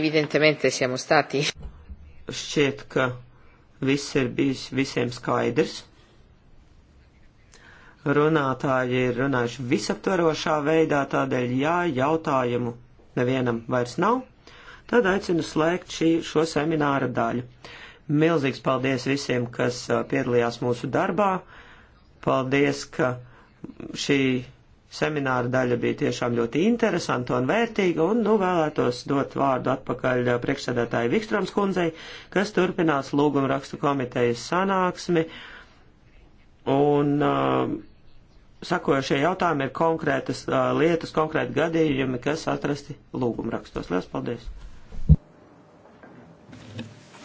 Evidentemente siamo stati. Šķiet, ka viss ir bijis visiem skaidrs runātāji ir runājuši visaptverošā veidā, tādēļ jā, jautājumu nevienam vairs nav, tad aicinu slēgt šī, šo semināra daļu. Milzīgs paldies visiem, kas piedalījās mūsu darbā. Paldies, ka šī semināra daļa bija tiešām ļoti interesanta un vērtīga, un nu vēlētos dot vārdu atpakaļ priekšsēdētāju Vikstrams kundzei, kas turpinās lūguma rakstu komitejas sanāksmi. Un, uh, sakojošie jautājumi ir konkrētas uh, lietas, konkrēti gadījumi, kas atrasti lūgumrakstos. Lielas paldies!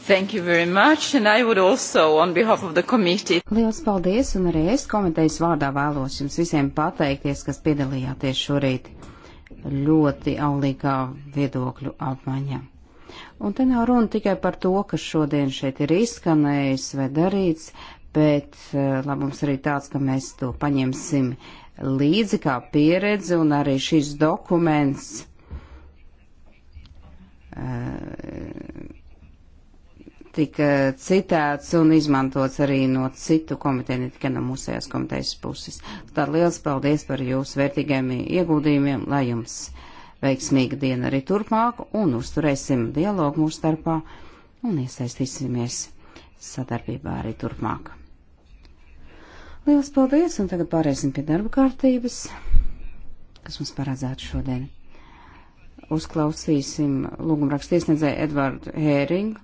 Thank you very much, and I would also, on behalf of the committee. Lielas paldies, un arī es komitejas vārdā vēlos jums visiem pateikties, kas piedalījāties šorīt ļoti aulīgā viedokļu apmaiņā. Un te nav runa tikai par to, kas šodien šeit ir izskanējis vai darīts, bet eh, labums arī tāds, ka mēs to paņemsim līdzi kā pieredzi un arī šis dokuments eh, tika citēts un izmantots arī no citu komiteju, ne tikai no mūsējās komitejas puses. Tad liels paldies par jūsu vērtīgiem ieguldījumiem, lai jums veiksmīga diena arī turpmāk un uzturēsim dialogu mūsu starpā un iesaistīsimies sadarbībā arī turpmāk. Lielas paldies, un tagad pāriesim pie darba kārtības, kas mums paredzētu šodien. Uzklausīsim lūgumrakstu iesniedzēju Edvardu Hēringu.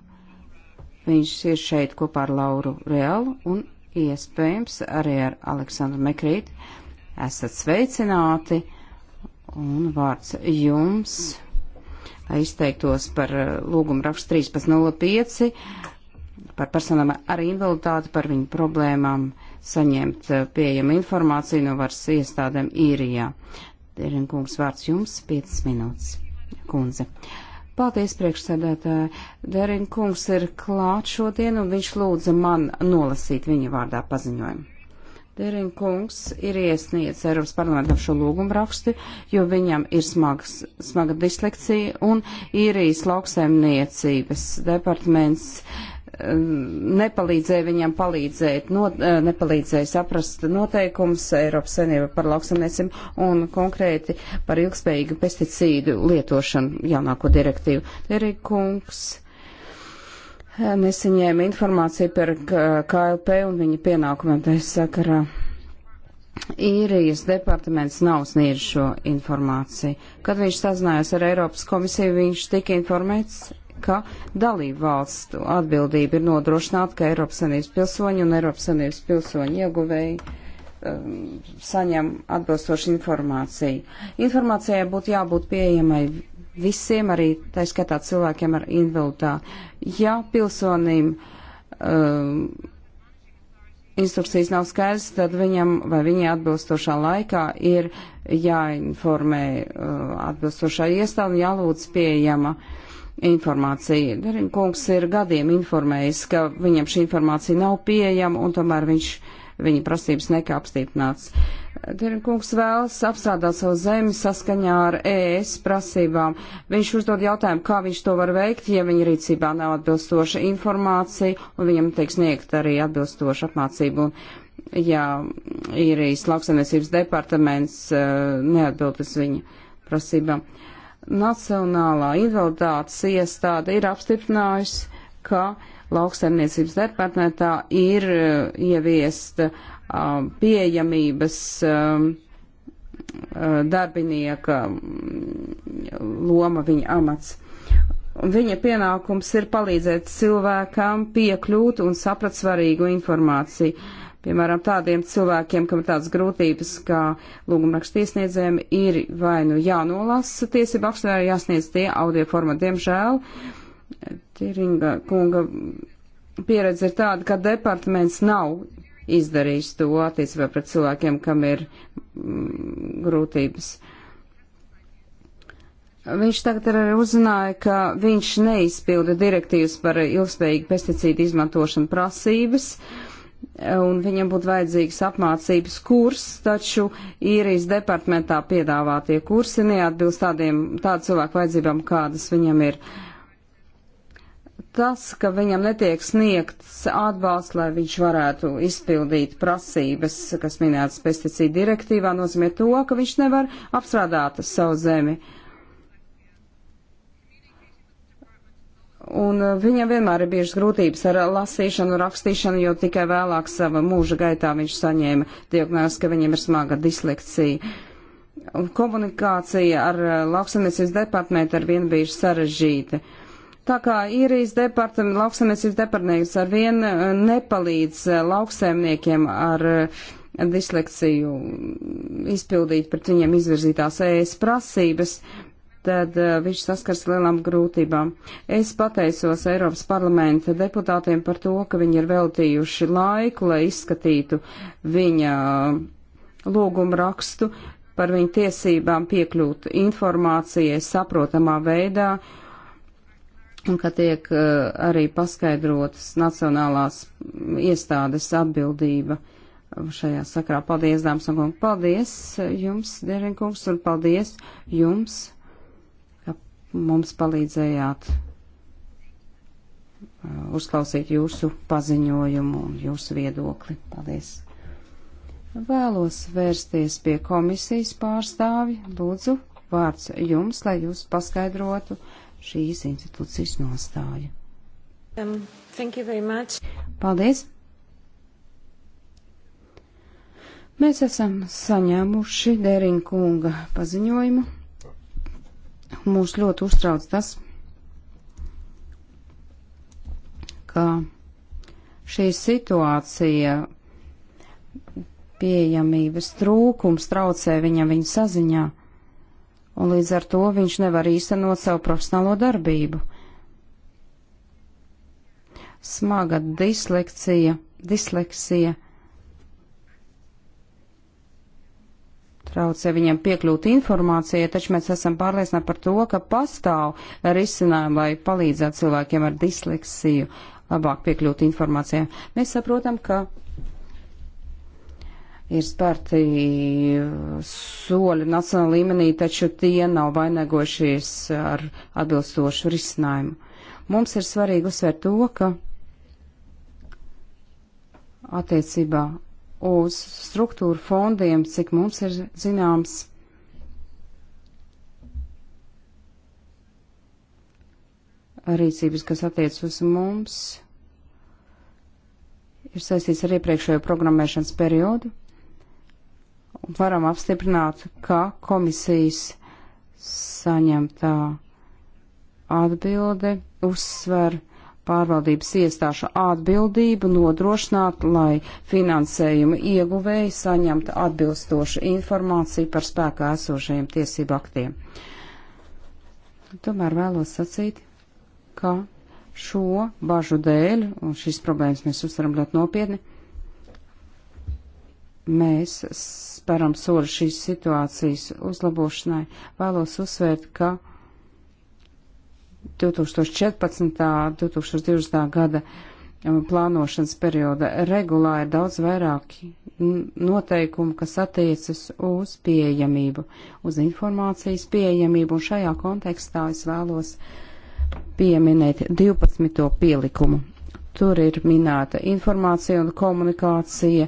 Viņš ir šeit kopā ar Lauru Reālu un iespējams arī ar Aleksandru Mekrīti. Esat sveicināti un vārds jums, lai izteiktos par lūgumu rakstu 1305, par personām ar invaliditāti, par viņu problēmām saņemt eh, pieejamu informāciju no varas iestādēm īrijā. Derinkungs vārds jums 5 minūtes. Kundze. Paldies, priekšsēdētāji. Derinkungs ir klāt šodien un viņš lūdza man nolasīt viņa vārdā paziņojumu. Derinkungs ir iesniedzis Eiropas parlamentam šo lūgumu rakstu, jo viņam ir smags, smaga dislekcija un īrijas lauksaimniecības departaments uh, nepalīdzēja viņiem palīdzēt, no, eh, nepalīdzēja saprast noteikums Eiropas Savienība par lauksamniecību un konkrēti par ilgspējīgu pesticīdu lietošanu jaunāko direktīvu. Derīkungs nesaņēma eh, informāciju par KLP un viņa pienākumiem taisa sakarā. Īrijas departaments nav sniedz šo informāciju. Kad viņš sazinājās ar Eiropas komisiju, viņš tika informēts ka dalību valstu atbildība ir nodrošināt, ka Eiropas Savienības pilsoņi un Eiropas Savienības pilsoņi ieguvēji um, saņem atbilstošu informāciju. Informācijai būtu jābūt pieejamai visiem, arī tā skatā cilvēkiem ar invaliditāti. Ja pilsonim um, instrukcijas nav skaidrs, tad viņam vai viņai atbilstošā laikā ir jāinformē uh, atbilstošā iestāde un jālūdz pieejama uh, informāciju. Derinkungs ir gadiem informējis, ka viņam šī informācija nav pieejama un tomēr viņš viņa prasības nekā apstiprināts. Derinkungs vēlas apstrādāt savu zemi saskaņā ar ES prasībām. Viņš uzdod jautājumu, kā viņš to var veikt, ja viņa rīcībā nav atbilstoša informācija un viņam tiek sniegt arī atbilstoša apmācība. Un, ja īrijas lauksaimniecības departaments uh, neatbild uz viņa prasībām. Uh, Nacionālā invaliditātes iestāde ir apstiprinājusi, ka lauksaimniecības departamentā ir eh, ieviesta eh, pieejamības eh, darbinieka mm, loma viņa amats. Viņa pienākums ir palīdzēt cilvēkam piekļūt un saprat svarīgu informāciju. Uh, Piemēram, tādiem cilvēkiem, kam ir tādas grūtības, kā lūgumrakstiesniedzējiem, ir vai nu jānolasa tiesība akstā, vai jāsniedz tie audio formā. Diemžēl Tiringa kunga pieredze ir tāda, ka departaments nav izdarījis to attiecībā pret cilvēkiem, kam ir mm, grūtības. Viņš tagad arī uzzināja, ka viņš neizpilda direktīvas par ilgspējīgu pesticīdu izmantošanu prasības. Uh, un viņam būtu vajadzīgs apmācības kurs, taču īrijas departamentā piedāvātie kursi neatbilst tādiem, tādu cilvēku vajadzībām, kādas viņam ir. Tas, ka viņam netiek sniegts atbalsts, lai viņš varētu izpildīt prasības, kas minētas pesticīdu direktīvā, nozīmē to, ka viņš nevar apstrādāt savu zemi. Uh, Un eh, viņam vienmēr ir bijušas grūtības ar eh, lasīšanu, rakstīšanu, jo tikai vēlāk sava mūža gaitā viņš saņēma diagnozi, ka viņam ir smaga disleksija. Un komunikācija ar eh, lauksamniecības departamentu ar vienu bijuši sarežģīta. Tā kā īrijas departamentu, lauksamniecības departamentu ar vienu nepalīdz lauksaimniekiem ar disleksiju izpildīt pret viņiem izvirzītās ēs prasības, tad uh, viņš saskars lielām grūtībām. Es pateicos Eiropas parlamenta deputātiem par to, ka viņi ir veltījuši laiku, lai izskatītu viņa eh, lūgumu rakstu par viņu tiesībām piekļūt informācijai saprotamā veidā un ka tiek uh, arī paskaidrotas nacionālās iestādes atbildība šajā sakrā. Paldies, dāmas un kungi! Paldies jums, Derinkungs, un paldies jums! mums palīdzējāt uh, uzklausīt jūsu paziņojumu un jūsu viedokli. Paldies! Vēlos vērsties pie komisijas pārstāvi. Lūdzu, vārds jums, lai jūs paskaidrotu šīs institūcijas nostāju. Um, Paldies! Mēs esam saņēmuši Dēringa kunga paziņojumu. Mūs ļoti uztrauc tas, ka šī situācija pieejamības trūkums traucē viņam viņa saziņā, un līdz ar to viņš nevar īstenot savu profesionālo darbību. Smaga disleksija, disleksija traucē viņiem piekļūt informācijai, taču mēs esam pārliecināti par to, ka pastāv risinājumi, lai palīdzētu cilvēkiem ar disleksiju labāk piekļūt informācijai. Mēs saprotam, ka ir spērti uh, soļi nacionāla līmenī, taču tie nav vainagojušies ar atbilstošu risinājumu. Mums ir svarīgi uzsvērt to, ka attiecībā uz struktūru fondiem, cik mums ir zināms. Rīcības, kas attiec uz mums, ir saistīts ar iepriekšējo programmēšanas periodu. Varam apstiprināt, ka komisijas saņemtā atbilde uzsver, uh, pārvaldības iestāšu atbildību nodrošināt, lai finansējuma ieguvēji saņemtu atbilstošu informāciju par spēkā esošajiem tiesību aktiem. Tomēr vēlos sacīt, ka šo bažu dēļ, un šīs problēmas mēs uztveram ļoti nopietni, mēs speram soli šīs situācijas uzlabošanai. Vēlos uzsvērt, ka 2014. 2020. gada um, plānošanas perioda regulā ir daudz vairāk noteikumu, kas attiecas uz pieejamību, uz informācijas pieejamību, un šajā kontekstā es vēlos pieminēt 12. pielikumu. Tur ir minēta informācija un komunikācija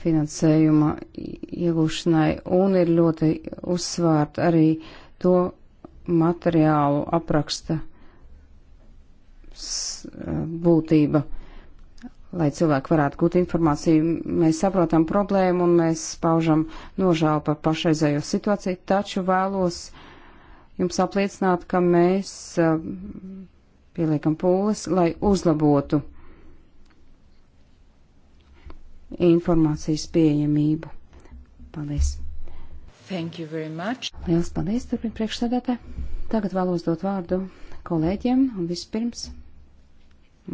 finansējuma iegūšanai, un ir ļoti uzsvērta arī to, materiālu apraksta eh, būtība, lai cilvēki varētu gūt informāciju. Mēs saprotam problēmu un mēs paužam nožēlu par pašreizējo situāciju, taču vēlos jums apliecināt, ka mēs eh, pieliekam pūles, lai uzlabotu informācijas pieejamību. Paldies! Thank you very much. Lielas paldies, turpin priekšsēdētē. Tagad vēlos dot vārdu kolēģiem un vispirms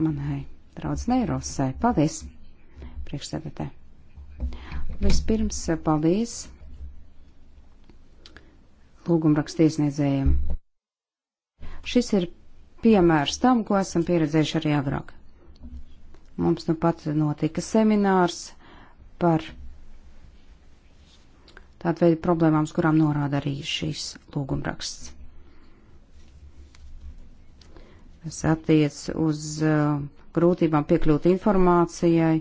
manai draudzenei Rosai. Paldies, priekšsēdētē. Vispirms paldies lūgumrakstiesniedzējiem. Šis ir piemērs tam, ko esam pieredzējuši arī agrāk. Mums nu pat notika seminārs par tāda veida problēmām, uz kurām norāda arī šis lūgumraksts. Tas attiec uz uh, grūtībām piekļūt informācijai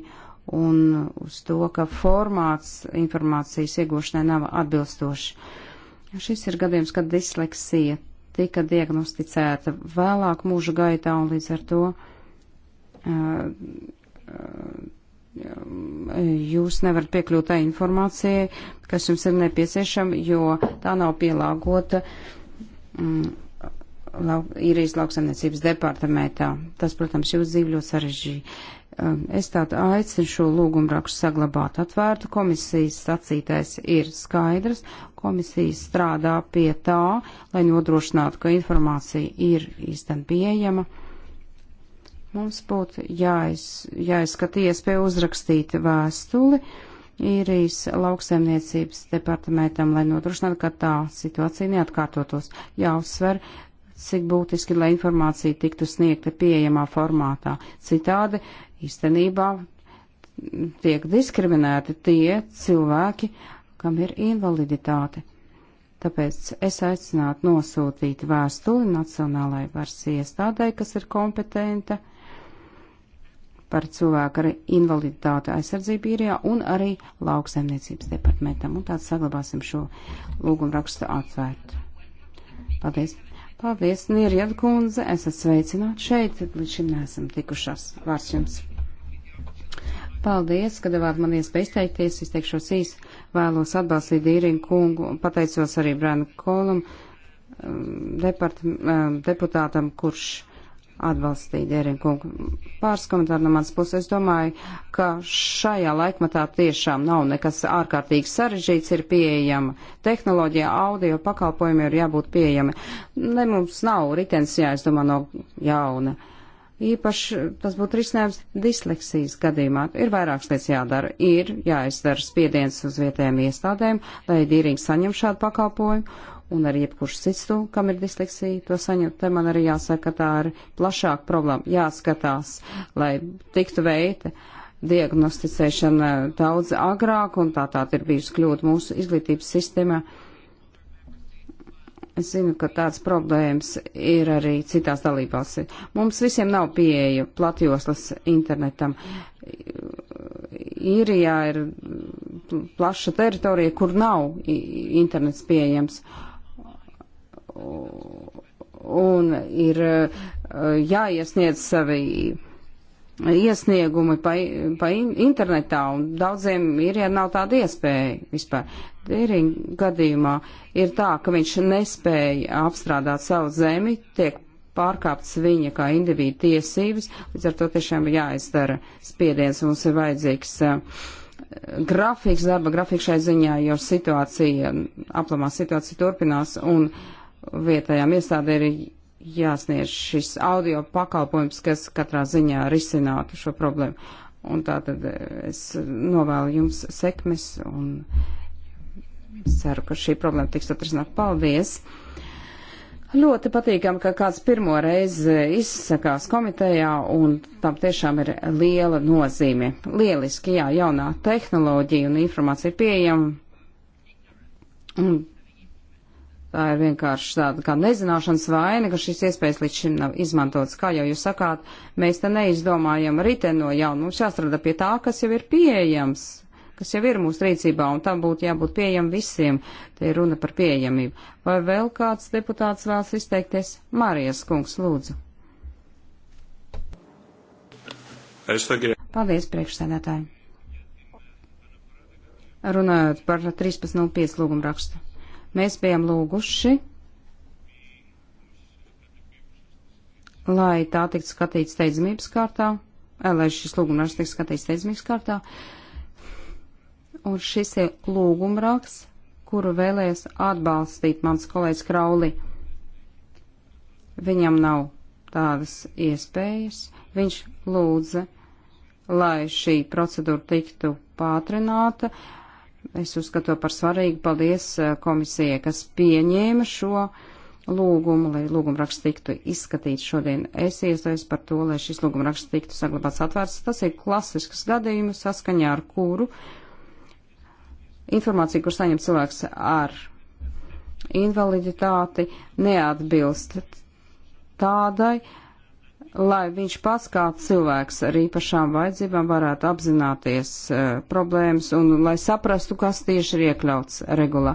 un uz to, ka formāts informācijas iegūšanai nav atbilstoši. Šis ir gadījums, kad disleksija tika diagnosticēta vēlāk mūža gaitā un līdz ar to uh, uh jūs nevarat piekļūt tā informācijai, kas jums ir nepieciešama, jo tā nav pielāgota mm, lauk, īrijas lauksaimniecības departamentā. Tas, protams, jūs dzīvi ļoti sarežģīja. Um, es tādu aicinu šo lūgumu rakstu saglabāt atvērtu. Komisijas sacītais ir skaidrs. Komisija strādā pie tā, lai nodrošinātu, ka informācija ir īsten pieejama. Mums būtu jāiz, jāizskata iespēja uzrakstīt vēstuli īrijas lauksaimniecības departamentam, lai nodrošinātu, ka tā situācija neatkārtotos. Jāuzsver, cik būtiski, lai informācija tiktu sniegta pieejamā formātā. Citādi īstenībā tiek diskriminēti tie cilvēki, kam ir invaliditāte. Tāpēc es aicinātu nosūtīt vēstuli Nacionālajai varas iestādē, kas ir kompetenta par cilvēku ar invaliditāti aizsardzību īrijā un arī lauksaimniecības departamentam. Un tāds saglabāsim šo lūgumu rakstu atvērtu. Paldies! Paldies, Nirjad kundze, esat sveicināti šeit, līdz šim neesam tikušās. Vārds jums! Paldies, ka devāt man iespēju izteikties, izteikšos īsi, vēlos atbalstīt īriju kungu, pateicos arī Brēnu Kolum, um, departam, um, deputātam, kurš atbalstīt Dērinkungu. Pāris komentāri no manas puses. Es domāju, ka šajā laikmatā tiešām nav nekas ārkārtīgi sarežģīts, ir pieejama tehnoloģija, audio pakalpojumi ir jābūt pieejami. Ne mums nav ritenis jāizdomā no jauna. Īpaši tas būtu risinājums disleksijas gadījumā. Ir vairākas lietas jādara. Ir jāizdara spiediens uz vietējiem iestādēm, lai dīrīgi saņem šādu pakalpojumu un arī jebkurš cits, tu, kam ir disleksija, to saņem. Te man arī jāsaka, ka tā ir plašāka problēma. Jāskatās, lai tiktu veikta diagnosticēšana daudz agrāk, un tā tā ir bijusi kļūda mūsu izglītības sistēmā. Es zinu, ka tāds problēmas ir arī citās dalībās. Mums visiem nav pieeja platjoslas internetam. Īrijā ir plaša teritorija, kur nav internets pieejams. Uh, un ir eh, jāiesniedz savi iesniegumi pa, pa internetā, un daudziem ir, ja nav tāda iespēja vispār. Dīriņa gadījumā ir tā, ka viņš nespēja apstrādāt savu zemi, tiek pārkāptas viņa kā individu tiesības, līdz ar to tiešām ir jāizdara spiediens, mums ir vajadzīgs uh, grafiks, darba grafiks šai ziņā, jo situācija, aplamā situācija turpinās, un uh, vietējām iestādē ir jāsniedz šis audio pakalpojums, kas katrā ziņā risinātu šo problēmu. Un tā tad eh, es novēlu jums sekmes un ceru, ka šī problēma tiks atrisināt. Paldies! Ļoti patīkam, ka kāds pirmo reizi izsakās komitejā, un tam tiešām ir liela nozīme. Lieliski, jā, jaunā tehnoloģija un informācija ir pieejama. Un Tā ir vienkārši tāda kā nezināšanas vaina, ka šis iespējas līdz šim nav izmantotas. Kā jau jūs sakāt, mēs te neizdomājam riteni no jauna. Mums jāstrādā pie tā, kas jau ir pieejams, kas jau ir mūsu rīcībā, un tam būtu jābūt pieejam visiem. Te ir runa par pieejamību. Vai vēl kāds deputāts vēlas izteikties? Marijas kungs, lūdzu. Paldies, priekšsēdētāji. Runājot par 13.05 lūgumu rakstu. Mēs bijām lūguši, lai tā tiktu skatīts steidzamības kārtā, eh, lai šis lūgumraksts tiktu skatīts steidzamības kārtā. Un šis ir lūgumraksts, kuru vēlēs atbalstīt mans kolēģis Krauli. Viņam nav tādas iespējas. Viņš lūdza, lai šī procedūra tiktu pātrināta, uh, Es uzskatu par svarīgu. Paldies eh, komisijai, kas pieņēma šo lūgumu, lai lūgumraksts tiktu izskatīts šodien. Es iestājos par to, lai šis lūgumraksts tiktu saglabāts atvērts. Tas ir klasisks gadījums, saskaņā ar kuru informācija, kur saņem cilvēks ar invaliditāti, neatbilst tādai, lai viņš pats kā cilvēks ar īpašām vajadzībām varētu apzināties uh, problēmas un lai saprastu, kas tieši ir iekļauts regulā.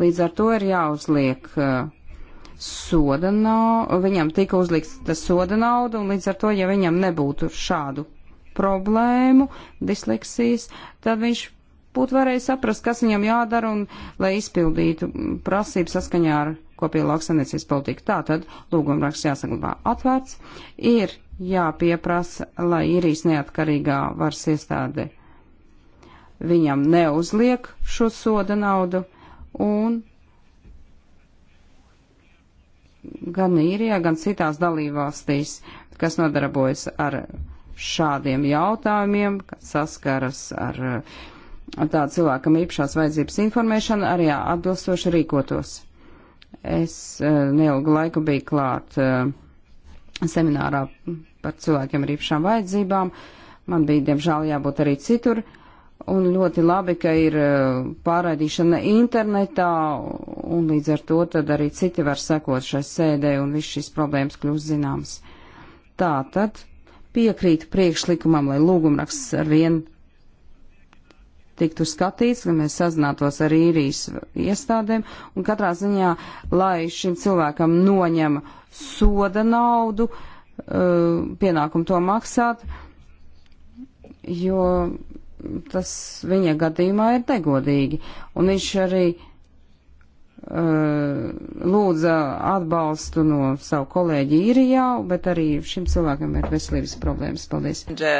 Līdz ar to ir jāuzliek uh, soda nauda, viņam tika uzlikta soda nauda un līdz ar to, ja viņam nebūtu šādu problēmu, disleksijas, tad viņš būtu varējis saprast, kas viņam jādara un lai izpildītu prasības saskaņā ar kopīga lauksaimniecības politika. Tātad lūgumraksts jāsaglabā atvērts, ir jāpieprasa, lai īrijas neatkarīgā varas iestāde viņam neuzliek šo soda naudu un gan īrijā, gan citās dalībvalstīs, kas nodarbojas ar šādiem jautājumiem, kas saskaras ar uh, tāda cilvēkam īpašās vajadzības informēšana arī atbilstoši rīkotos. Es eh, neilgu laiku biju klāt eh, seminārā par cilvēkiem ar īpašām vajadzībām. Man bija, diemžēl, jābūt arī citur. Un ļoti labi, ka ir eh, pārraidīšana internetā, un līdz ar to tad arī citi var sekot šai sēdē, un viss šīs problēmas kļūst zināmas. Tā tad piekrītu priekšlikumam, lai lūgumraksts ar vien tiktu skatīts, lai mēs sazinātos ar īrijas iestādēm, un katrā ziņā, lai šim cilvēkam noņem soda naudu, eh, pienākumu to maksāt, jo tas viņa gadījumā ir negodīgi. Un viņš arī uh, lūdza atbalstu no savu kolēģi īrijā, bet arī šim cilvēkam ir veselības problēmas. Paldies! Dē.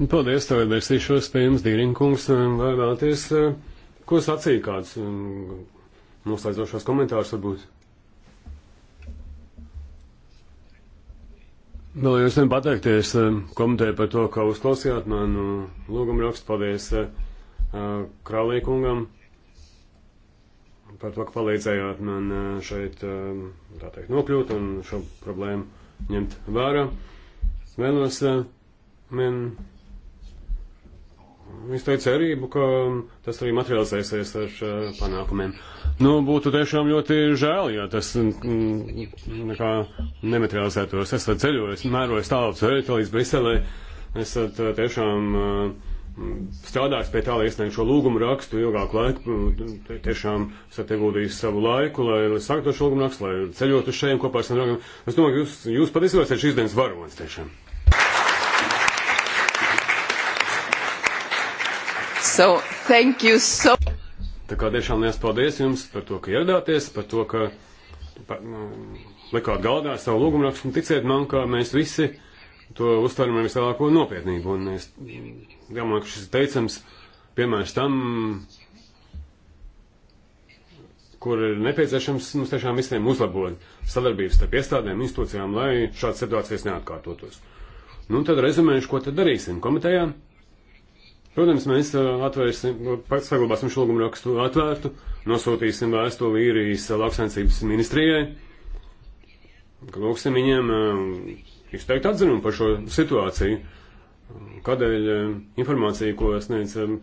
Nu, paldies, tev vērsīšos pie jums, Dīrinkungs, vai vēlaties, eh, ko sacīja kāds noslēdzošos komentārus varbūt? Vēlējos vien pateikties eh, komitē par to, ka uzklausījāt manu lūgumu rakstu. Paldies eh, Kralīkungam par to, ka palīdzējāt man šeit, tā teikt, nokļūt un šo problēmu ņemt vērā. Vēlos man izteica cerību, ka tas arī materializēsies ar uh, panākumiem. Nu, būtu tiešām ļoti žēl, ja tas mm, mm, nekā nematerializētos. Esat ceļojis, mērojis tālu ceļu līdz Briselē. Esat uh, tiešām uh, strādājis pie tā, lai iesniegtu šo lūgumu rakstu ilgāku laiku. Mm, tiešām esat ieguldījis savu laiku, lai saktu šo lūgumu rakstu, lai ceļotu šeit kopā ar saviem draugiem. Es domāju, ka jūs, jūs patiesībā esat šīs dienas varonis tiešām. So, thank you so. Tā kā tiešām liels paldies jums par to, ka ieradāties, par to, ka pa, nu, likāt galdā savu lūgumrakstu un ticiet man, ka mēs visi to uztveram ar vislielāko nopietnību. Un es domāju, ka šis teicams piemērs tam, kur ir nepieciešams mums tiešām visiem uzlabot sadarbības starp iestādēm, institūcijām, lai šādas situācijas neatkārtotos. Nu, tad rezumējuši, ko tad darīsim komitejā. Protams, mēs uh, atvērsim, saglabāsim šo lūgumu rakstu atvērtu, nosūtīsim vēstuli īrijas lauksaimniecības ministrijai. Lūksim viņiem uh, izteikt atzinumu par šo situāciju, kādēļ uh, informācija, ko sniedz um,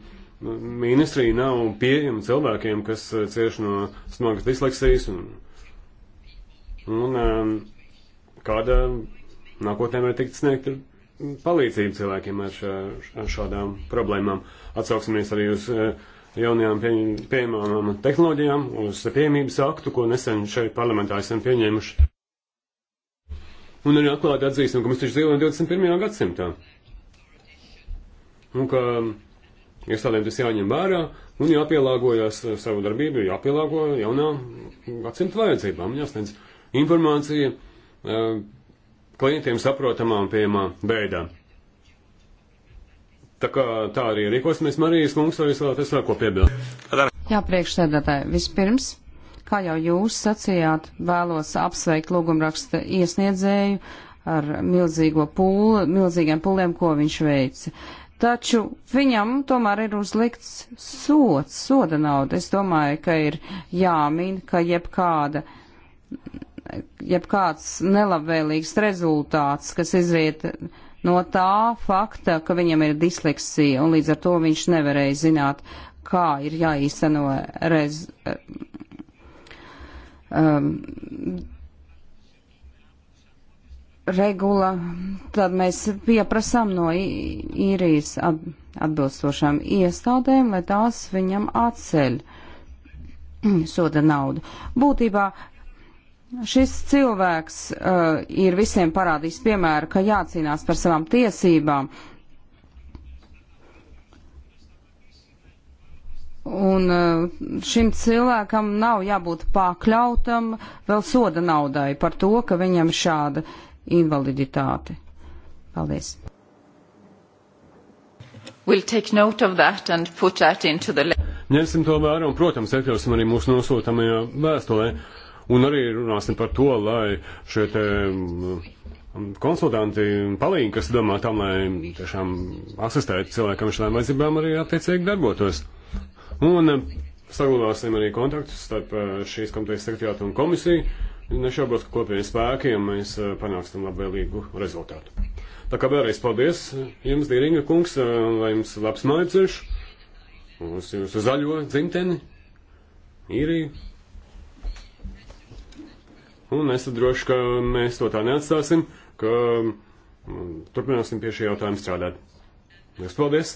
ministrija, nav pieejama cilvēkiem, kas cieš no smagas disleksijas un, un um, kāda nākotnē var tikt sniegta palīdzību cilvēkiem ar, šā, ar šādām problēmām. Atsauksimies arī uz eh, jaunajām pieņemamām tehnoloģijām, uz piemības aktu, ko nesen šeit parlamentā esam pieņēmuši. Un arī atklāti atzīstam, ka mēs taču dzīvojam 21. gadsimtā. Un ka iestādēm tas jāņem vērā un jāpielāgojas savu darbību, jāpielāgo jaunā gadsimta vajadzībām, jāsniedz informācija eh, klientiem saprotamā un pieejamā veidā. Tā kā tā arī rīkosimies, Marijas kungs, vai jūs vēlaties vēl ko piebilst? Jā, priekšsēdētāji, vispirms, kā jau jūs sacījāt, vēlos apsveikt lūgumraksta iesniedzēju ar milzīgo pūli, milzīgiem pūliem, ko viņš veica. Taču viņam tomēr ir uzlikts sots, soda nauda. Es domāju, ka ir jāmin, ka jebkāda jebkāds nelabvēlīgs rezultāts, kas izriet no tā fakta, ka viņam ir disleksija, un līdz ar to viņš nevarēja zināt, kā ir jāīsteno rez, um, regula, tad mēs pieprasām no īrijas atbilstošām iestādēm, lai tās viņam atceļ <clears throat> soda naudu. Būtībā Šis cilvēks uh, ir visiem parādījis piemēru, ka jācīnās par savām tiesībām. Un uh, šim cilvēkam nav jābūt pakļautam vēl soda naudai par to, ka viņam šāda invaliditāte. Paldies. We'll take note of that and put that into the... Ņemsim to vērā un, protams, iekļausim arī mūsu nosūtamajā vēstulē. Uh, Un arī runāsim par to, lai šie te mm, konsultanti un palīgi, kas domā tam, lai tiešām asistētu cilvēkam šādām vajadzībām, arī attiecīgi darbotos. Un mm, saglabāsim arī kontaktus starp eh, šīs komitejas sekretariātu un komisiju. Nešaubos, ka kopējiem spēkiem mēs eh, panāksim labvēlīgu rezultātu. Tā kā vēlreiz paldies jums, Dīringa kungs, eh, lai jums labs mājceļš, uz jūsu zaļo dzimteni, īriju. Un es droši, ka mēs to tā neatstāsim, ka mm, turpināsim pie šī jautājuma strādāt. Lielas paldies!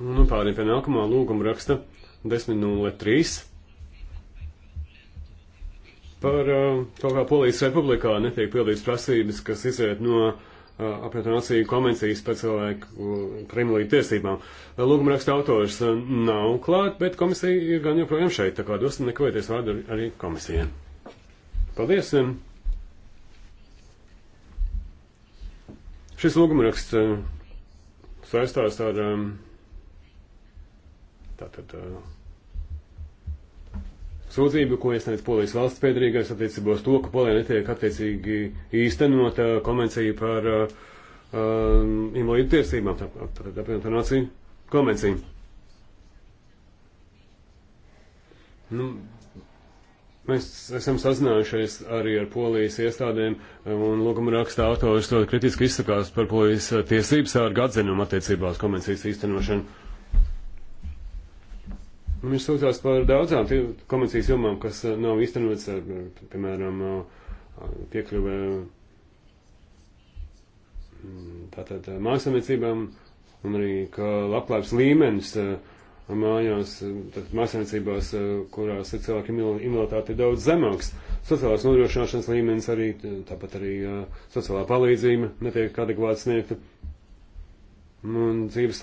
Un nu, pārējiem pie nākamā lūguma raksta 10.03 par uh, kaut kā Polijas republikā netiek pildīts prasības, kas iziet no uh, apvienoto nāciju konvencijas par cilvēku kriminālību uh, tiesībām. Uh, lūguma raksta autors uh, nav klāt, bet komisija ir gan joprojām šeit, tā kā dosim nekavieties vārdu arī komisijai. Paldies! Šis lūgumraksts eh, saistās ar ehm, tātad eh, sūdzību, ko iesniedz Polijas valsts piedarīgais attiecībā uz to, ka Polijā netiek attiecīgi īstenot eh, konvenciju par uh, invalīdu tiesībām, tātad apvienoto nāciju konvenciju. Nu, Mēs esam sazinājušies arī ar polijas iestādēm, um, un lūguma raksta autors ļoti kritiski izsakās par polijas uh, tiesības sārga atzinumu attiecībā uz konvencijas īstenošanu. Viņš sūtās par daudzām konvencijas jomām, kas uh, nav īstenotas, uh, piemēram, piekļuvē mm, tātad mākslamiecībām, un arī, ka labklājības līmenis uh, mājās, eh, tad mājasēmniecībās, eh, kurās ir cilvēki invaliditāte ir daudz zemāks. Sociālās nodrošināšanas līmenis arī, tāpat arī eh, sociālā palīdzība netiek adekvāti sniegta. Un dzīves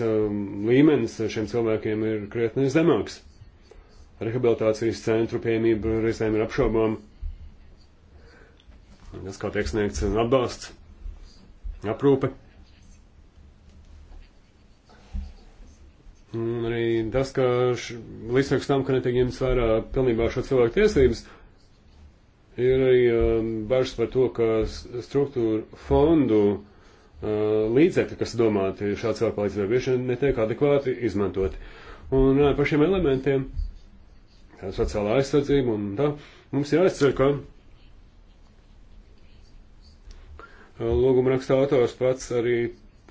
līmenis šiem cilvēkiem ir krietni zemāks. Rehabilitācijas centru pieejamība reizēm ir apšaubām. Tas, kā tiek sniegts atbalsts, aprūpe. Un arī tas, ka līdzsvars tam, ka netiek ņemts vērā pilnībā šo cilvēku tiesības, ir arī um, bažas par to, ka struktūra fondu uh, līdzekļi, kas domāti šāds cilvēku palīdzībai, bieži vien netiek adekvāti izmantoti. Un uh, par šiem elementiem, kā sociālā aizsardzība un tā, mums ir aizsver, ka uh, lūguma raksta autors pats arī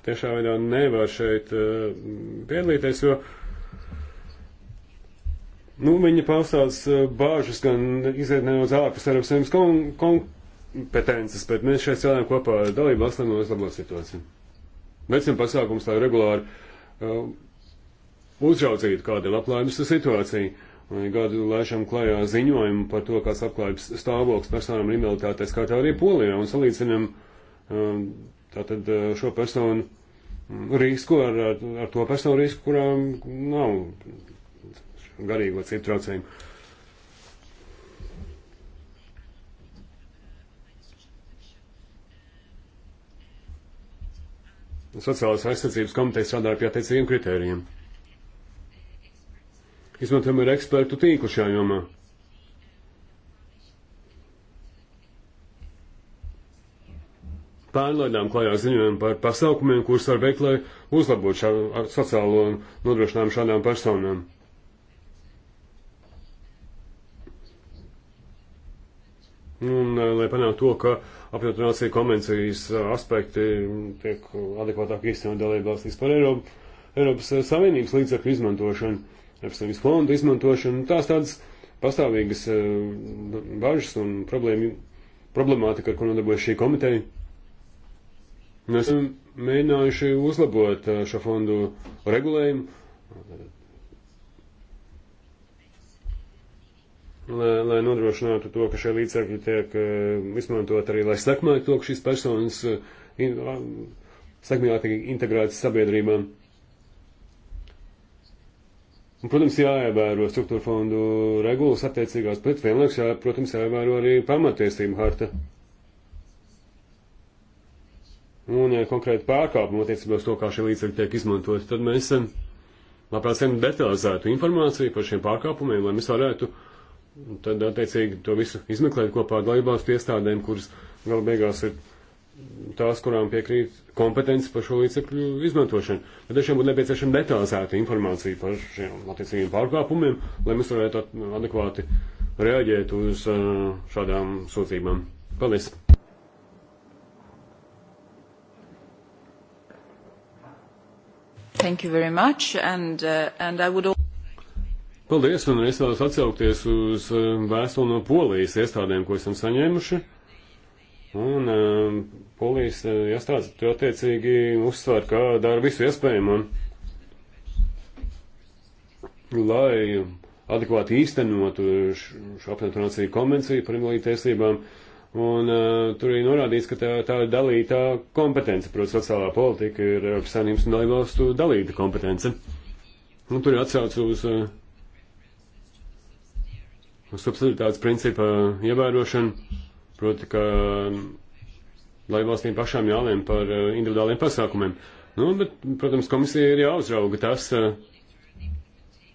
tiešā veidā nevar šeit uh, piedalīties, jo nu, viņa paustās uh, bāžas gan iziet nedaudz ārpus Eiropas Savienības kom kompetences, bet mēs šeit strādājam kopā ar dalību valstīm, lai uzlabotu situāciju. Veicam pasākums, lai regulāri uh, uzraudzītu, kāda ir labklājības situācija. Un gadu lēšam klajā ziņojumu par to, kāds apklājības stāvoklis personām invaliditātē, kā tā arī Polijā, un salīdzinam um, tātad šo personu risku, ar, ar, ar to personu risku, kurām nav garīgo citu traucējumu. Sociālās aizsardzības komiteja strādāja pie attiecīgiem kritērijiem. Izmantojam ir ekspertu tīklu šajā jomā. pārlaidām klajā ziņojumu par pasaukumiem, kurus var veikt, lai uzlabotu šā, sociālo nodrošinājumu šādām personām. Un, lai panāktu to, ka apvienotā nācija konvencijas aspekti tiek adekvātāk īstenot dalībvalstīs par Eiropu, Eiropas Savienības līdzekļu izmantošanu, Eiropas Savienības fondu izmantošanu, tās tādas pastāvīgas bažas un problēma, problemātika, ar ko nodarbojas šī komiteja. Mēs esam mēģinājuši uzlabot uh, šo fondu regulējumu, lai, lai nodrošinātu to, ka šie līdzekļi tiek uh, izmantot arī, lai sekmētu to, ka šīs personas uh, sekmīgāk tiek integrētas sabiedrībām. Un, protams, jāievēro struktūra fondu regulas attiecīgās, bet vienlaikus, jā, protams, jāievēro arī pamatiesību harta. Mm un konkrēti pārkāpumi attiecībā uz to, kā šie līdzekļi tiek izmantoti, tad mēs labprāt saņemtu detalizētu informāciju par šiem pārkāpumiem, lai mēs varētu tad attiecīgi to visu izmeklēt kopā ar dalībvalstu iestādēm, kuras galu beigās ir tās, kurām piekrīt kompetence par šo līdzekļu izmantošanu. Bet tiešām būtu nepieciešama detalizēta informācija par šiem attiecīgiem pārkāpumiem, lai mēs varētu adekvāti reaģēt uz eh, šādām sūdzībām. Paldies! Thank you very much, and, uh, and I would also... Paldies, un es vēlos atsaukties uz um, vēstuli no polijas iestādēm, ko esam saņēmuši. Un um, uh, polijas iestādes to attiecīgi uzsver, kā dara visu iespējamo, lai adekvāti īstenotu šo apvienotu nāciju konvenciju par invalīdu tiesībām. Uh, Un uh, tur arī norādīts, ka tā, tā ir dalītā kompetence, protams, sociālā politika ir Eiropas Savienības un dalībvalstu dalīta kompetence. Un tur ir atsauc uz, uh, uz subsidiaritātes principa ievērošanu, proti, ka um, dalībvalstīm pašām jālēm par uh, individuāliem pasākumiem. Nu, bet, protams, komisija ir jāuzrauga tas, uh,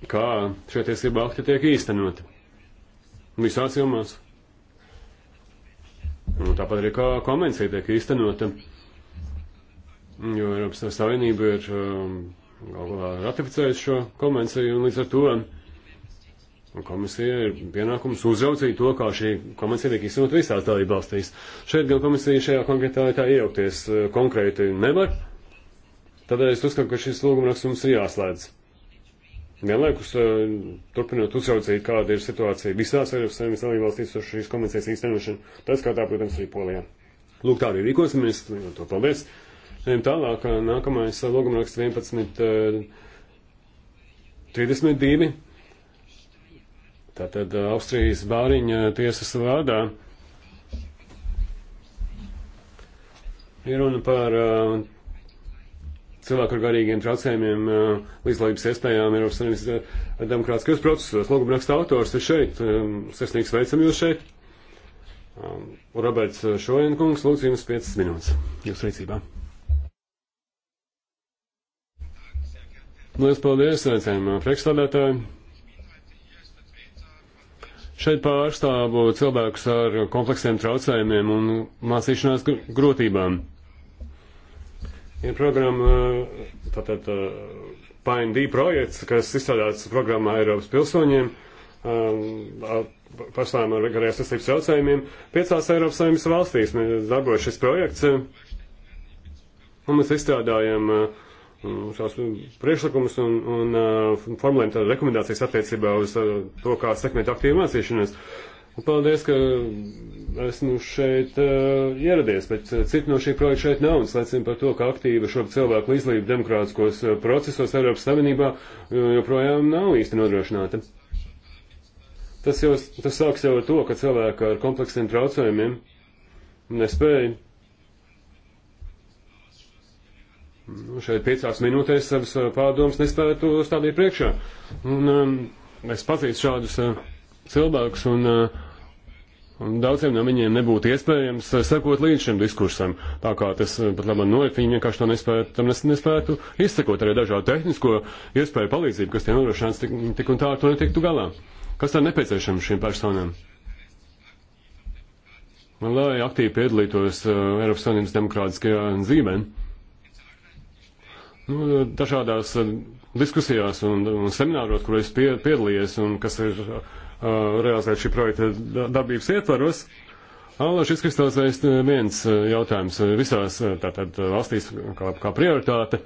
kā šie tiesība akti tiek īstenoti. Visās jomās. Un nu, tāpat arī kā konvencija tiek īstenota, jo Eiropas Savienība ir um, galu galā ratificējusi šo konvenciju, un līdz ar to komisija ir pienākums uzraucīt to, kā šī konvencija tiek īstenot visās dalībvalstīs. Šeit gan komisija šajā konkrētā lietā iejaukties uh, konkrēti nevar, tādēļ es uzskatu, ka šis lūgumraksts mums ir jāslēdz. Vienlaikus eh, turpinot uzraudzīt, kāda ir situācija visās Eiropas Savienības dalībvalstīs ar šīs konvencijas īstenošanu, tas kā tā, protams, arī Polijā. Lūk, tā arī rīkosimies, un to paldies. Ejam tālāk, eh, nākamais eh, logumraksts 11.32. Tātad Austrijas bāriņa tiesas vārdā. Ir runa par uh, cilvēku ar garīgiem traucējumiem, līdzlaības iespējām Eiropas Savienības demokrātiskajos procesos. Lūguma raksta autors ir šeit, sesnīgs veicam jūs šeit. Roberts Šojenkungs, lūdzu jums 5 minūtes jūsu rīcībā. Lielas paldies, sveicējumā priekšstādātāji. Šeit pārstāvu cilvēkus ar kompleksiem traucējumiem un mācīšanās grūtībām. Ir programma, tātad eh, PND projekts, kas izstrādāts programmā Eiropas pilsoņiem, pašlēm um, ar garējās sasības jaucējumiem, piecās Eiropas saimnes valstīs darbojas šis projekts. Eh, un mēs izstrādājam eh, šos priekšlikumus un, un formulējam tādas rekomendācijas attiecībā uz to, kā sekmēt aktīvu mācīšanos. Un paldies, ka esmu šeit uh, ieradies, bet eh, citi no šī projekta šeit nav un slēdzim par to, ka aktīva šo cilvēku līdzlība demokrātiskos eh, procesos Eiropas Savienībā joprojām nav īsti nodrošināta. Tas jau tas sāks jau ar to, ka cilvēki ar kompleksiem traucējumiem nespēja nu, šeit piecās minūtēs savas pārdomas nespētu stādīt priekšā. Un um, es pazīstu šādus uh, cilvēkus un uh, Un daudziem no viņiem nebūtu iespējams eh, sekot līdz šim diskursam, tā kā tas eh, pat labi noiet, viņi vienkārši to nespētu, tam nes, nespētu izsekot arī dažādu tehnisko iespēju palīdzību, kas tiem nodrošināts tik, tik un tā ar to netiktu galā. Kas tā nepieciešams šīm personām? Lai aktīvi piedalītos uh, Eiropas Savienības demokrātiskajā dzīvē. Nu, dažādās uh, diskusijās un, un semināros, kur es pie, piedalījies un kas ir. Uh, Uh, realizēt šī projekta darbības ietvaros. Alaži izkristalizējas uh, viens uh, jautājums visās tātad valstīs kā, kā prioritāte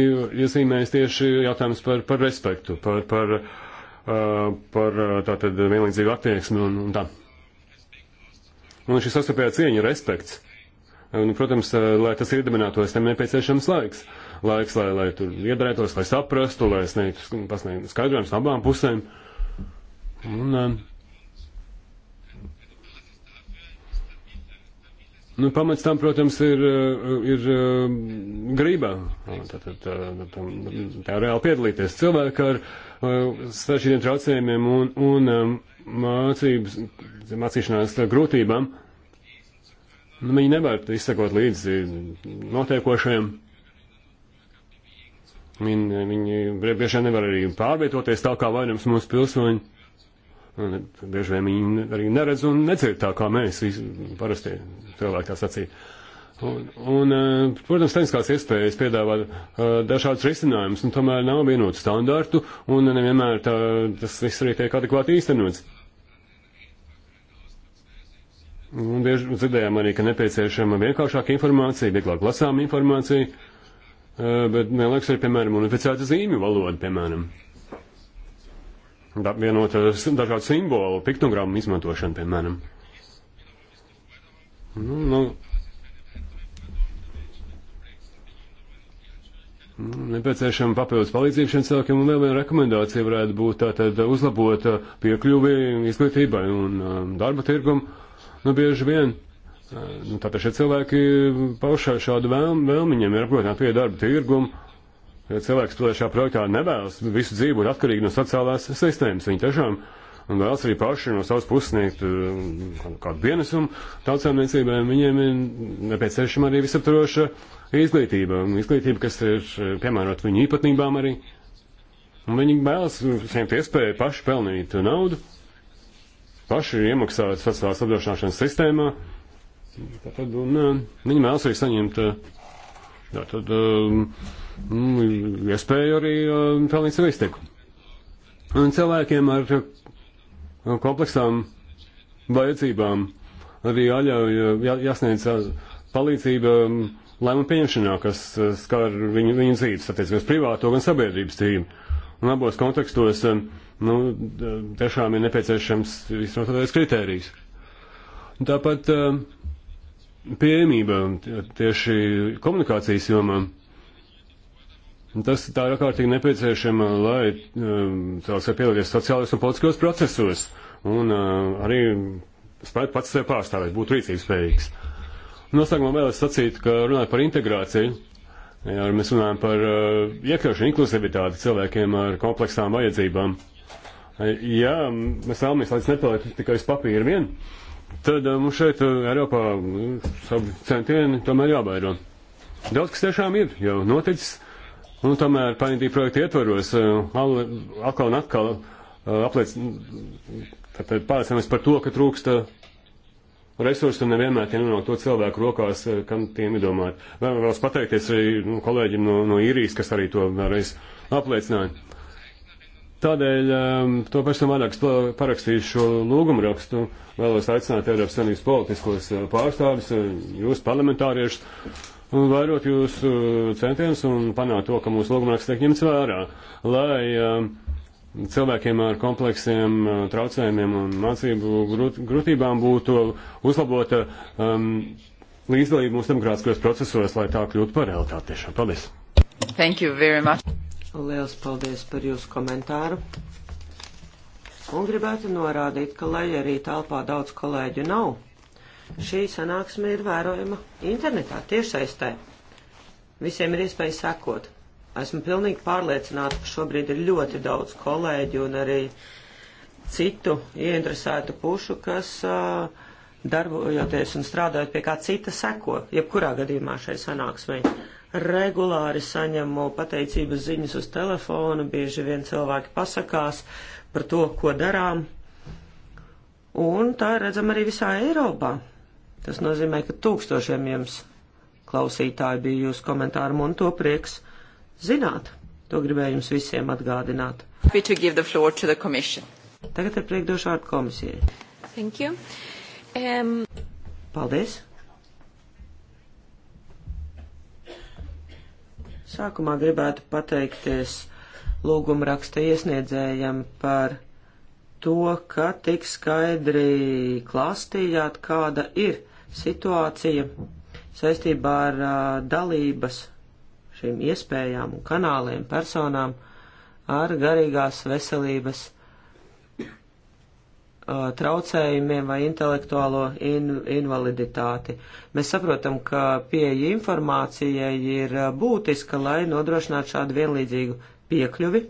iezīmējas tieši jautājums par, par respektu, par, par, par tātad vienlīdzīgu attieksmi un, un tā. Un šī sastapējā cieņa, respekts. Un, protams, lai tas iedibinātos, tam nepieciešams laiks. Laiks, lai, lai tur iedarētos, lai saprastu, lai sniegtu, pasniegtu skaidrojums no abām pusēm. Uh, Un, eh, Nu, pamats tam, protams, ir, eh, ir eh, grība. Tā, tā, tā, tā, tā reāli piedalīties. Cilvēki ar svešiem traucējumiem un, un mācības, mācīšanās grūtībām, nu, viņi nevar izsekot līdzi notiekošajam. Viņi, viņi bieži vien nevar arī pārvietoties tā, kā vairums mūsu pilsoņi. Un bieži vien viņi arī neredz un nedzird tā, kā mēs visi parasti cilvēki tā sacīja. Un, un, eh, protams, tehniskās iespējas piedāvā eh, dažādas risinājumus, un tomēr nav vienotu standārtu, un nevienmēr tā, tas viss arī tiek adekvāti īstenots. Un bieži dzirdējām arī, ka nepieciešama vienkāršāka informācija, vieglāk lasām informācija, eh, bet, man liekas, arī, piemēram, unificēta zīmju valoda, piemēram vienot eh, dažādu simbolu, piktogrammu izmantošanu, piemēram. Nu, nu, nu, Nepieciešama papildus palīdzība šiem cilvēkiem, un vēl viena rekomendācija varētu būt tātad uzlabot eh, piekļuvi izglītībai un eh, darba tirgumu. Nu, bieži vien nu, tātad šie cilvēki paušā šādu vēlmi, viņiem ir apgrūtināt pie darba tirgumu, cilvēks, kurš šajā projektā nevēlas visu dzīvi būt atkarīgi no sociālās sistēmas. Viņi tiešām vēlas arī paši no savas puses sniegt uh, kādu pienesumu tautsēmniecībai. Viņiem ir nepieciešama arī visaptvaroša izglītība, izglītība, kas ir uh, piemērota viņu īpatnībām arī. Un viņi vēlas saņemt iespēju paši pelnīt naudu, paši iemaksāt sociālās apdrošināšanas sistēmā. Tātad, un, uh, viņi vēlas arī saņemt tātad, um, mm, iespēju arī uh, pelnīt savu iztiku. Un cilvēkiem ar uh, kompleksām vajadzībām arī jāļauj, jā, jāsniedz uh, palīdzība um, lēmumu pieņemšanā, kas uh, skar viņu, viņu dzīves, attiecībā uz privāto gan sabiedrības dzīvi. Un abos kontekstos um, nu, tiešām ir nepieciešams visnotaļais kritērijs. Tāpat pieejamība tieši komunikācijas jomām Tas tā ir ārkārtīgi nepieciešama, lai tās um, var piedalīties sociālajos un politiskos procesos un uh, arī spētu pats sev pārstāvēt, būt rīcības spējīgs. Noslēgumā vēlos sacīt, ka runājot par integrāciju, ja mēs runājam par uh, iekļaušanu, inklusivitāti cilvēkiem ar kompleksām vajadzībām, ja mēs vēlamies, lai tas nepaliek tikai uz papīra vien, tad uh, mums šeit Eiropā savu centieni tomēr jābairo. Daudz kas tiešām ir jau noticis Un nu, tomēr PND projekta ietvaros eh, atkal un atkal eh, pārliecināmies par to, ka trūksta eh, resursi un nevienmēr tie nonāk to cilvēku rokās, kam tiem ir domāti. Vēlos pateikties arī nu, kolēģim no, no īrijas, kas arī to vēlreiz apliecināja. Tādēļ um, to pēc tam vairāk parakstīšu šo lūgumu rakstu. Vēlos aicināt Eiropas Savienības politiskos pārstāvis, jūs parlamentāriešus un vērot jūsu uh, centienus un panākt to, ka mūsu lūgumraksts tiek ņemts vērā, lai uh, cilvēkiem ar kompleksiem uh, traucējumiem un mācību grūt, grūtībām būtu uzlabota um, līdzdalība mūsu demokrātiskajos procesos, lai tā kļūtu par realitāti tiešām. Paldies! Thank you very much! Liels paldies par jūsu komentāru! Un gribētu norādīt, ka lai arī telpā daudz kolēģu nav, Šī sanāksme ir vērojama internetā, tiešsaistē. Visiem ir iespēja sekot. Esmu pilnīgi pārliecināta, ka šobrīd ir ļoti daudz kolēģu un arī citu ieinteresētu pušu, kas uh, darbojoties un strādājot pie kā cita seko, jebkurā gadījumā šai sanāksmei. Regulāri saņemu pateicības ziņas uz telefonu, bieži vien cilvēki pasakās par to, ko darām, Un tā redzam arī visā Eiropā. Tas nozīmē, ka tūkstošiem jums klausītāji bija jūsu komentāru un to prieks zināt. To gribēju jums visiem atgādināt. Tagad ir priekdošu vārdu komisijai. Thank you. Um... Paldies. Sākumā gribētu pateikties lūguma raksta iesniedzējam par to, ka tik skaidri klāstījāt, kāda ir situācija saistībā ar uh, dalības šīm iespējām un kanāliem personām ar garīgās veselības uh, traucējumiem vai intelektuālo in invaliditāti. Mēs saprotam, ka pieeja informācijai ir būtiska, lai nodrošinātu šādu vienlīdzīgu piekļuvi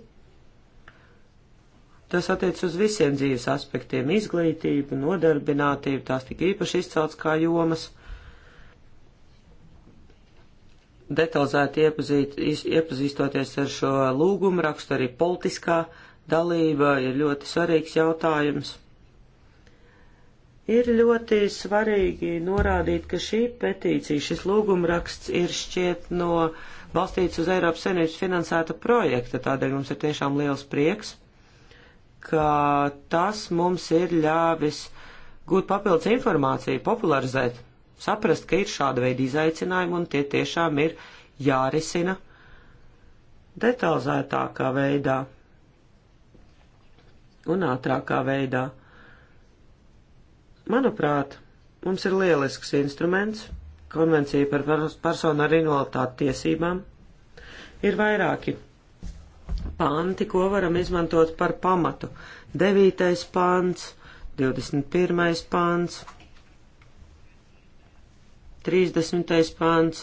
Tas attiec uz visiem dzīves aspektiem - izglītību, nodarbinātību, tās tik īpaši izcelts kā jomas. Detalizēti iepazīt, iepazīstoties ar šo lūgumu rakstu, arī politiskā dalība ir ļoti svarīgs jautājums. Ir ļoti svarīgi norādīt, ka šī petīcija, šis lūgumraksts ir šķiet no balstīts uz Eiropas Savienības finansēta projekta, tādēļ mums ir tiešām liels prieks ka tas mums ir ļāvis gūt papildus informāciju, popularizēt, saprast, ka ir šāda veida izaicinājumi un tie tiešām ir jārisina detalizētākā veidā un ātrākā veidā. Manuprāt, mums ir lielisks instruments - konvencija par personu ar invaliditāti tiesībām. Ir vairāki panti, ko varam izmantot par pamatu. 9. pants, 21. pants, 30. pants,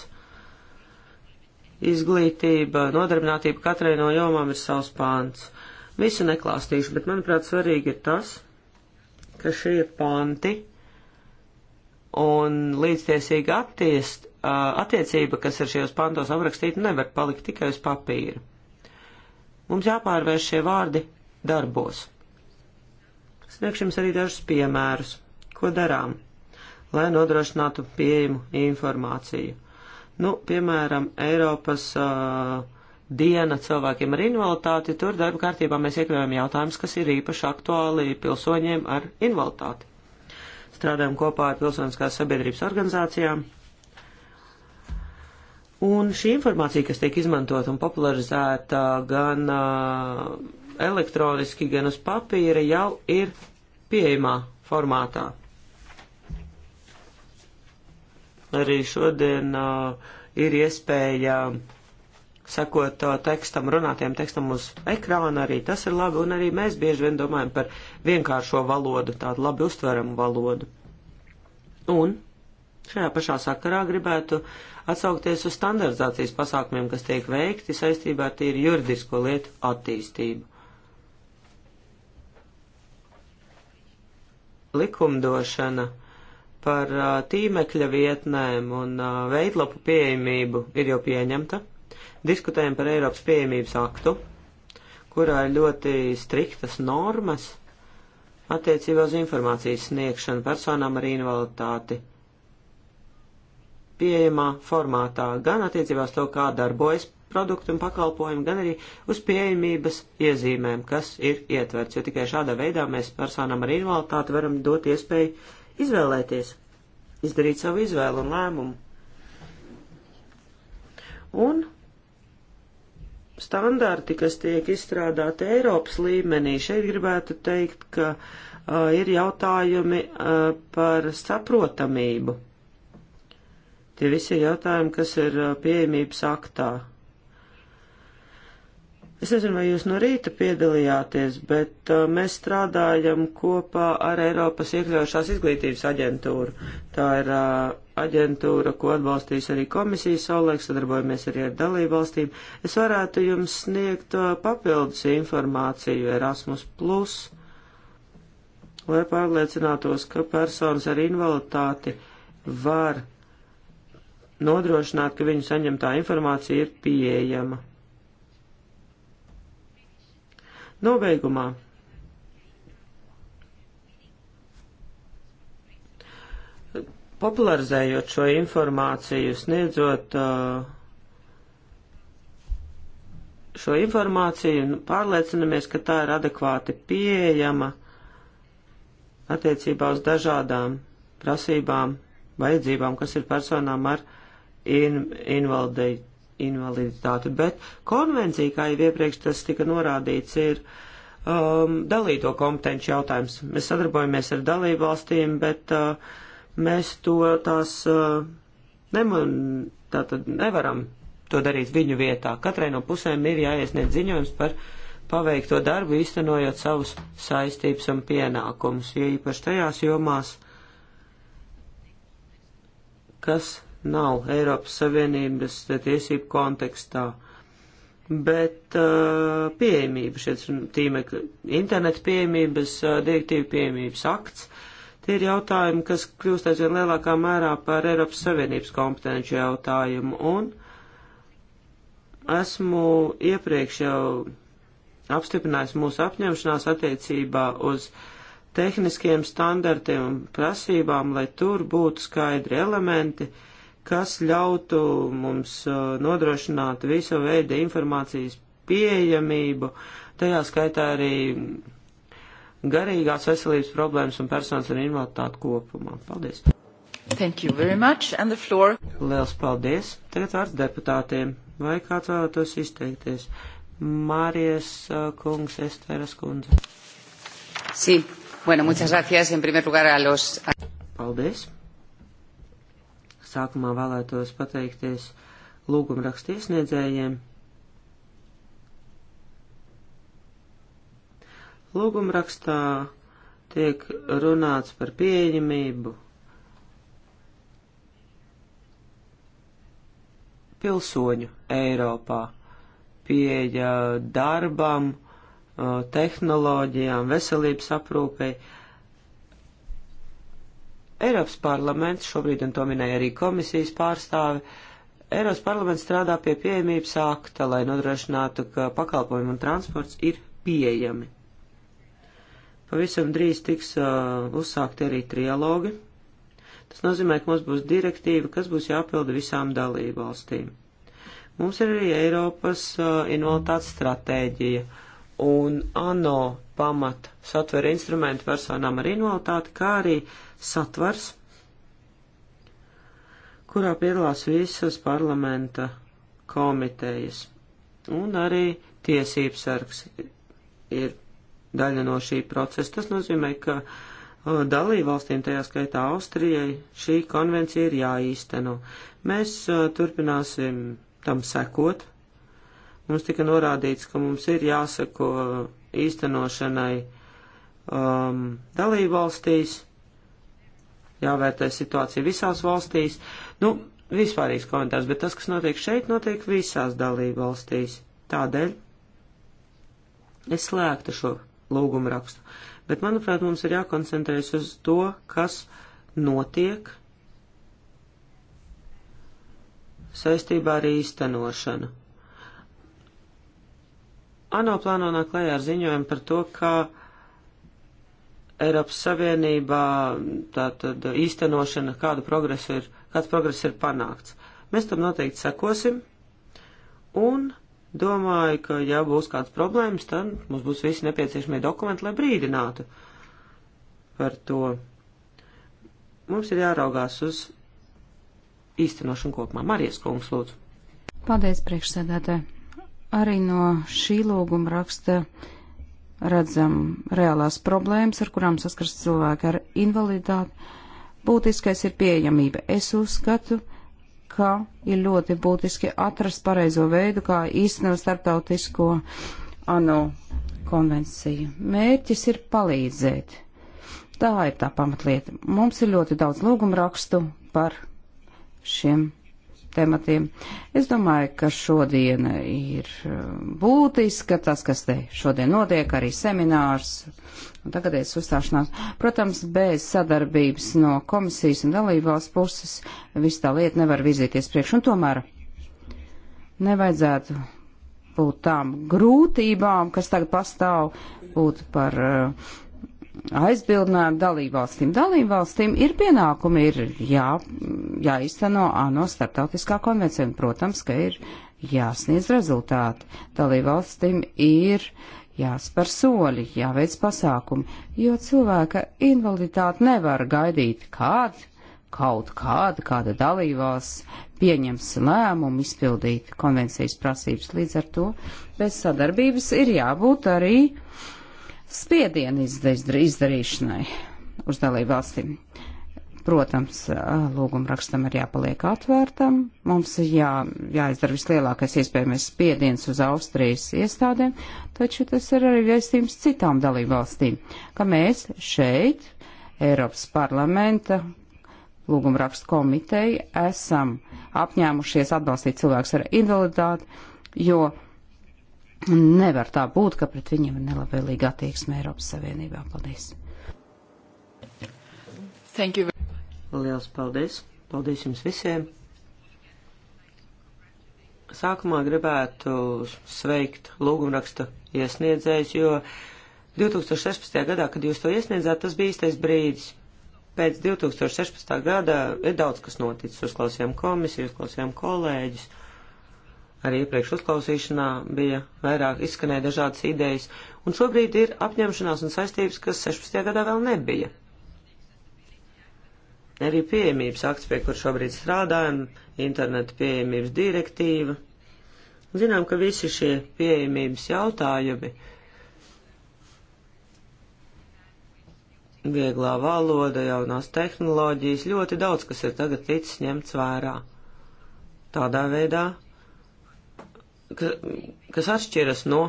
izglītība, nodarbinātība katrai no jomām ir savs pants. Visu neklāstīšu, bet manuprāt svarīgi ir tas, ka šie panti un līdztiesīga attiest, attiecība, kas ir šajos pantos aprakstīta, nevar palikt tikai uz papīra. Mums jāpārvērš šie vārdi darbos. Sniegšu jums arī dažus piemērus, ko darām, lai nodrošinātu pieejamu informāciju. Nu, piemēram, Eiropas uh, diena cilvēkiem ar invaliditāti, tur darba kārtībā mēs iekļaujam jautājumus, kas ir īpaši aktuāli pilsoņiem ar invaliditāti. Strādājam kopā ar pilsoniskās sabiedrības organizācijām, Un šī informācija, kas tiek izmantot un popularizēta gan uh, elektroniski, gan uz papīra, jau ir pieejamā formātā. Arī šodien uh, ir iespēja sekot uh, tekstam, runātiem tekstam uz ekrāna, arī tas ir labi, un arī mēs bieži vien domājam par vienkāršo valodu, tādu labi uztveramu valodu. Un Šajā pašā sakarā gribētu atsaukties uz standardizācijas pasākumiem, kas tiek veikti saistībā ar tīri juridisko lietu attīstību. Likumdošana par tīmekļa vietnēm un veidlapu pieejamību ir jau pieņemta. Diskutējam par Eiropas pieejamības aktu, kurā ir ļoti striktas normas attiecībā uz informācijas sniegšanu personām ar invaliditāti pieejamā formātā, gan attiecībā uz to, kā darbojas produktu un pakalpojumu, gan arī uz pieejamības iezīmēm, kas ir ietverts, jo tikai šādā veidā mēs personām ar invaliditāti varam dot iespēju izvēlēties, izdarīt savu izvēlu un lēmumu. Un standarti, kas tiek izstrādāti Eiropas līmenī, šeit gribētu teikt, ka uh, ir jautājumi uh, par saprotamību Tie visi ir jautājumi, kas ir pieejamības aktā. Es nezinu, vai jūs no rīta piedalījāties, bet uh, mēs strādājam kopā ar Eiropas iekļaujošās izglītības aģentūru. Tā ir uh, aģentūra, ko atbalstīs arī komisija savulaik, sadarbojamies arī ar dalību valstīm. Es varētu jums sniegt uh, papildus informāciju Erasmus, plus, lai pārliecinātos, ka personas ar invaliditāti var nodrošināt, ka viņu saņemtā informācija ir pieejama. Nobeigumā. Popularizējot šo informāciju, sniedzot uh, šo informāciju, nu, pārliecinamies, ka tā ir adekvāti pieejama attiecībā uz dažādām prasībām, vajadzībām, kas ir personām ar in, invalidei, invaliditāti, bet konvencija, kā jau iepriekš tas tika norādīts, ir um, dalīto kompetenci jautājums. Mēs sadarbojamies ar dalību valstīm, bet uh, mēs to tās uh, neman, tātad nevaram to darīt viņu vietā. Katrai no pusēm ir jāiesniedz ziņojums par paveikto darbu, īstenojot savus saistības un pienākumus, jo īpaši tajās jomās, kas nav Eiropas Savienības tiesību kontekstā. Bet uh, pieejamība, šeit tīmekļa, interneta pieejamības, uh, direktīva pieejamības akts, tie ir jautājumi, kas kļūst aizvien lielākā mērā par Eiropas Savienības kompetenci jautājumu. Un esmu iepriekš jau apstiprinājis mūsu apņemšanās attiecībā uz tehniskiem standartiem un prasībām, lai tur būtu skaidri elementi, uh, kas ļautu mums uh, nodrošināt visu veidu informācijas pieejamību, tajā skaitā arī garīgās veselības problēmas un personas ar invaliditāti kopumā. Paldies! Thank you very much, and the floor. Liels paldies! Tagad vārds deputātiem. Vai kāds vēlētos izteikties? Mārijas uh, kungs, Esteras kundze. Sí, bueno, muchas gracias en primer lugar a los. Paldies! Sākumā vēlētos pateikties lūguma rakstu iesniedzējiem. Lūguma rakstā tiek runāts par pieņemību pilsoņu Eiropā, pieeja darbam, tehnoloģijām, veselības aprūpei. Eiropas parlaments, šobrīd un to minēja arī komisijas pārstāve, Eiropas parlaments strādā pie pieejamības akta, lai nodrošinātu, ka pakalpojumi un transports ir pieejami. Pavisam drīz tiks uh, uzsākti arī trialogi. Tas nozīmē, ka mums būs direktīva, kas būs jāpilda visām dalību valstīm. Mums ir arī Eiropas uh, invaliditātes stratēģija un ANO pamata satver instrumentu personām ar invaliditāti, kā arī uh, satvers, kurā piedalās visas parlamenta komitejas. Un arī tiesības sargs ir daļa no šī procesa. Tas nozīmē, ka dalībvalstīm, tajā skaitā Austrijai, šī konvencija ir jāīsteno. Mēs turpināsim tam sekot. Mums tika norādīts, ka mums ir jāseko īstenošanai um, dalībvalstīs jāvērtē situācija visās valstīs. Nu, vispārīgs komentārs, bet tas, kas notiek šeit, notiek visās dalību valstīs. Tādēļ es slēgtu šo lūgumu rakstu. Bet, manuprāt, mums ir jākoncentrējas uz to, kas notiek saistībā ar īstenošanu. ANO plāno nāk klajā ar ziņojumu par to, kā Eiropas Savienībā tātad īstenošana, kādu progresu ir, kāds progress ir panākts. Mēs tam noteikti sekosim un domāju, ka ja būs kādas problēmas, tad mums būs visi nepieciešamie dokumenti, lai brīdinātu par to. Mums ir jāraugās uz īstenošanu kopumā. Marijas kungs, lūdzu. Paldies, priekšsēdētāji. Arī no šī lūguma raksta redzam reālās problēmas, ar kurām saskars cilvēki ar invaliditāti. Būtiskais ir pieejamība. Es uzskatu, ka ir ļoti būtiski atrast pareizo veidu, kā īstenot starptautisko ANO konvenciju. Mērķis ir palīdzēt. Tā ir tā pamatlieta. Mums ir ļoti daudz lūgumu rakstu par šiem tematiem. Es domāju, ka šodien ir eh, būtiska tas, kas te šodien notiek, arī seminārs. Un tagad es uzstāšanās. Protams, bez sadarbības no komisijas un dalībvalsts puses viss tā lieta nevar virzīties priekš. Un tomēr nevajadzētu būt tām grūtībām, kas tagad pastāv, būt par uh, aizbildinājumu dalībvalstīm. Dalībvalstīm ir pienākumi, ir jā, jāizteno ANO starptautiskā konvencija, un, protams, ka ir jāsniedz rezultāti. Dalībvalstīm ir jāspēr soļi, jāveic pasākumi, jo cilvēka invaliditāte nevar gaidīt kād, kaut kāda, kāda dalībvalsts pieņems lēmumu izpildīt konvencijas prasības. Līdz ar to bez sadarbības ir jābūt arī uh, spiedienu izdarīšanai uz dalību valstīm. Protams, lūguma rakstam ir jāpaliek atvērtam. Mums ir jā, jāizdara vislielākais iespējamais spiediens uz Austrijas iestādēm, taču tas ir arī vēstījums citām dalību valstīm, ka mēs šeit, Eiropas parlamenta lūguma rakstu komiteja, esam apņēmušies atbalstīt cilvēkus ar invaliditāti, jo Nevar tā būt, ka pret viņiem ir nelabvēlīga attieksme Eiropas Savienībā. Paldies! Thank you. Liels paldies! Paldies jums visiem! Sākumā gribētu sveikt lūgumraksta iesniedzējus, jo 2016. gadā, kad jūs to iesniedzāt, tas bija īstais brīdis. Pēc 2016. gada ir daudz kas noticis. Uzklausījām komisiju, uzklausījām kolēģis. Uh, Arī iepriekš uzklausīšanā bija vairāk izskanēja dažādas idejas, un šobrīd ir apņemšanās un saistības, kas 16. gadā vēl nebija. Arī pieejamības akts, pie kur šobrīd strādājam, interneta pieejamības direktīva. Zinām, ka visi šie pieejamības jautājumi vieglā valoda, jaunās tehnoloģijas, ļoti daudz, kas ir tagad ticis ņemts vērā. Tādā veidā kas atšķiras no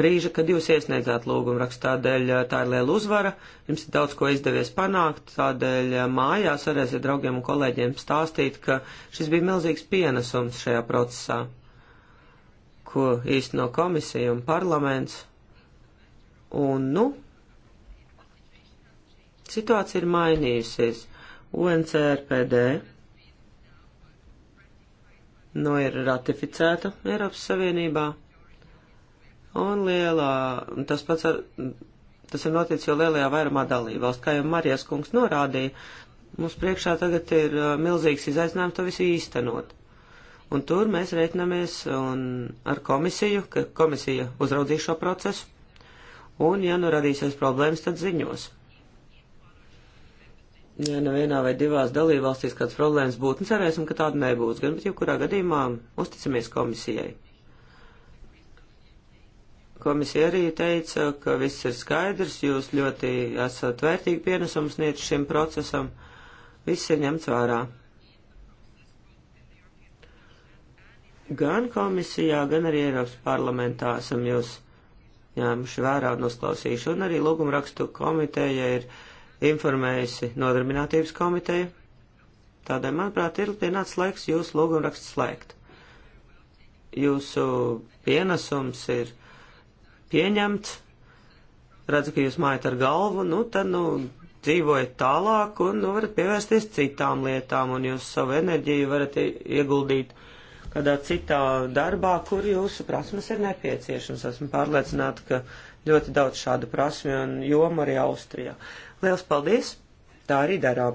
brīža, kad jūs iesniedzāt lūgumu rakstu. Tādēļ tā ir liela uzvara, jums ir daudz ko izdevies panākt, tādēļ mājās varēsiet draugiem un kolēģiem stāstīt, ka šis bija milzīgs pienesums šajā procesā, ko īsteno komisija un parlaments. Un, nu, situācija ir mainījusies. UNCRPD no nu, ir ratificēta Eiropas Savienībā. Un lielā, tas pats ar, tas ir noticis jau lielajā vairumā dalībvalstu. Kā jau Marijas kungs norādīja, mums priekšā tagad ir uh, milzīgs izaicinājums to visu īstenot. Un tur mēs reiķinamies ar komisiju, ka komisija uzraudzīs šo procesu. Un, ja nu radīsies problēmas, tad ziņos ja nevienā vai divās dalībvalstīs kādas problēmas būtu, un nu, cerēsim, ka tāda nebūs, gan, bet jebkurā gadījumā uzticamies komisijai. Komisija arī teica, ka viss ir skaidrs, jūs ļoti esat vērtīgi pienesums sniedz šim procesam, viss ir ņemts vērā. Gan komisijā, gan arī Eiropas parlamentā esam jūs ņēmuši vērā un uzklausījuši, un arī lūgumrakstu komiteja ir uh, informējusi nodarbinātības komiteju. Tādēļ, manuprāt, ir pienācis laiks jūsu lūgumrakstu slēgt. Jūsu pienesums ir pieņemts, redzu, ka jūs mājat ar galvu, nu tad, nu, dzīvojat tālāk un nu, varat pievērsties citām lietām, un jūs savu enerģiju varat ieguldīt kādā citā darbā, kur jūsu prasmes ir nepieciešams. Esmu pārliecināta, ka ļoti daudz šādu prasmi un jomu arī Austrijā. Liels paldies! Tā arī darām.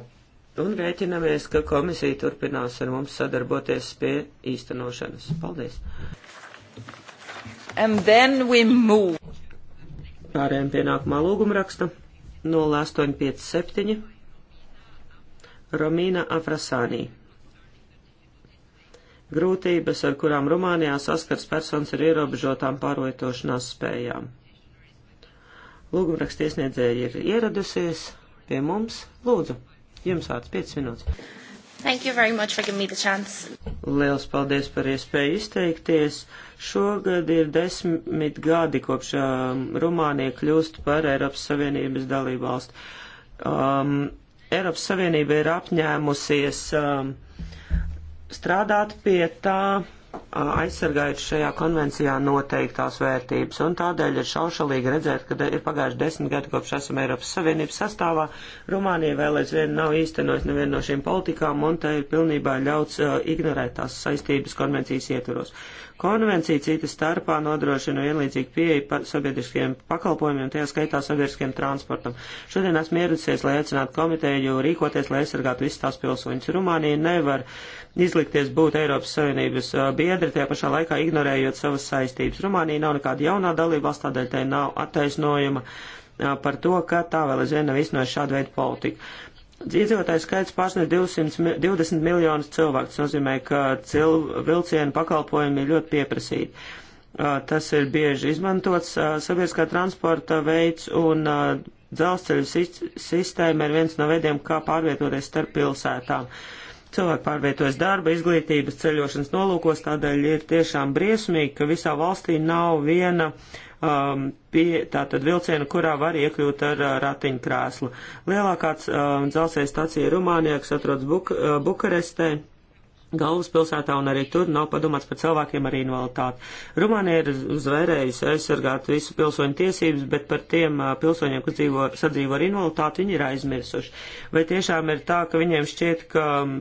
Un rēķinamies, ka komisija turpinās ar mums sadarboties pie īstenošanas. Paldies! Pārējām pie nākamā lūgumraksta 0857 Romīna Afrasānī grūtības, ar kurām Rumānijā saskars personas ar ierobežotām pārvietošanās spējām. Lūgumraksta iesniedzēja ir ieradusies pie mums. Lūdzu, jums vārds 5 minūtes. Thank you very much for giving me the chance. Liels paldies par iespēju izteikties. Šogad ir desmit gadi kopš um, Rumānija kļūst par Eiropas Savienības dalību valstu. Um, Eiropas Savienība ir apņēmusies um, strādāt pie tā aizsargājot šajā konvencijā noteiktās vērtības, un tādēļ ir šaušalīgi redzēt, ka ir pagājuši desmit gadi, kopš esam Eiropas Savienības sastāvā. Rumānija vēl aizvien nav īstenojis nevienu no šīm politikām, un tai ir pilnībā ļauts uh, ignorēt tās saistības konvencijas ietvaros. Konvencija citas starpā nodrošina vienlīdzīgu pieeju pa sabiedriskiem pakalpojumiem, tajā skaitā sabiedriskiem transportam. Šodien esmu ieradusies, lai aicinātu komiteju rīkoties, lai aizsargātu visus tās pilsoņus. Rumānija nevar izlikties būt Eiropas Savienības biedri, tajā pašā laikā ignorējot savas saistības. Rumānija nav nekāda jaunā dalībvalsts, tādēļ tai nav attaisnojuma par to, ka tā vēl aizvien nav iznojusi šādu veidu politiku. Iedzīvotāju skaits pārsniedz 220 miljonus cilvēku. Tas nozīmē, ka cilv, vilcienu pakalpojumi ir ļoti pieprasīti. Tas ir bieži izmantots sabiedriskā transporta veids un dzelzceļu sistēma ir viens no veidiem, kā pārvietoties starp pilsētām. Cilvēki pārvietojas darba, izglītības, ceļošanas nolūkos, tādēļ ir tiešām briesmīgi, ka visā valstī nav viena uh, um, pie tātad vilcienu, kurā var iekļūt ar uh, ratiņkrēslu. Lielākā um, dzelzceļa stacija Rumānijā, kas atrodas Buk uh, Bukarestē, galvaspilsētā, un arī tur nav padomāts par cilvēkiem ar invaliditāti. Rumānija ir uzvērējusi aizsargāt visu pilsoņu tiesības, bet par tiem uh, pilsoņiem, kas dzīvo, sadzīvo ar invaliditāti, viņi ir aizmirsuši. Vai tiešām ir tā, ka viņiem šķiet, ka um,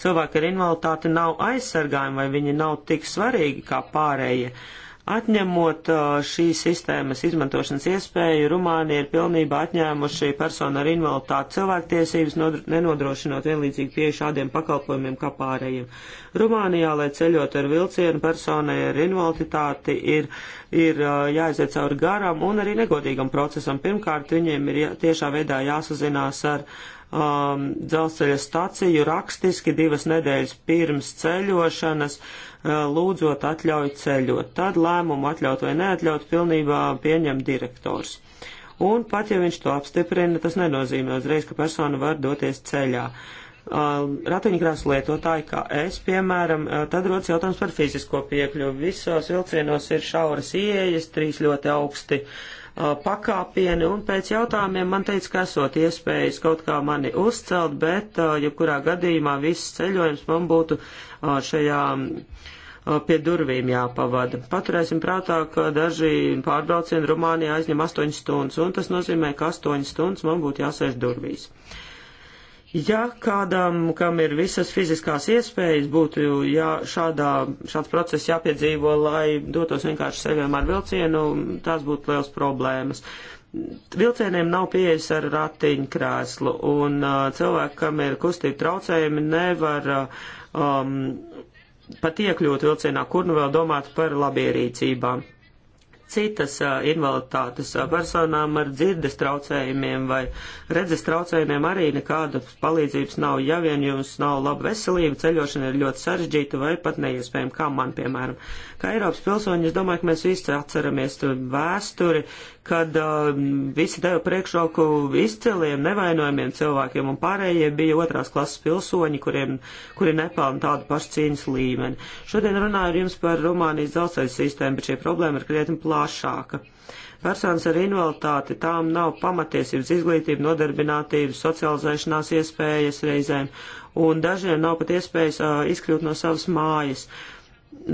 cilvēki ar invaliditāti nav aizsargājumi, vai viņi nav tik svarīgi kā pārējie? Uh, Atņemot uh, šīs sistēmas izmantošanas iespēju, Rumānija ir pilnībā atņēmuši personu ar invaliditāti cilvēktiesības, nenodrošinot vienlīdzīgi pieeju šādiem pakalpojumiem kā pārējiem. Rumānijā, lai ceļot ar vilcienu, personai ar invaliditāti ir, ir uh, jāiziet cauri garam un arī negodīgam procesam. Pirmkārt, viņiem ir tiešā veidā jāsazinās ar um, dzelzceļa staciju rakstiski divas nedēļas pirms ceļošanas. Uh, lūdzot atļauju ceļot. Tad lēmumu atļaut vai neatļaut pilnībā pieņem direktors. Un pat ja viņš to apstiprina, tas nenozīmē uzreiz, ka persona var doties ceļā. Ratiņkrāsu lietotāji, kā es, piemēram, tad rodas jautājums par fizisko piekļuvi. Visos vilcienos ir šauras ieejas, trīs ļoti augsti pakāpieni, un pēc jautājumiem man teica, ka esot iespējas kaut kā mani uzcelt, bet jebkurā gadījumā viss ceļojums man būtu šajā Uh, pie durvīm jāpavada. Paturēsim prātā, ka daži pārbraucieni Rumānijā aizņem 8 stundas, un tas nozīmē, ka 8 stundas man būtu jāsēž durvīs. Ja kādam, kam ir visas fiziskās iespējas, būtu jā, šādā, šāds process jāpiedzīvo, lai dotos vienkārši ceļojam ar vilcienu, tās būtu liels problēmas. Vilcieniem nav pieejas ar ratiņkrēslu, un uh, cilvēkam ir kustība traucējumi, nevar uh, um, pat iekļūt vilcienā, kur nu vēl domāt par labierīcībām. Citas uh, invaliditātes uh, personām ar dzirdes traucējumiem vai redzes traucējumiem arī nekādas palīdzības nav. Ja vien jums nav laba veselība, ceļošana ir ļoti sarežģīta vai pat neiespējama, kā man, piemēram. Kā Eiropas pilsoņi, es domāju, ka mēs visi atceramies vēsturi, kad uh, visi deva priekšroku izciliem, nevainojumiem cilvēkiem, un pārējie bija otrās klases pilsoņi, kuriem, kuri nepelna tādu pašu cīņas līmeni. Šodien runāju ar jums par Rumānijas dzelzceļa sistēmu, bet šī problēma ir krietni plašāka personas ar invaliditāti, tām nav pamatiesības izglītība, nodarbinātības, socializēšanās iespējas reizēm, un dažiem nav pat iespējas uh, izkļūt no savas mājas. Uh,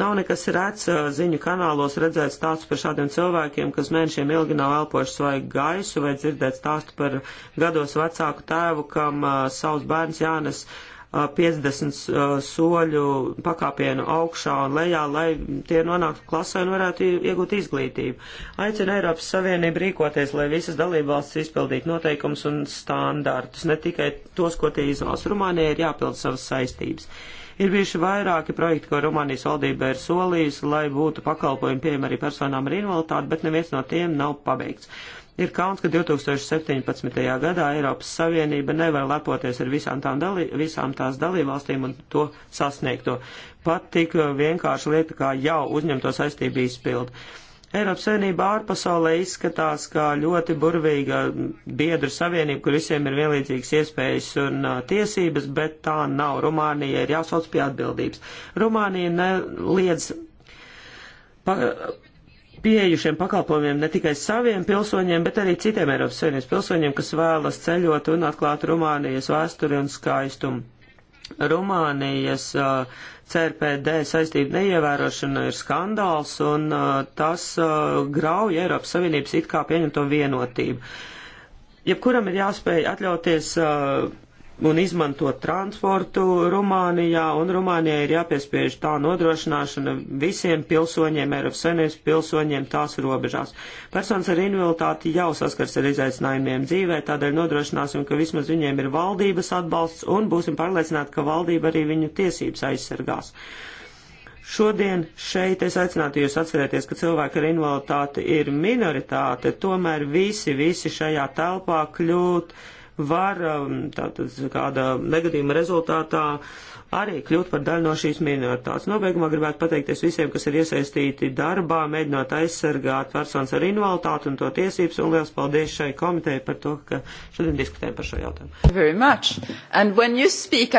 Nav nekas rēts ziņu kanālos redzēt stāstus par šādiem cilvēkiem, kas mēnešiem ilgi nav elpojuši svaigu gaisu, vai dzirdēt stāstu par gados vecāku tēvu, kam uh, savs bērns jānes uh, 50 uh, soļu pakāpienu augšā un lejā, lai tie nonāktu klasē un varētu iegūt izglītību. Aicina Eiropas Savienību rīkoties, lai visas dalībvalstis izpildītu noteikumus un standartus, ne tikai tos, ko tie izvēlas. Rumānijai ir jāpild savas saistības. Uh, Ir bijuši vairāki projekti, ko Rumānijas valdība ir solījusi, lai būtu pakalpojumi pieejami arī personām ar invaliditāti, bet neviens no tiem nav pabeigts. Ir kauns, ka 2017. gadā Eiropas Savienība nevar lepoties ar visām, tām dalī, visām tās dalībvalstīm un to sasniegto. Pat tik vienkārši lieta kā jau uzņemto saistību izpildu. Eiropas Savienība ārpasaulē izskatās kā ļoti burvīga biedru savienība, kur visiem ir vienlīdzīgas iespējas un uh, tiesības, bet tā nav. Rumānija ir jāsauc pie atbildības. Rumānija neliedz pa, pieejušiem pakalpojumiem ne tikai saviem pilsoņiem, bet arī citiem Eiropas Savienības pilsoņiem, kas vēlas ceļot un atklāt Rumānijas vēsturi un skaistumu. Rumānijas uh, CRPD saistību neievērošana ir skandāls un uh, tas uh, grauj Eiropas Savienības it kā pieņemto vienotību. Jebkuram ir jāspēj atļauties uh, un izmantot transportu Rumānijā, un Rumānijai ir jāpiespiež tā nodrošināšana visiem pilsoņiem, Eiropas Savienības pilsoņiem tās robežās. Personas ar invaliditāti jau saskars ar izaicinājumiem dzīvē, tādēļ nodrošināsim, ka vismaz viņiem ir valdības atbalsts, un būsim pārliecināti, ka valdība arī viņu tiesības aizsargās. Šodien šeit es aicinātu jūs atcerēties, ka cilvēki ar invaliditāti ir minoritāte, tomēr visi, visi šajā telpā kļūt uh, var um, tātad kāda negadījuma rezultātā arī kļūt par daļu no šīs minoritātes. Nobeigumā gribētu pateikties visiem, kas ir iesaistīti darbā, mēģinot aizsargāt personas ar invaliditāti un to tiesības, un liels paldies šai komitejai par to, ka šodien diskutējam par šo jautājumu. Speak,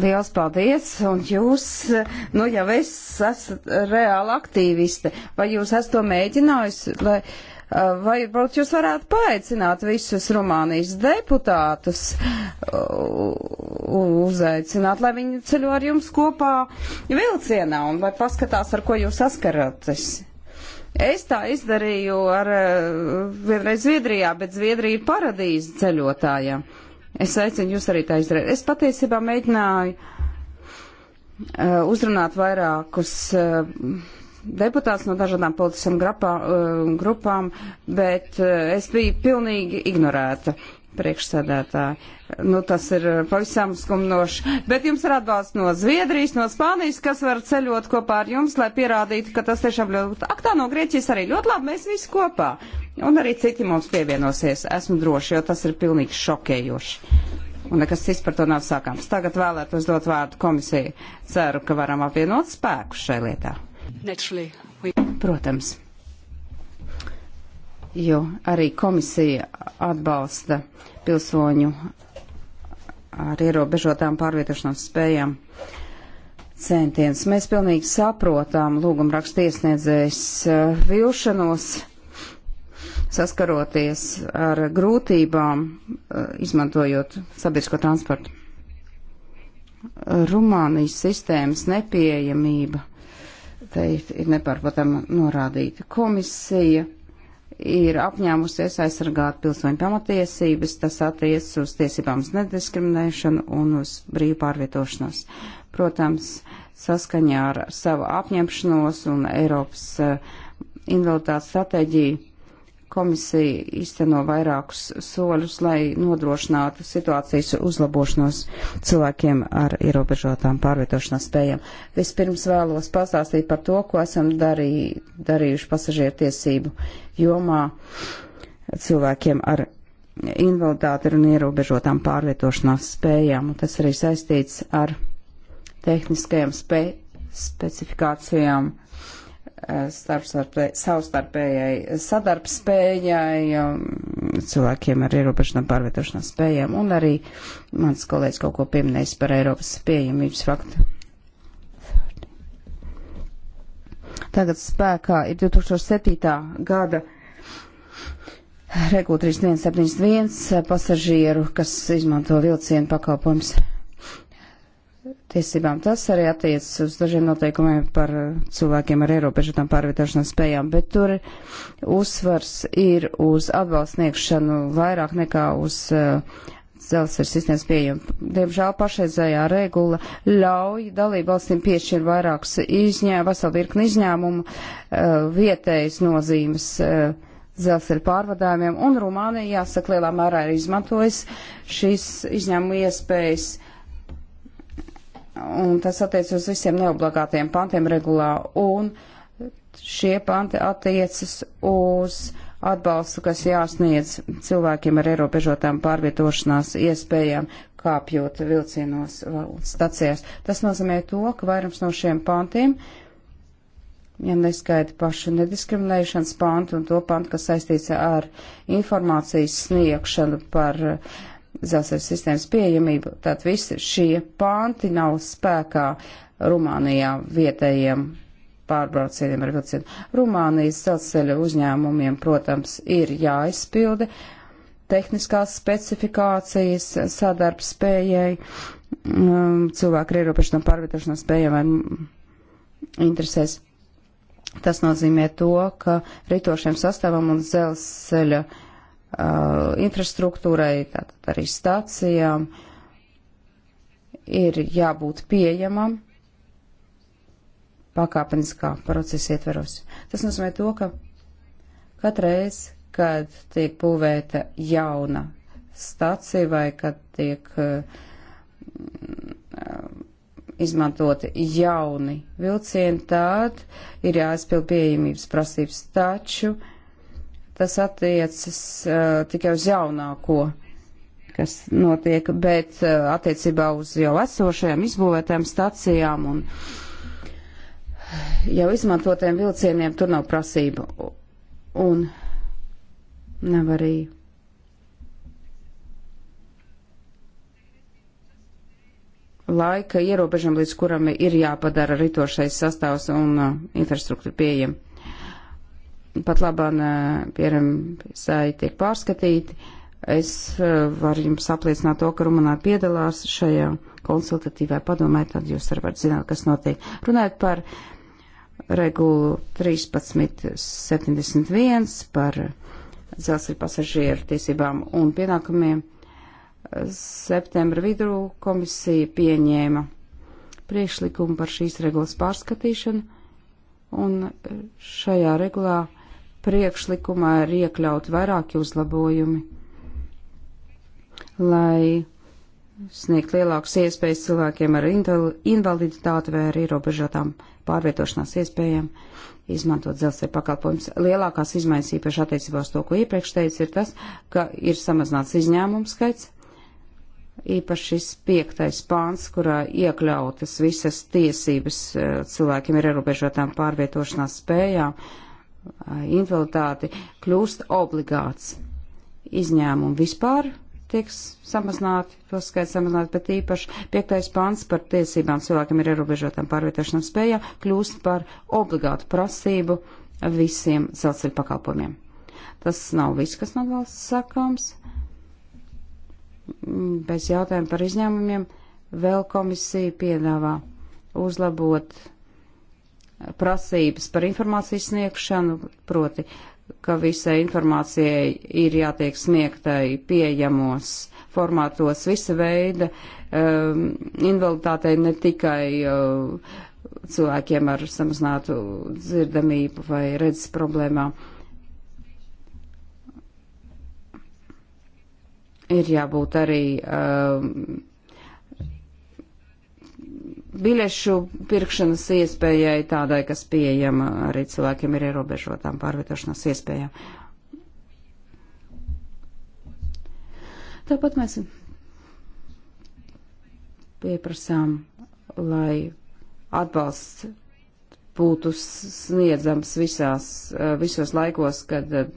liels paldies, un jūs, nu jau es esat reāli aktīviste, vai jūs esat to mēģinājusi, lai Vai varbūt jūs varētu paaicināt visus Rumānijas deputātus, uzaicināt, lai viņi ceļo ar jums kopā vilcienā un lai paskatās, ar ko jūs saskaraties? Es tā izdarīju ar vienreiz Zviedrijā, bet Zviedrija ir paradīze ceļotājiem. Es aicinu jūs arī tā izdarīt. Es patiesībā mēģināju uzrunāt vairākus. Uh, deputāts no dažādām politiskām grupā, eh, grupām, bet eh, es biju pilnīgi ignorēta priekšsēdētāji. Nu, tas ir eh, pavisam skumnoši. Bet jums ir atbalsts no Zviedrijas, no Spānijas, kas var ceļot kopā ar jums, lai pierādītu, ka tas tiešām ļoti. Ak, tā no Grieķijas arī ļoti labi, mēs visi kopā. Un arī citi mums pievienosies, esmu droši, jo tas ir pilnīgi šokējoši. Un nekas cits par to nav sakāms. Tagad vēlētos dot vārdu komisijai. Ceru, ka varam apvienot spēkus šai lietā. Protams, jo arī komisija atbalsta pilsoņu ar ierobežotām pārvietošanās spējām centienus. Mēs pilnīgi saprotam lūgumrakstu iesniedzējs eh, vilšanos, saskaroties ar grūtībām, eh, izmantojot sabiedrisko transportu. Rumānijas sistēmas nepieejamība teikt, ir nepārprotama norādīta. Komisija ir apņēmusies aizsargāt pilsoņu pamatiesības, tas attiecas uz tiesībām uz nediskriminēšanu un uz brīvu pārvietošanos. Protams, saskaņā ar savu apņemšanos un Eiropas eh, invaliditātes stratēģiju Komisija izteno vairākus soļus, lai nodrošinātu situācijas uzlabošanos cilvēkiem ar ierobežotām pārvietošanās spējām. Vispirms vēlos pastāstīt par to, ko esam darī, darījuši pasažieru tiesību jomā cilvēkiem ar invaliditāti un ierobežotām pārvietošanās spējām. Un tas arī saistīts ar tehniskajām spējām specifikācijām starp savstarpējai sadarbspējai, um, cilvēkiem ar ierobežotām pārvietošanās spējām, un arī mans kolēģis kaut ko pieminējis par Eiropas pieejamības faktu. Tagad spēkā ir 2007. gada regula 3171 pasažieru, kas izmanto vilcienu pakalpojums tiesībām. Tas arī attiecas uz dažiem noteikumiem par eh, cilvēkiem ar ierobežotām pārvietošanās spējām, bet tur uzsvars ir uz atbalstniekšanu vairāk nekā uz uh, dzelzceļa sistēmas pieejama. Diemžēl pašreizējā regula ļauj dalību valstīm piešķirt vairākus izņēmumus, veselu virkni izņēmumu, eh, vietējas nozīmes dzelzceļa pārvadājumiem, un Rumānija, jāsaka, lielā mērā ir izmantojis šīs izņēmuma iespējas. Uh, un tas attiec uz visiem neobligātiem pantiem regulā, un šie panti attiecas uz atbalstu, kas jāsniedz cilvēkiem ar ierobežotām pārvietošanās iespējām, kāpjot vilcienos stacijās. Tas nozīmē to, ka vairums no šiem pantiem, ja neskaita pašu nediskriminēšanas pantu un to pantu, kas saistīts ar informācijas sniegšanu par uh, dzelzceļa sistēmas pieejamību, tad visi šie pānti nav spēkā Rumānijā vietējiem pārbraucieniem ar vilcienu. Rumānijas dzelzceļa uzņēmumiem, protams, ir jāizpilda tehniskās specifikācijas sadarbspējai, mm, cilvēku ierobežotām pārvietošanās spējām vai interesēs. Tas nozīmē to, ka ritošiem sastāvam un dzelzceļa uh, uh, infrastruktūrai, tātad arī stācijām, ir jābūt pieejamam pakāpeniskā procesa ietveros. Tas nozīmē to, ka katreiz, kad tiek būvēta jauna stācija vai kad tiek uh, izmantoti jauni vilcieni, tad ir jāizpild pieejamības prasības, taču uh, tas attiecas uh, tikai uz jaunāko, kas notiek, bet uh, attiecībā uz jau esošajām izbūvētām stacijām un jau izmantotiem vilcieniem tur nav prasība. Un nav arī. laika ierobežam, līdz kuram ir jāpadara ritošais sastāvs un uh, infrastruktūra pieejama pat labāk, piemēram, sēji tiek pārskatīti. Es eh, varu jums apliecināt to, ka Rumunā piedalās šajā konsultatīvā padomē, tad jūs varat zināt, kas notiek. Runājot par regulu 1371 par dzelzceļa pasažieru tiesībām un pienākumiem, septembra vidū komisija pieņēma priekšlikumu par šīs regulas pārskatīšanu, un šajā regulā priekšlikumā ir iekļaut vairāki uzlabojumi, lai sniegt lielākas iespējas cilvēkiem ar invaliditāti vai ar ierobežotām pārvietošanās iespējām, izmantot dzelzceļa pakalpojumus. Lielākās izmaiņas īpaši attiecībā uz to, ko iepriekš teicu, ir tas, ka ir samazināts izņēmumu skaits, īpaši šis piektais pāns, kurā iekļautas visas tiesības eh, cilvēkiem ar ierobežotām pārvietošanās spējām invaliditāti kļūst obligāts. Izņēmumi vispār tiek samazināti, to skaits samazināti, bet īpaši piektais pants par tiesībām cilvēkam ir ierobežotām pārvietošanām spējā kļūst par obligātu prasību visiem dzelzceļa pakalpojumiem. Tas nav viss, kas no valsts sakāms. Bez jautājuma par izņēmumiem vēl komisija piedāvā uzlabot prasības par informācijas sniegšanu, proti, ka visai informācijai ir jātiek sniegtai pieejamos formātos visa veida um, invaliditātei ne tikai uh, cilvēkiem ar samazinātu dzirdamību vai redzes problēmām. Ir jābūt arī um, biļešu pirkšanas iespējai tādai, kas pieejama arī cilvēkiem ir ierobežotām pārvietošanās iespējām. Tāpat mēs pieprasām, lai atbalsts būtu sniedzams visās, visos laikos, kad eh,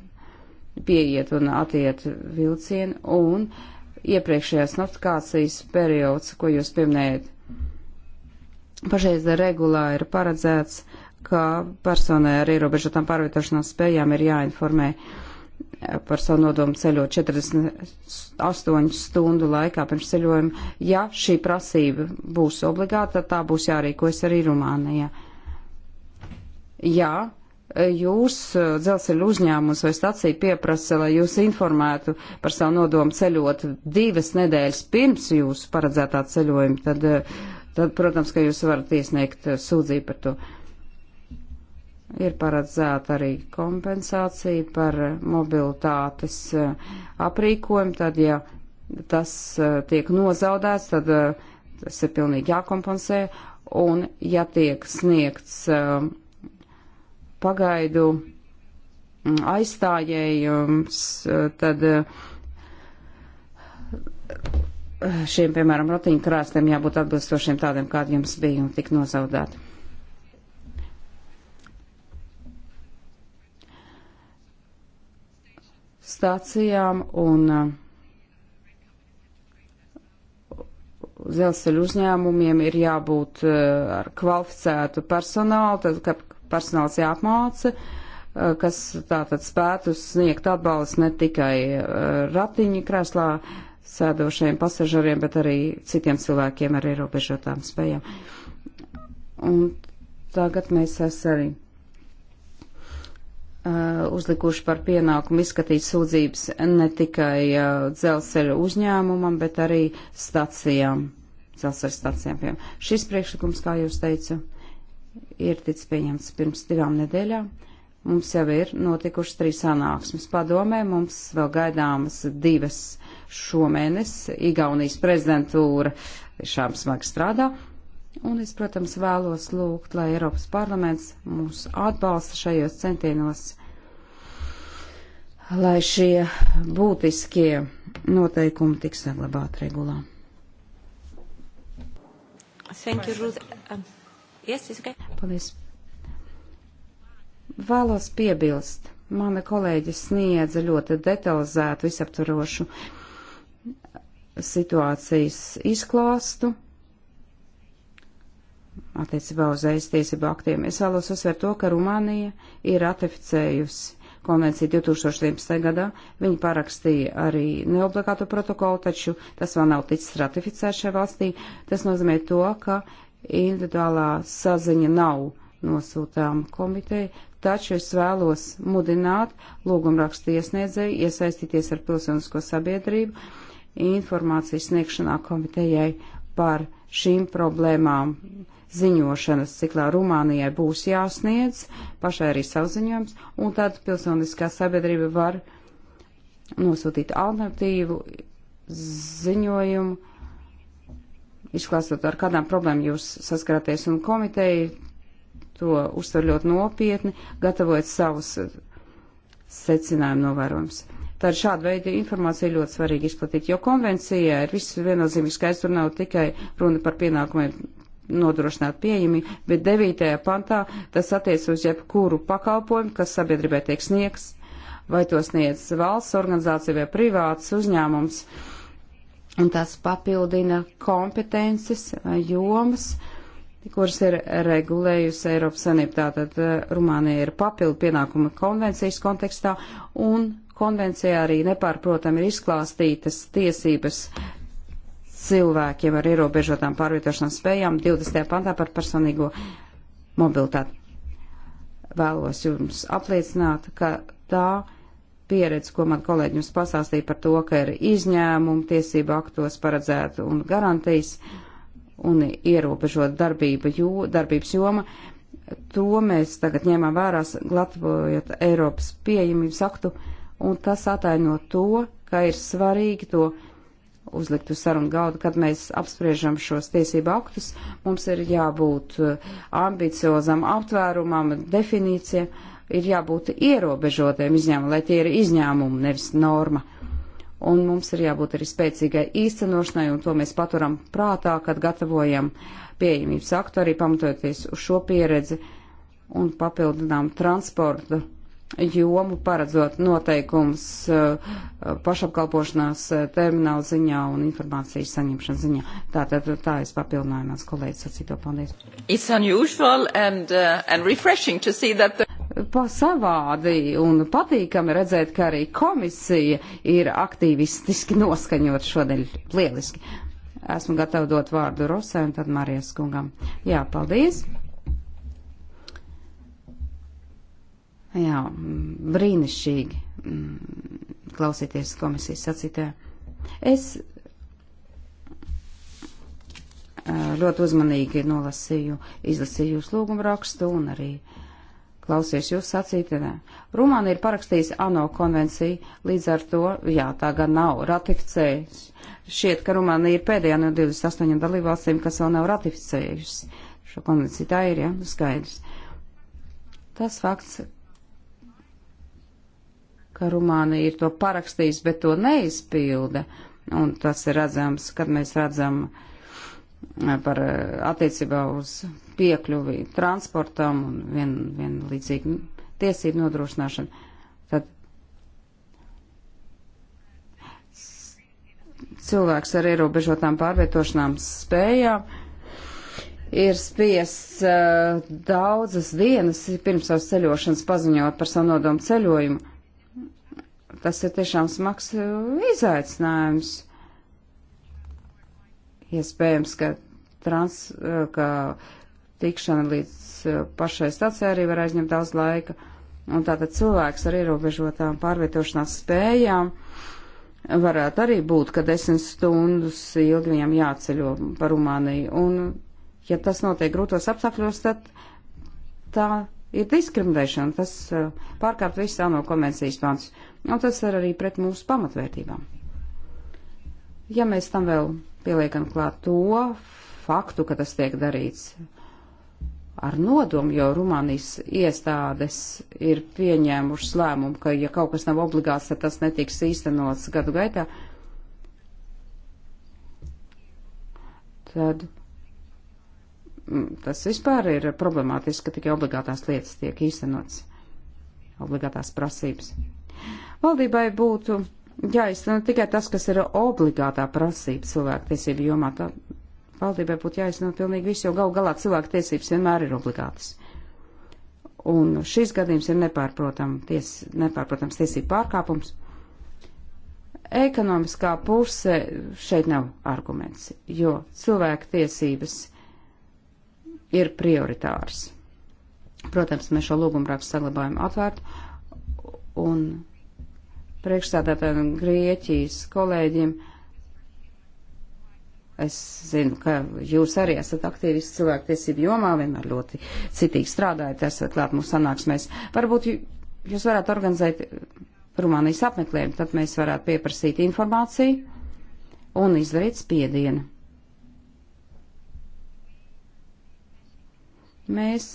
pieiet un atiet vilcienu, un iepriekšējās notifikācijas periods, ko jūs pieminējat, Pašreiz regulā ir paredzēts, ka personai ar ierobežotām pārvietošanās spējām ir jāinformē par savu nodomu ceļot 48 stundu laikā pirms ceļojuma. Ja šī prasība būs obligāta, tad tā būs jārīkojas arī Rumānijā. Jā, jūs eh, dzelzceļu uzņēmums vai stacija pieprasa, lai jūs informētu par savu nodomu ceļot divas nedēļas pirms jūsu paredzētā ceļojuma, tad uh, tad, protams, ka jūs varat iesniegt eh, sūdzību par to. Ir paredzēta arī kompensācija par eh, mobilitātes eh, aprīkojumu, tad, ja tas tiek nozaudēts, tad tas ir pilnīgi jākompensē, un ja tiek sniegts pagaidu mm, aizstājējums, tad šiem, piemēram, ratiņkrāstiem jābūt atbilstošiem tādiem, kādi jums bija un tik nozaudēti. Stācijām un uh, dzelzceļu uzņēmumiem ir jābūt uh, ar kvalificētu personālu, tad, ka personāls jāapmāca, uh, kas tātad spētu sniegt atbalstu ne tikai ratiņu krēslā, sēdošajiem pasažieriem, bet arī citiem cilvēkiem ar ierobežotām spējām. Un tagad mēs esam arī uh, uzlikuši par pienākumu izskatīt sūdzības ne tikai uh, dzelzceļa uzņēmumam, bet arī stacijām, dzelzceļa stacijām. Piemēram. Šis priekšlikums, kā jūs teicu, ir ticis pieņemts pirms divām nedēļām. Mums jau ir notikušas trīs sanāksmes padomē, mums vēl gaidāmas divas Šomēnes Igaunijas prezidentūra šām smagi strādā. Un es, protams, vēlos lūgt, lai Eiropas parlaments mūs atbalsta šajos centienos, lai šie būtiskie noteikumi tiks saglabāti regulā. Thank you, Ruth. Um, yes, it's okay. Paldies. Vēlos piebilst, mana kolēģe sniedza ļoti detalizētu, visaptvarošu uh, situācijas izklāstu attiecībā uz ES tiesību aktiem. Es vēlos uzsvērt to, ka Rumānija ir ratificējusi konvenciju 2017. gadā. Viņi parakstīja arī neobligātu protokolu, taču tas vēl nav ticis ratificēts šajā valstī. Tas nozīmē to, ka individuālā saziņa nav nosūtām komiteja, taču es vēlos mudināt lūgumrakstu iesniedzēju iesaistīties ar pilsonisko sabiedrību informācijas sniegšanā komitejai par šīm problēmām ziņošanas ciklā Rumānijai būs jāsniedz, pašai arī savziņojums, un tad pilsoniskā sabiedrība var nosūtīt alternatīvu ziņojumu, izklāstot, ar kādām problēmām jūs saskaraties, un komiteja to uztver ļoti nopietni, gatavojot savus secinājumu novērojums. Tad šāda veida informācija ļoti svarīgi izplatīt, jo konvencijā ir viss viennozīmīgi skaidrs, tur nav tikai runa par pienākumiem nodrošināt pieejami, bet 9. pantā tas attiec uz jebkuru pakalpojumu, kas sabiedrībai tiek sniegs, vai to sniedz valsts organizācija vai privāts uzņēmums. Un tas papildina kompetences, eh, jomas, kuras ir regulējusi Eiropas Sanība. Tātad eh, Rumānija ir papildu pienākuma konvencijas kontekstā un Konvencijā arī nepārprotam ir izklāstītas tiesības cilvēkiem ar ierobežotām pārvietošanās spējām 20. pantā par personīgo mobilitāti. Vēlos jums apliecināt, ka tā pieredze, ko man kolēģi jums pasāstīja par to, ka ir izņēmumi tiesību aktos paredzēta un garantijas un ierobežot darbība jū, darbības joma, to mēs tagad ņēmām vērās, gatavojot Eiropas pieejamības aktu. Uh, un tas ataino to, ka ir svarīgi to uzlikt uz sarunu galdu, kad mēs apspriežam šos tiesību aktus, mums ir jābūt eh, ambiciozam aptvērumam, definīcijam, ir jābūt ierobežotiem izņēmumiem, lai tie ir izņēmumi, nevis norma. Un mums ir jābūt arī spēcīgai īstenošanai, un to mēs paturam prātā, kad gatavojam pieejamības aktu, arī pamatoties uz šo pieredzi un papildinām transportu jomu paredzot noteikums eh, pašapkalpošanās eh, termināla ziņā un informācijas saņemšanas ziņā. Tātad tā, tā es papildināju mans kolēģis sacīto. Paldies. It's unusual and, uh, and refreshing to see that the... Pa savādi un patīkami redzēt, ka arī komisija ir aktīvistiski noskaņot šodien lieliski. Esmu gatava dot vārdu Rosē un tad Marijas kungam. Jā, paldies. Jā, mm, brīnišķīgi mm, klausīties komisijas sacītē. Es ļoti uzmanīgi nolasīju, izlasīju jūsu lūgumu rakstu un arī klausies jūs sacītē. Rumāna ir parakstījusi ANO konvenciju, līdz ar to, jā, tā gan nav ratificējusi. Šķiet, ka Rumāna ir pēdējā no 28 dalībvalstīm, kas vēl nav ratificējusi šo konvenciju. Tā ir, jā, ja? skaidrs. Tas fakts, ka Rumānija ir to parakstījusi, bet to neizpilda. Un tas ir redzams, kad mēs redzam eh, par eh, attiecībā uz piekļuvi transportam un vien, vienlīdzīgi tiesību nodrošināšanu. Tad cilvēks ar ierobežotām pārvietošanām spējām ir spiests uh, eh, daudzas dienas pirms savas ceļošanas paziņot par savu nodomu ceļojumu. Tas ir tiešām smags uh, izaicinājums. Iespējams, ka, trans, uh, ka tikšana līdz uh, pašai stacijai arī var aizņemt daudz laika. Un tātad cilvēks ar ierobežotām pārvietošanās spējām varētu arī būt, ka desmit stundas ilgi viņam jāceļo pa Rumāniju. Un, ja tas notiek grūtos apstākļos, tad tā ir diskriminēšana, tas uh, pārkāpt visu tā no konvencijas pants, un tas ir arī pret mūsu pamatvērtībām. Ja mēs tam vēl pieliekam klāt to faktu, ka tas tiek darīts ar nodomu, jo Rumānijas iestādes ir pieņēmušas lēmumu, ka ja kaut kas nav obligāts, tad tas netiks īstenots gadu gaitā, tad Mm, tas vispār ir problemātiski, ka tikai obligātās lietas tiek īstenots, obligātās prasības. Valdībai būtu jāizteno tikai tas, kas ir obligātā prasība cilvēktiesību jomā. Tā valdībai būtu jāizteno pilnīgi viss, jo gal galā cilvēktiesības vienmēr ir obligātas. Un šis gadījums ir nepārprotam, ties, nepārprotams tiesību pārkāpums. Ekonomiskā puse šeit nav arguments, jo cilvēku tiesības ir prioritārs. Protams, mēs šo lūgumrakstu saglabājam atvērtu un priekšstādātājiem Grieķijas kolēģiem. Es zinu, ka jūs arī esat aktīvis cilvēku tiesību jomā, vienmēr ļoti citīgi strādājat, esat klāt mūsu sanāksmēs. Varbūt jūs varētu organizēt Rumānijas apmeklējumu, tad mēs varētu pieprasīt informāciju un izdarīt spiedienu. Mēs,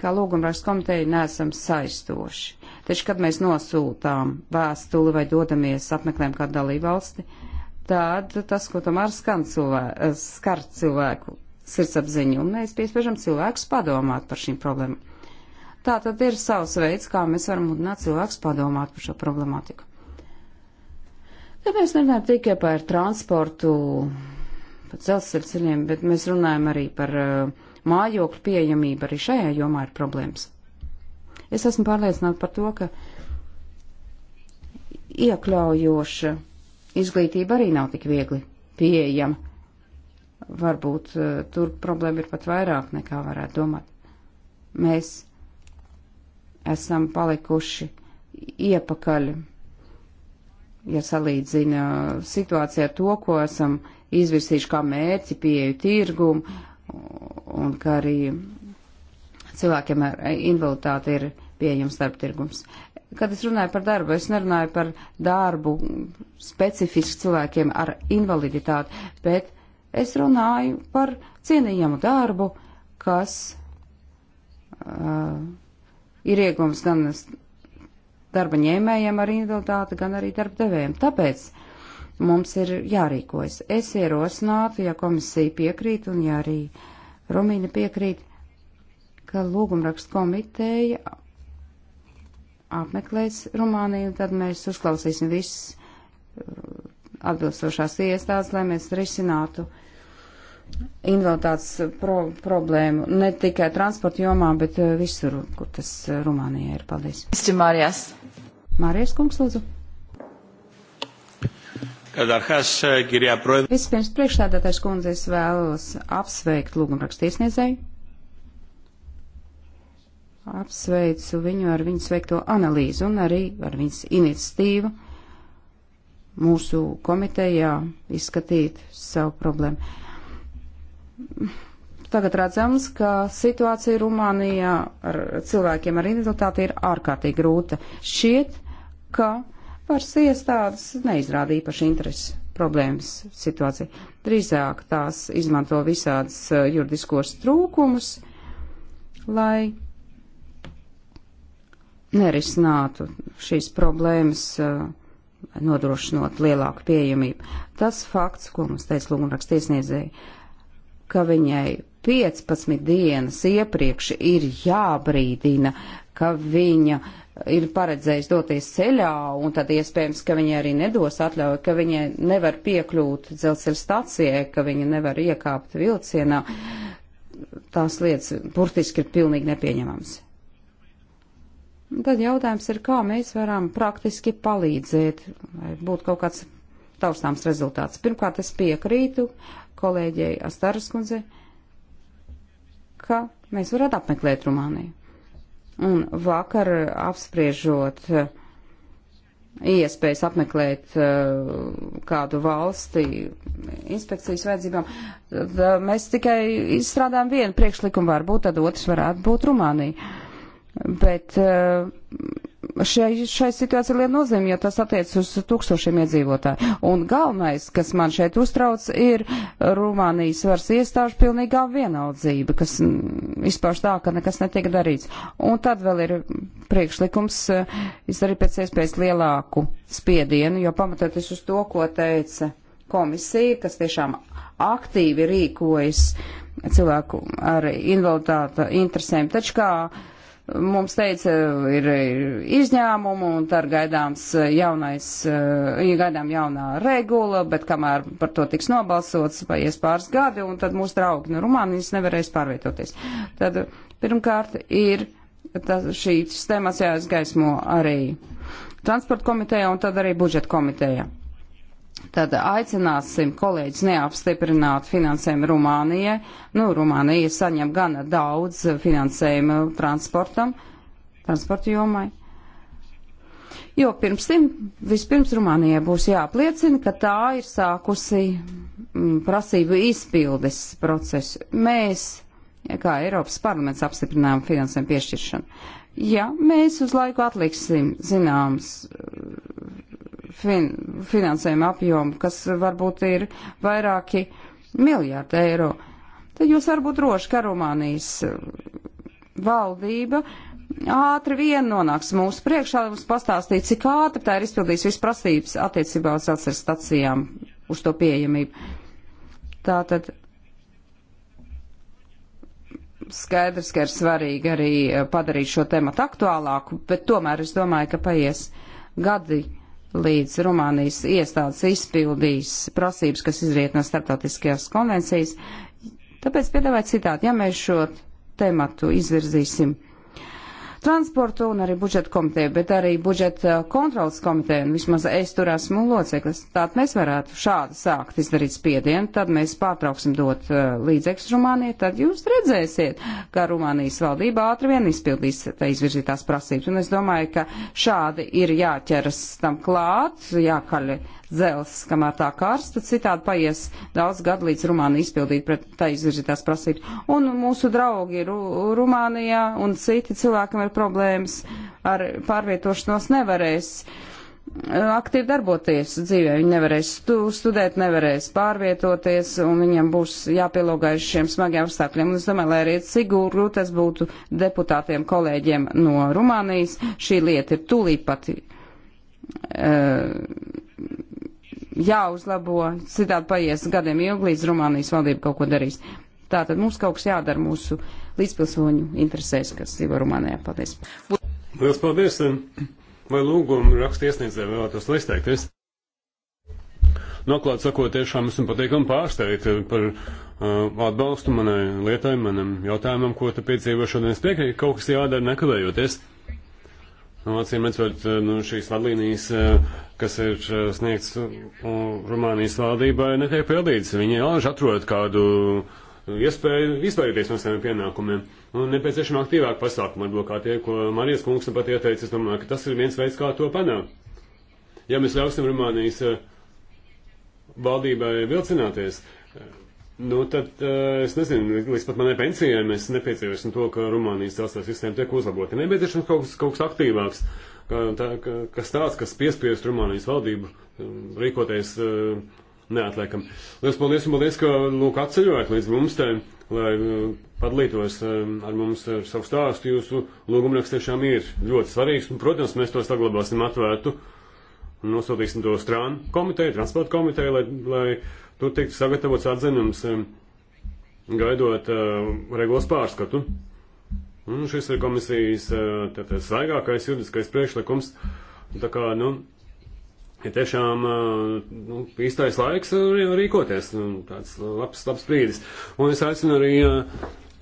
kā lūgumrakstu komiteja, neesam saistoši. Taču, kad mēs nosūtām vēstuli vai dodamies apmeklējam kādu dalību valsti, tad tas, ko tomēr skan cilvēku, skar cilvēku sirdsapziņu, un mēs piespiežam cilvēkus padomāt par šīm problēmām. Tā tad ir savs veids, kā mēs varam mudināt cilvēkus padomāt par šo problemātiku. Te mēs nerunājam tikai par transportu par dzelzceļa ceļiem, bet mēs runājam arī par uh, mājokļu pieejamību, arī šajā jomā ir problēmas. Es esmu pārliecināta par to, ka iekļaujoša izglītība arī nav tik viegli pieejama. Varbūt uh, tur problēma ir pat vairāk nekā varētu domāt. Mēs esam palikuši iepakaļ, ja salīdzina situāciju ar to, ko esam uh, izvirsījuši kā mērķi pieeju tirgumu, un ka arī cilvēkiem ar invaliditāti ir pieejams starp tirgums. Kad es runāju par darbu, es nerunāju par darbu specifiski cilvēkiem ar invaliditāti, bet es runāju par cienījamu darbu, kas uh, ir iegums gan darba ņēmējiem ar invaliditāti, gan arī darba devējiem. Tāpēc mums ir jārīkojas. Es ierosinātu, ja komisija piekrīt un ja arī Romīna piekrīt, ka lūgumrakstu komiteja apmeklēs Rumāniju, un tad mēs uzklausīsim visus uh, atbilstošās iestādes, lai mēs risinātu invaliditātes pro problēmu ne tikai transporta jomā, bet uh, visur, kur tas uh, Rumānijā ir. Paldies. Mārijas. Mārijas kungs, lūdzu. Vispirms priekšstādātais kundze es vēlos apsveikt lūgumrakstu iesniedzēju. Apsveicu viņu ar viņas veikto analīzi un arī ar viņas iniciatīvu mūsu komitejā izskatīt savu problēmu. Tagad redzams, ka situācija Rumānijā ar cilvēkiem ar invaliditāti ir ārkārtīgi grūta. Šķiet, ka Varas iestādes neizrāda īpaši interesi problēmas situācija. Drīzāk tās izmanto visādas uh, juridiskos trūkumus, lai nerisinātu šīs problēmas, uh, nodrošinot lielāku pieejamību. Tas fakts, ko mums teica lūgumraksts tiesniedzēji, ka viņai 15 dienas iepriekš ir jābrīdina, ka viņa uh, ir paredzējis doties ceļā, un tad iespējams, ka viņi arī nedos atļauju, ka viņi nevar piekļūt dzelzceļa stacijai, ka viņi nevar iekāpt vilcienā. Tās lietas burtiski ir pilnīgi nepieņemams. Tad jautājums ir, kā mēs varam praktiski palīdzēt, vai būtu kaut kāds taustāms rezultāts. Pirmkārt, es piekrītu kolēģei Astaras kundze, ka mēs varētu apmeklēt Rumāniju. Un vakar apspriežot eh, iespējas apmeklēt eh, kādu valsti inspekcijas vajadzībām, eh, mēs tikai izstrādājam vienu priekšlikumu, varbūt tad otrs varētu būt Rumānija. Bet šai, šai situācijai liela nozīme, jo tas attiec uz tūkstošiem iedzīvotāju. Un galvenais, kas man šeit uztrauc, ir Rumānijas varas iestāžu pilnīgā vienaldzība, kas izpauž tā, ka nekas netiek darīts. Un tad vēl ir priekšlikums izdarīt eh, pēc iespējas lielāku spiedienu, jo pamatoties uz to, ko teica komisija, kas tiešām aktīvi rīkojas cilvēku ar invaliditāti interesēm. Taču kā mums teica, ir, ir izņēmumu un tā ir gaidāms eh, jaunais, eh, ir gaidām jaunā regula, bet kamēr par to tiks nobalsots, paies pāris gadi un tad mūsu draugi no Rumānijas nevarēs pārvietoties. Tad eh, pirmkārt ir tas, šīs tēmas jāizgaismo arī transporta komiteja un tad arī budžeta komiteja. Tad aicināsim kolēģis neapstiprināt finansējumu Rumānijai. Nu, Rumānija saņem gana daudz finansējumu transportam, transporta jomai. Jo pirms tam vispirms Rumānijai būs jāapliecina, ka tā ir sākusi mm, prasību izpildes procesu. Mēs, kā Eiropas parlaments, apstiprinām finansēm piešķiršanu. Ja mēs uz laiku atliksim zināms fin finansējuma apjomu, kas varbūt ir vairāki miljārdi eiro, tad jūs varbūt droši, ka Rumānijas eh, valdība ātri vien nonāks mūsu priekšā, lai mums pastāstītu, cik ātri tā ir izpildījis visu prasības attiecībā uz atceres stacijām, uz to pieejamību. Tātad skaidrs, ka ir svarīgi arī eh, padarīt šo tematu aktuālāku, bet tomēr es domāju, ka paies gadi līdz Rumānijas iestādes izpildīs prasības, kas izriet no starptautiskajās konvencijas. Tāpēc piedāvāju citāti, ja mēs šo tematu izvirzīsim transportu un arī budžeta komiteju, bet arī budžeta kontrolas komiteju, un vismaz es tur esmu loceklis. Tātad mēs varētu šādi sākt izdarīt spiedienu, tad mēs pārtrauksim dot uh, līdzekļus Rumānijai, tad jūs redzēsiet, ka Rumānijas valdība ātri vien izpildīs tā izvirzītās prasības, un es domāju, ka šādi ir jāķeras tam klāt, jākaļ dzels, kamēr tā karsta, citādi paies daudz gadu līdz Rumānija izpildīt pret tā izvirzītās prasības. Un mūsu draugi Ru Rumānijā un citi cilvēkam ir problēmas ar pārvietošanos nevarēs uh, aktīvi darboties dzīvē. Viņi nevarēs stu studēt, nevarēs pārvietoties, un viņiem būs jāpielūgājas šiem smagiem apstākļiem. Un es domāju, lai arī Cigūru tas būtu deputātiem kolēģiem no Rumānijas, šī lieta ir tūlīt pat. Uh, jāuzlabo, citādi paies gadiem ilgi, līdz Rumānijas valdība kaut ko darīs. Tātad mums kaut kas jādara mūsu līdzpilsoņu interesēs, kas dzīvo Rumānijā. Paldies! Lielas paldies! Vai lūgumu rakstu iesniedzēju vēlētos izteikties? Noklāt sakot, tiešām esmu pateikami pārsteigti par uh, atbalstu manai lietai, manam jautājumam, ko te piedzīvo šodien. Es piekrītu, ka kaut kas jādara nekavējoties. Nu, acīm redzot, eh, nu, šīs vadlīnijas, eh, kas ir eh, sniegts Rumānijas valdībai, netiek pildītas. Viņi alaži atrod kādu iespēju izvairīties no saviem pienākumiem. Un nepieciešama aktīvāka pasākuma, varbūt kā tie, ko Marijas kungs pat ieteica, es domāju, ka tas ir viens veids, kā to panākt. Ja mēs ļausim Rumānijas valdībai vilcināties, Nu, tad uh, es nezinu, līdz pat manai pensijai mēs nepieciešam to, ka Rumānijas dzelzceļa sistēma tiek uzlabota. Nepieciešams kaut, kas, kaut kas aktīvāks, ka, tā, ka, kas tāds, kas piespiest Rumānijas valdību um, rīkoties uh, eh, neatliekam. Lielas paldies un paldies, ka lūk atceļojāt līdz mums te, lai uh, padalītos uh, ar mums ar savu stāstu. Jūsu lūgumraks tiešām ir ļoti svarīgs un, protams, mēs to saglabāsim atvērtu un nosūtīsim to strānu komiteju, transporta komiteju, lai. lai nu, tiktu sagatavots atzinums, gaidot uh, regulas pārskatu. Un šis ir komisijas uh, e, tātad svaigākais juridiskais priekšlikums. Tā kā, nu, ir ja tiešām e, nu, īstais laiks rīkoties. Nu, tāds labs, labs brīdis. Un es aicinu arī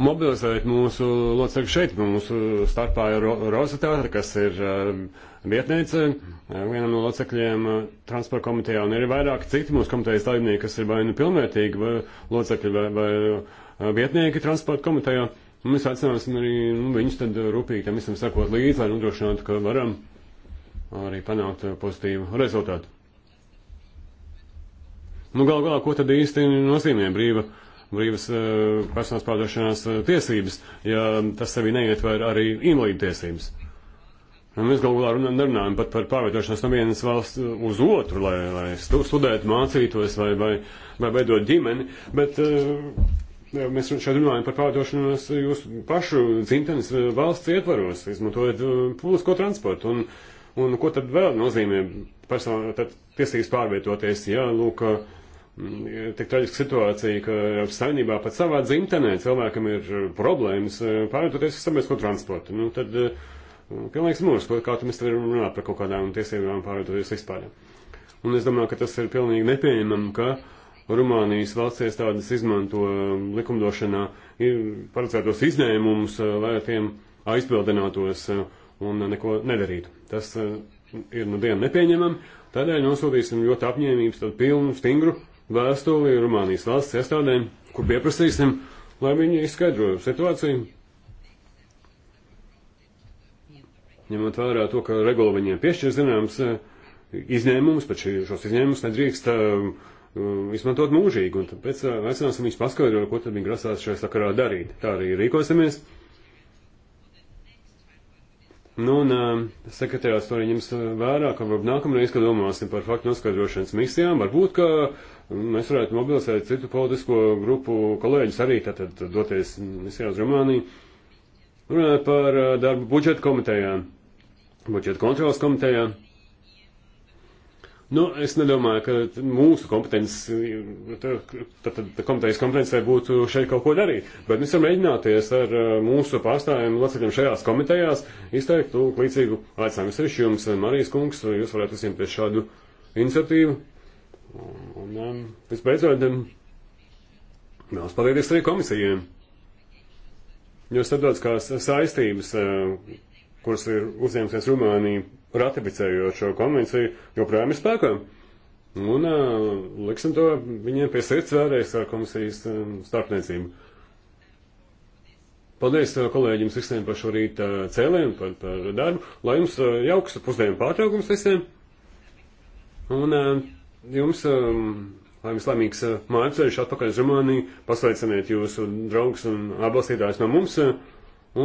mobilizēt mūsu locekļu šeit, nu, mūsu starpā ir Rosatāra, kas ir um, vietnēce uh, vienam no locekļiem uh, transporta komitejā, un ir vairāk citi mūsu komitejas dalībnieki, kas ir vai nu pilnvērtīgi vai locekļi vai, vai uh, vietnieki transporta komitejā. Un mēs aicināsim arī nu, viņus tad rūpīgi tam visam sakot līdzi, lai nodrošinātu, ka varam arī panākt pozitīvu rezultātu. Nu, gal galā, ko tad īsti nozīmē brīva? brīvas eh, personas pārdošanās eh, tiesības, ja tas sevī neietver arī invalīdu tiesības. Un nu, mēs galvā nerunājam pat par pārvietošanos no vienas valsts eh, uz otru, lai, lai studētu, mācītos vai, vai, vai veidot ģimeni, bet mēs šeit runājam par pārvietošanos jūsu pašu dzimtenes valsts ietvaros, izmantojot publisko transportu. Un, un ko tad vēl nozīmē personu, tiesības pārvietoties, ja, lūk, uh, tik traģiska situācija, ka Eiropas Savienībā pat savā dzimtenē cilvēkam ir eh, problēmas eh, pārvietoties uz sabiedrisko transportu. Nu, tad eh, pilnīgs mūrs, kā tu mēs te varam runāt par kaut kādām tiesībām pārvietoties vispār. Un es domāju, ka tas ir pilnīgi nepieņemam, ka Rumānijas valsts iestādes izmanto likumdošanā ir paredzētos izņēmumus, lai ar tiem aizpildinātos un neko nedarītu. Tas ir nu dienu nepieņemam, tādēļ nosūtīsim ļoti apņēmības, tad pilnu, stingru vēstuli Rumānijas valsts iestādēm, kur pieprasīsim, lai viņi izskaidro situāciju. Ņemot vērā to, ka regula viņiem piešķir zināms eh, izņēmums, pat šos izņēmumus nedrīkst uh, izmantot mūžīgi, un tāpēc eh, aicināsim viņus paskaidrot, ko tad viņi grasās šajā sakarā darīt. Tā arī rīkosimies. Nu, un sekretārs to arī ņems vērā, ka varbūt nākamreiz, kad domāsim par faktu noskaidrošanas misijām, varbūt, ka mēs varētu mobilizēt citu politisko grupu kolēģus arī tātad doties misijā uz Rumāniju. Runājot par uh, darbu budžeta komitejām, budžeta kontrolas komitejām. Nu, es nedomāju, ka mūsu kompetences, uh, tad komitejas kompetencē būtu šeit kaut ko darīt, bet mēs varam mēģināties ar uh, mūsu pārstāvjiem locekļiem šajās komitejās izteikt lūk līdzīgu aicinājumu. Es jums, Marijas kungs, jūs varētu uzņemties šādu iniciatīvu Un um, visbeidzot, um, vēlas pateikties arī komisijiem. Jo starptautiskās saistības, uh, kuras ir uzņēmusies Rumānija, ratificējot šo konvenciju, joprojām ir spēkā. Un uh, liksim to viņiem pie sirds vēlreiz ar komisijas um, starpniecību. Paldies uh, kolēģiem visiem par šo rīta uh, cēlēm, par, par darbu. Lai jums uh, jauks pusdienu pārtraukums visiem. Un uh, jums, um, lai jums laimīgs uh, mājas ceļš atpakaļ uz Rumāniju, pasveicamiet jūsu draugus un atbalstītājus no mums uh,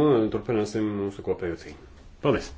un turpināsim mūsu kopējo cīņu. Paldies!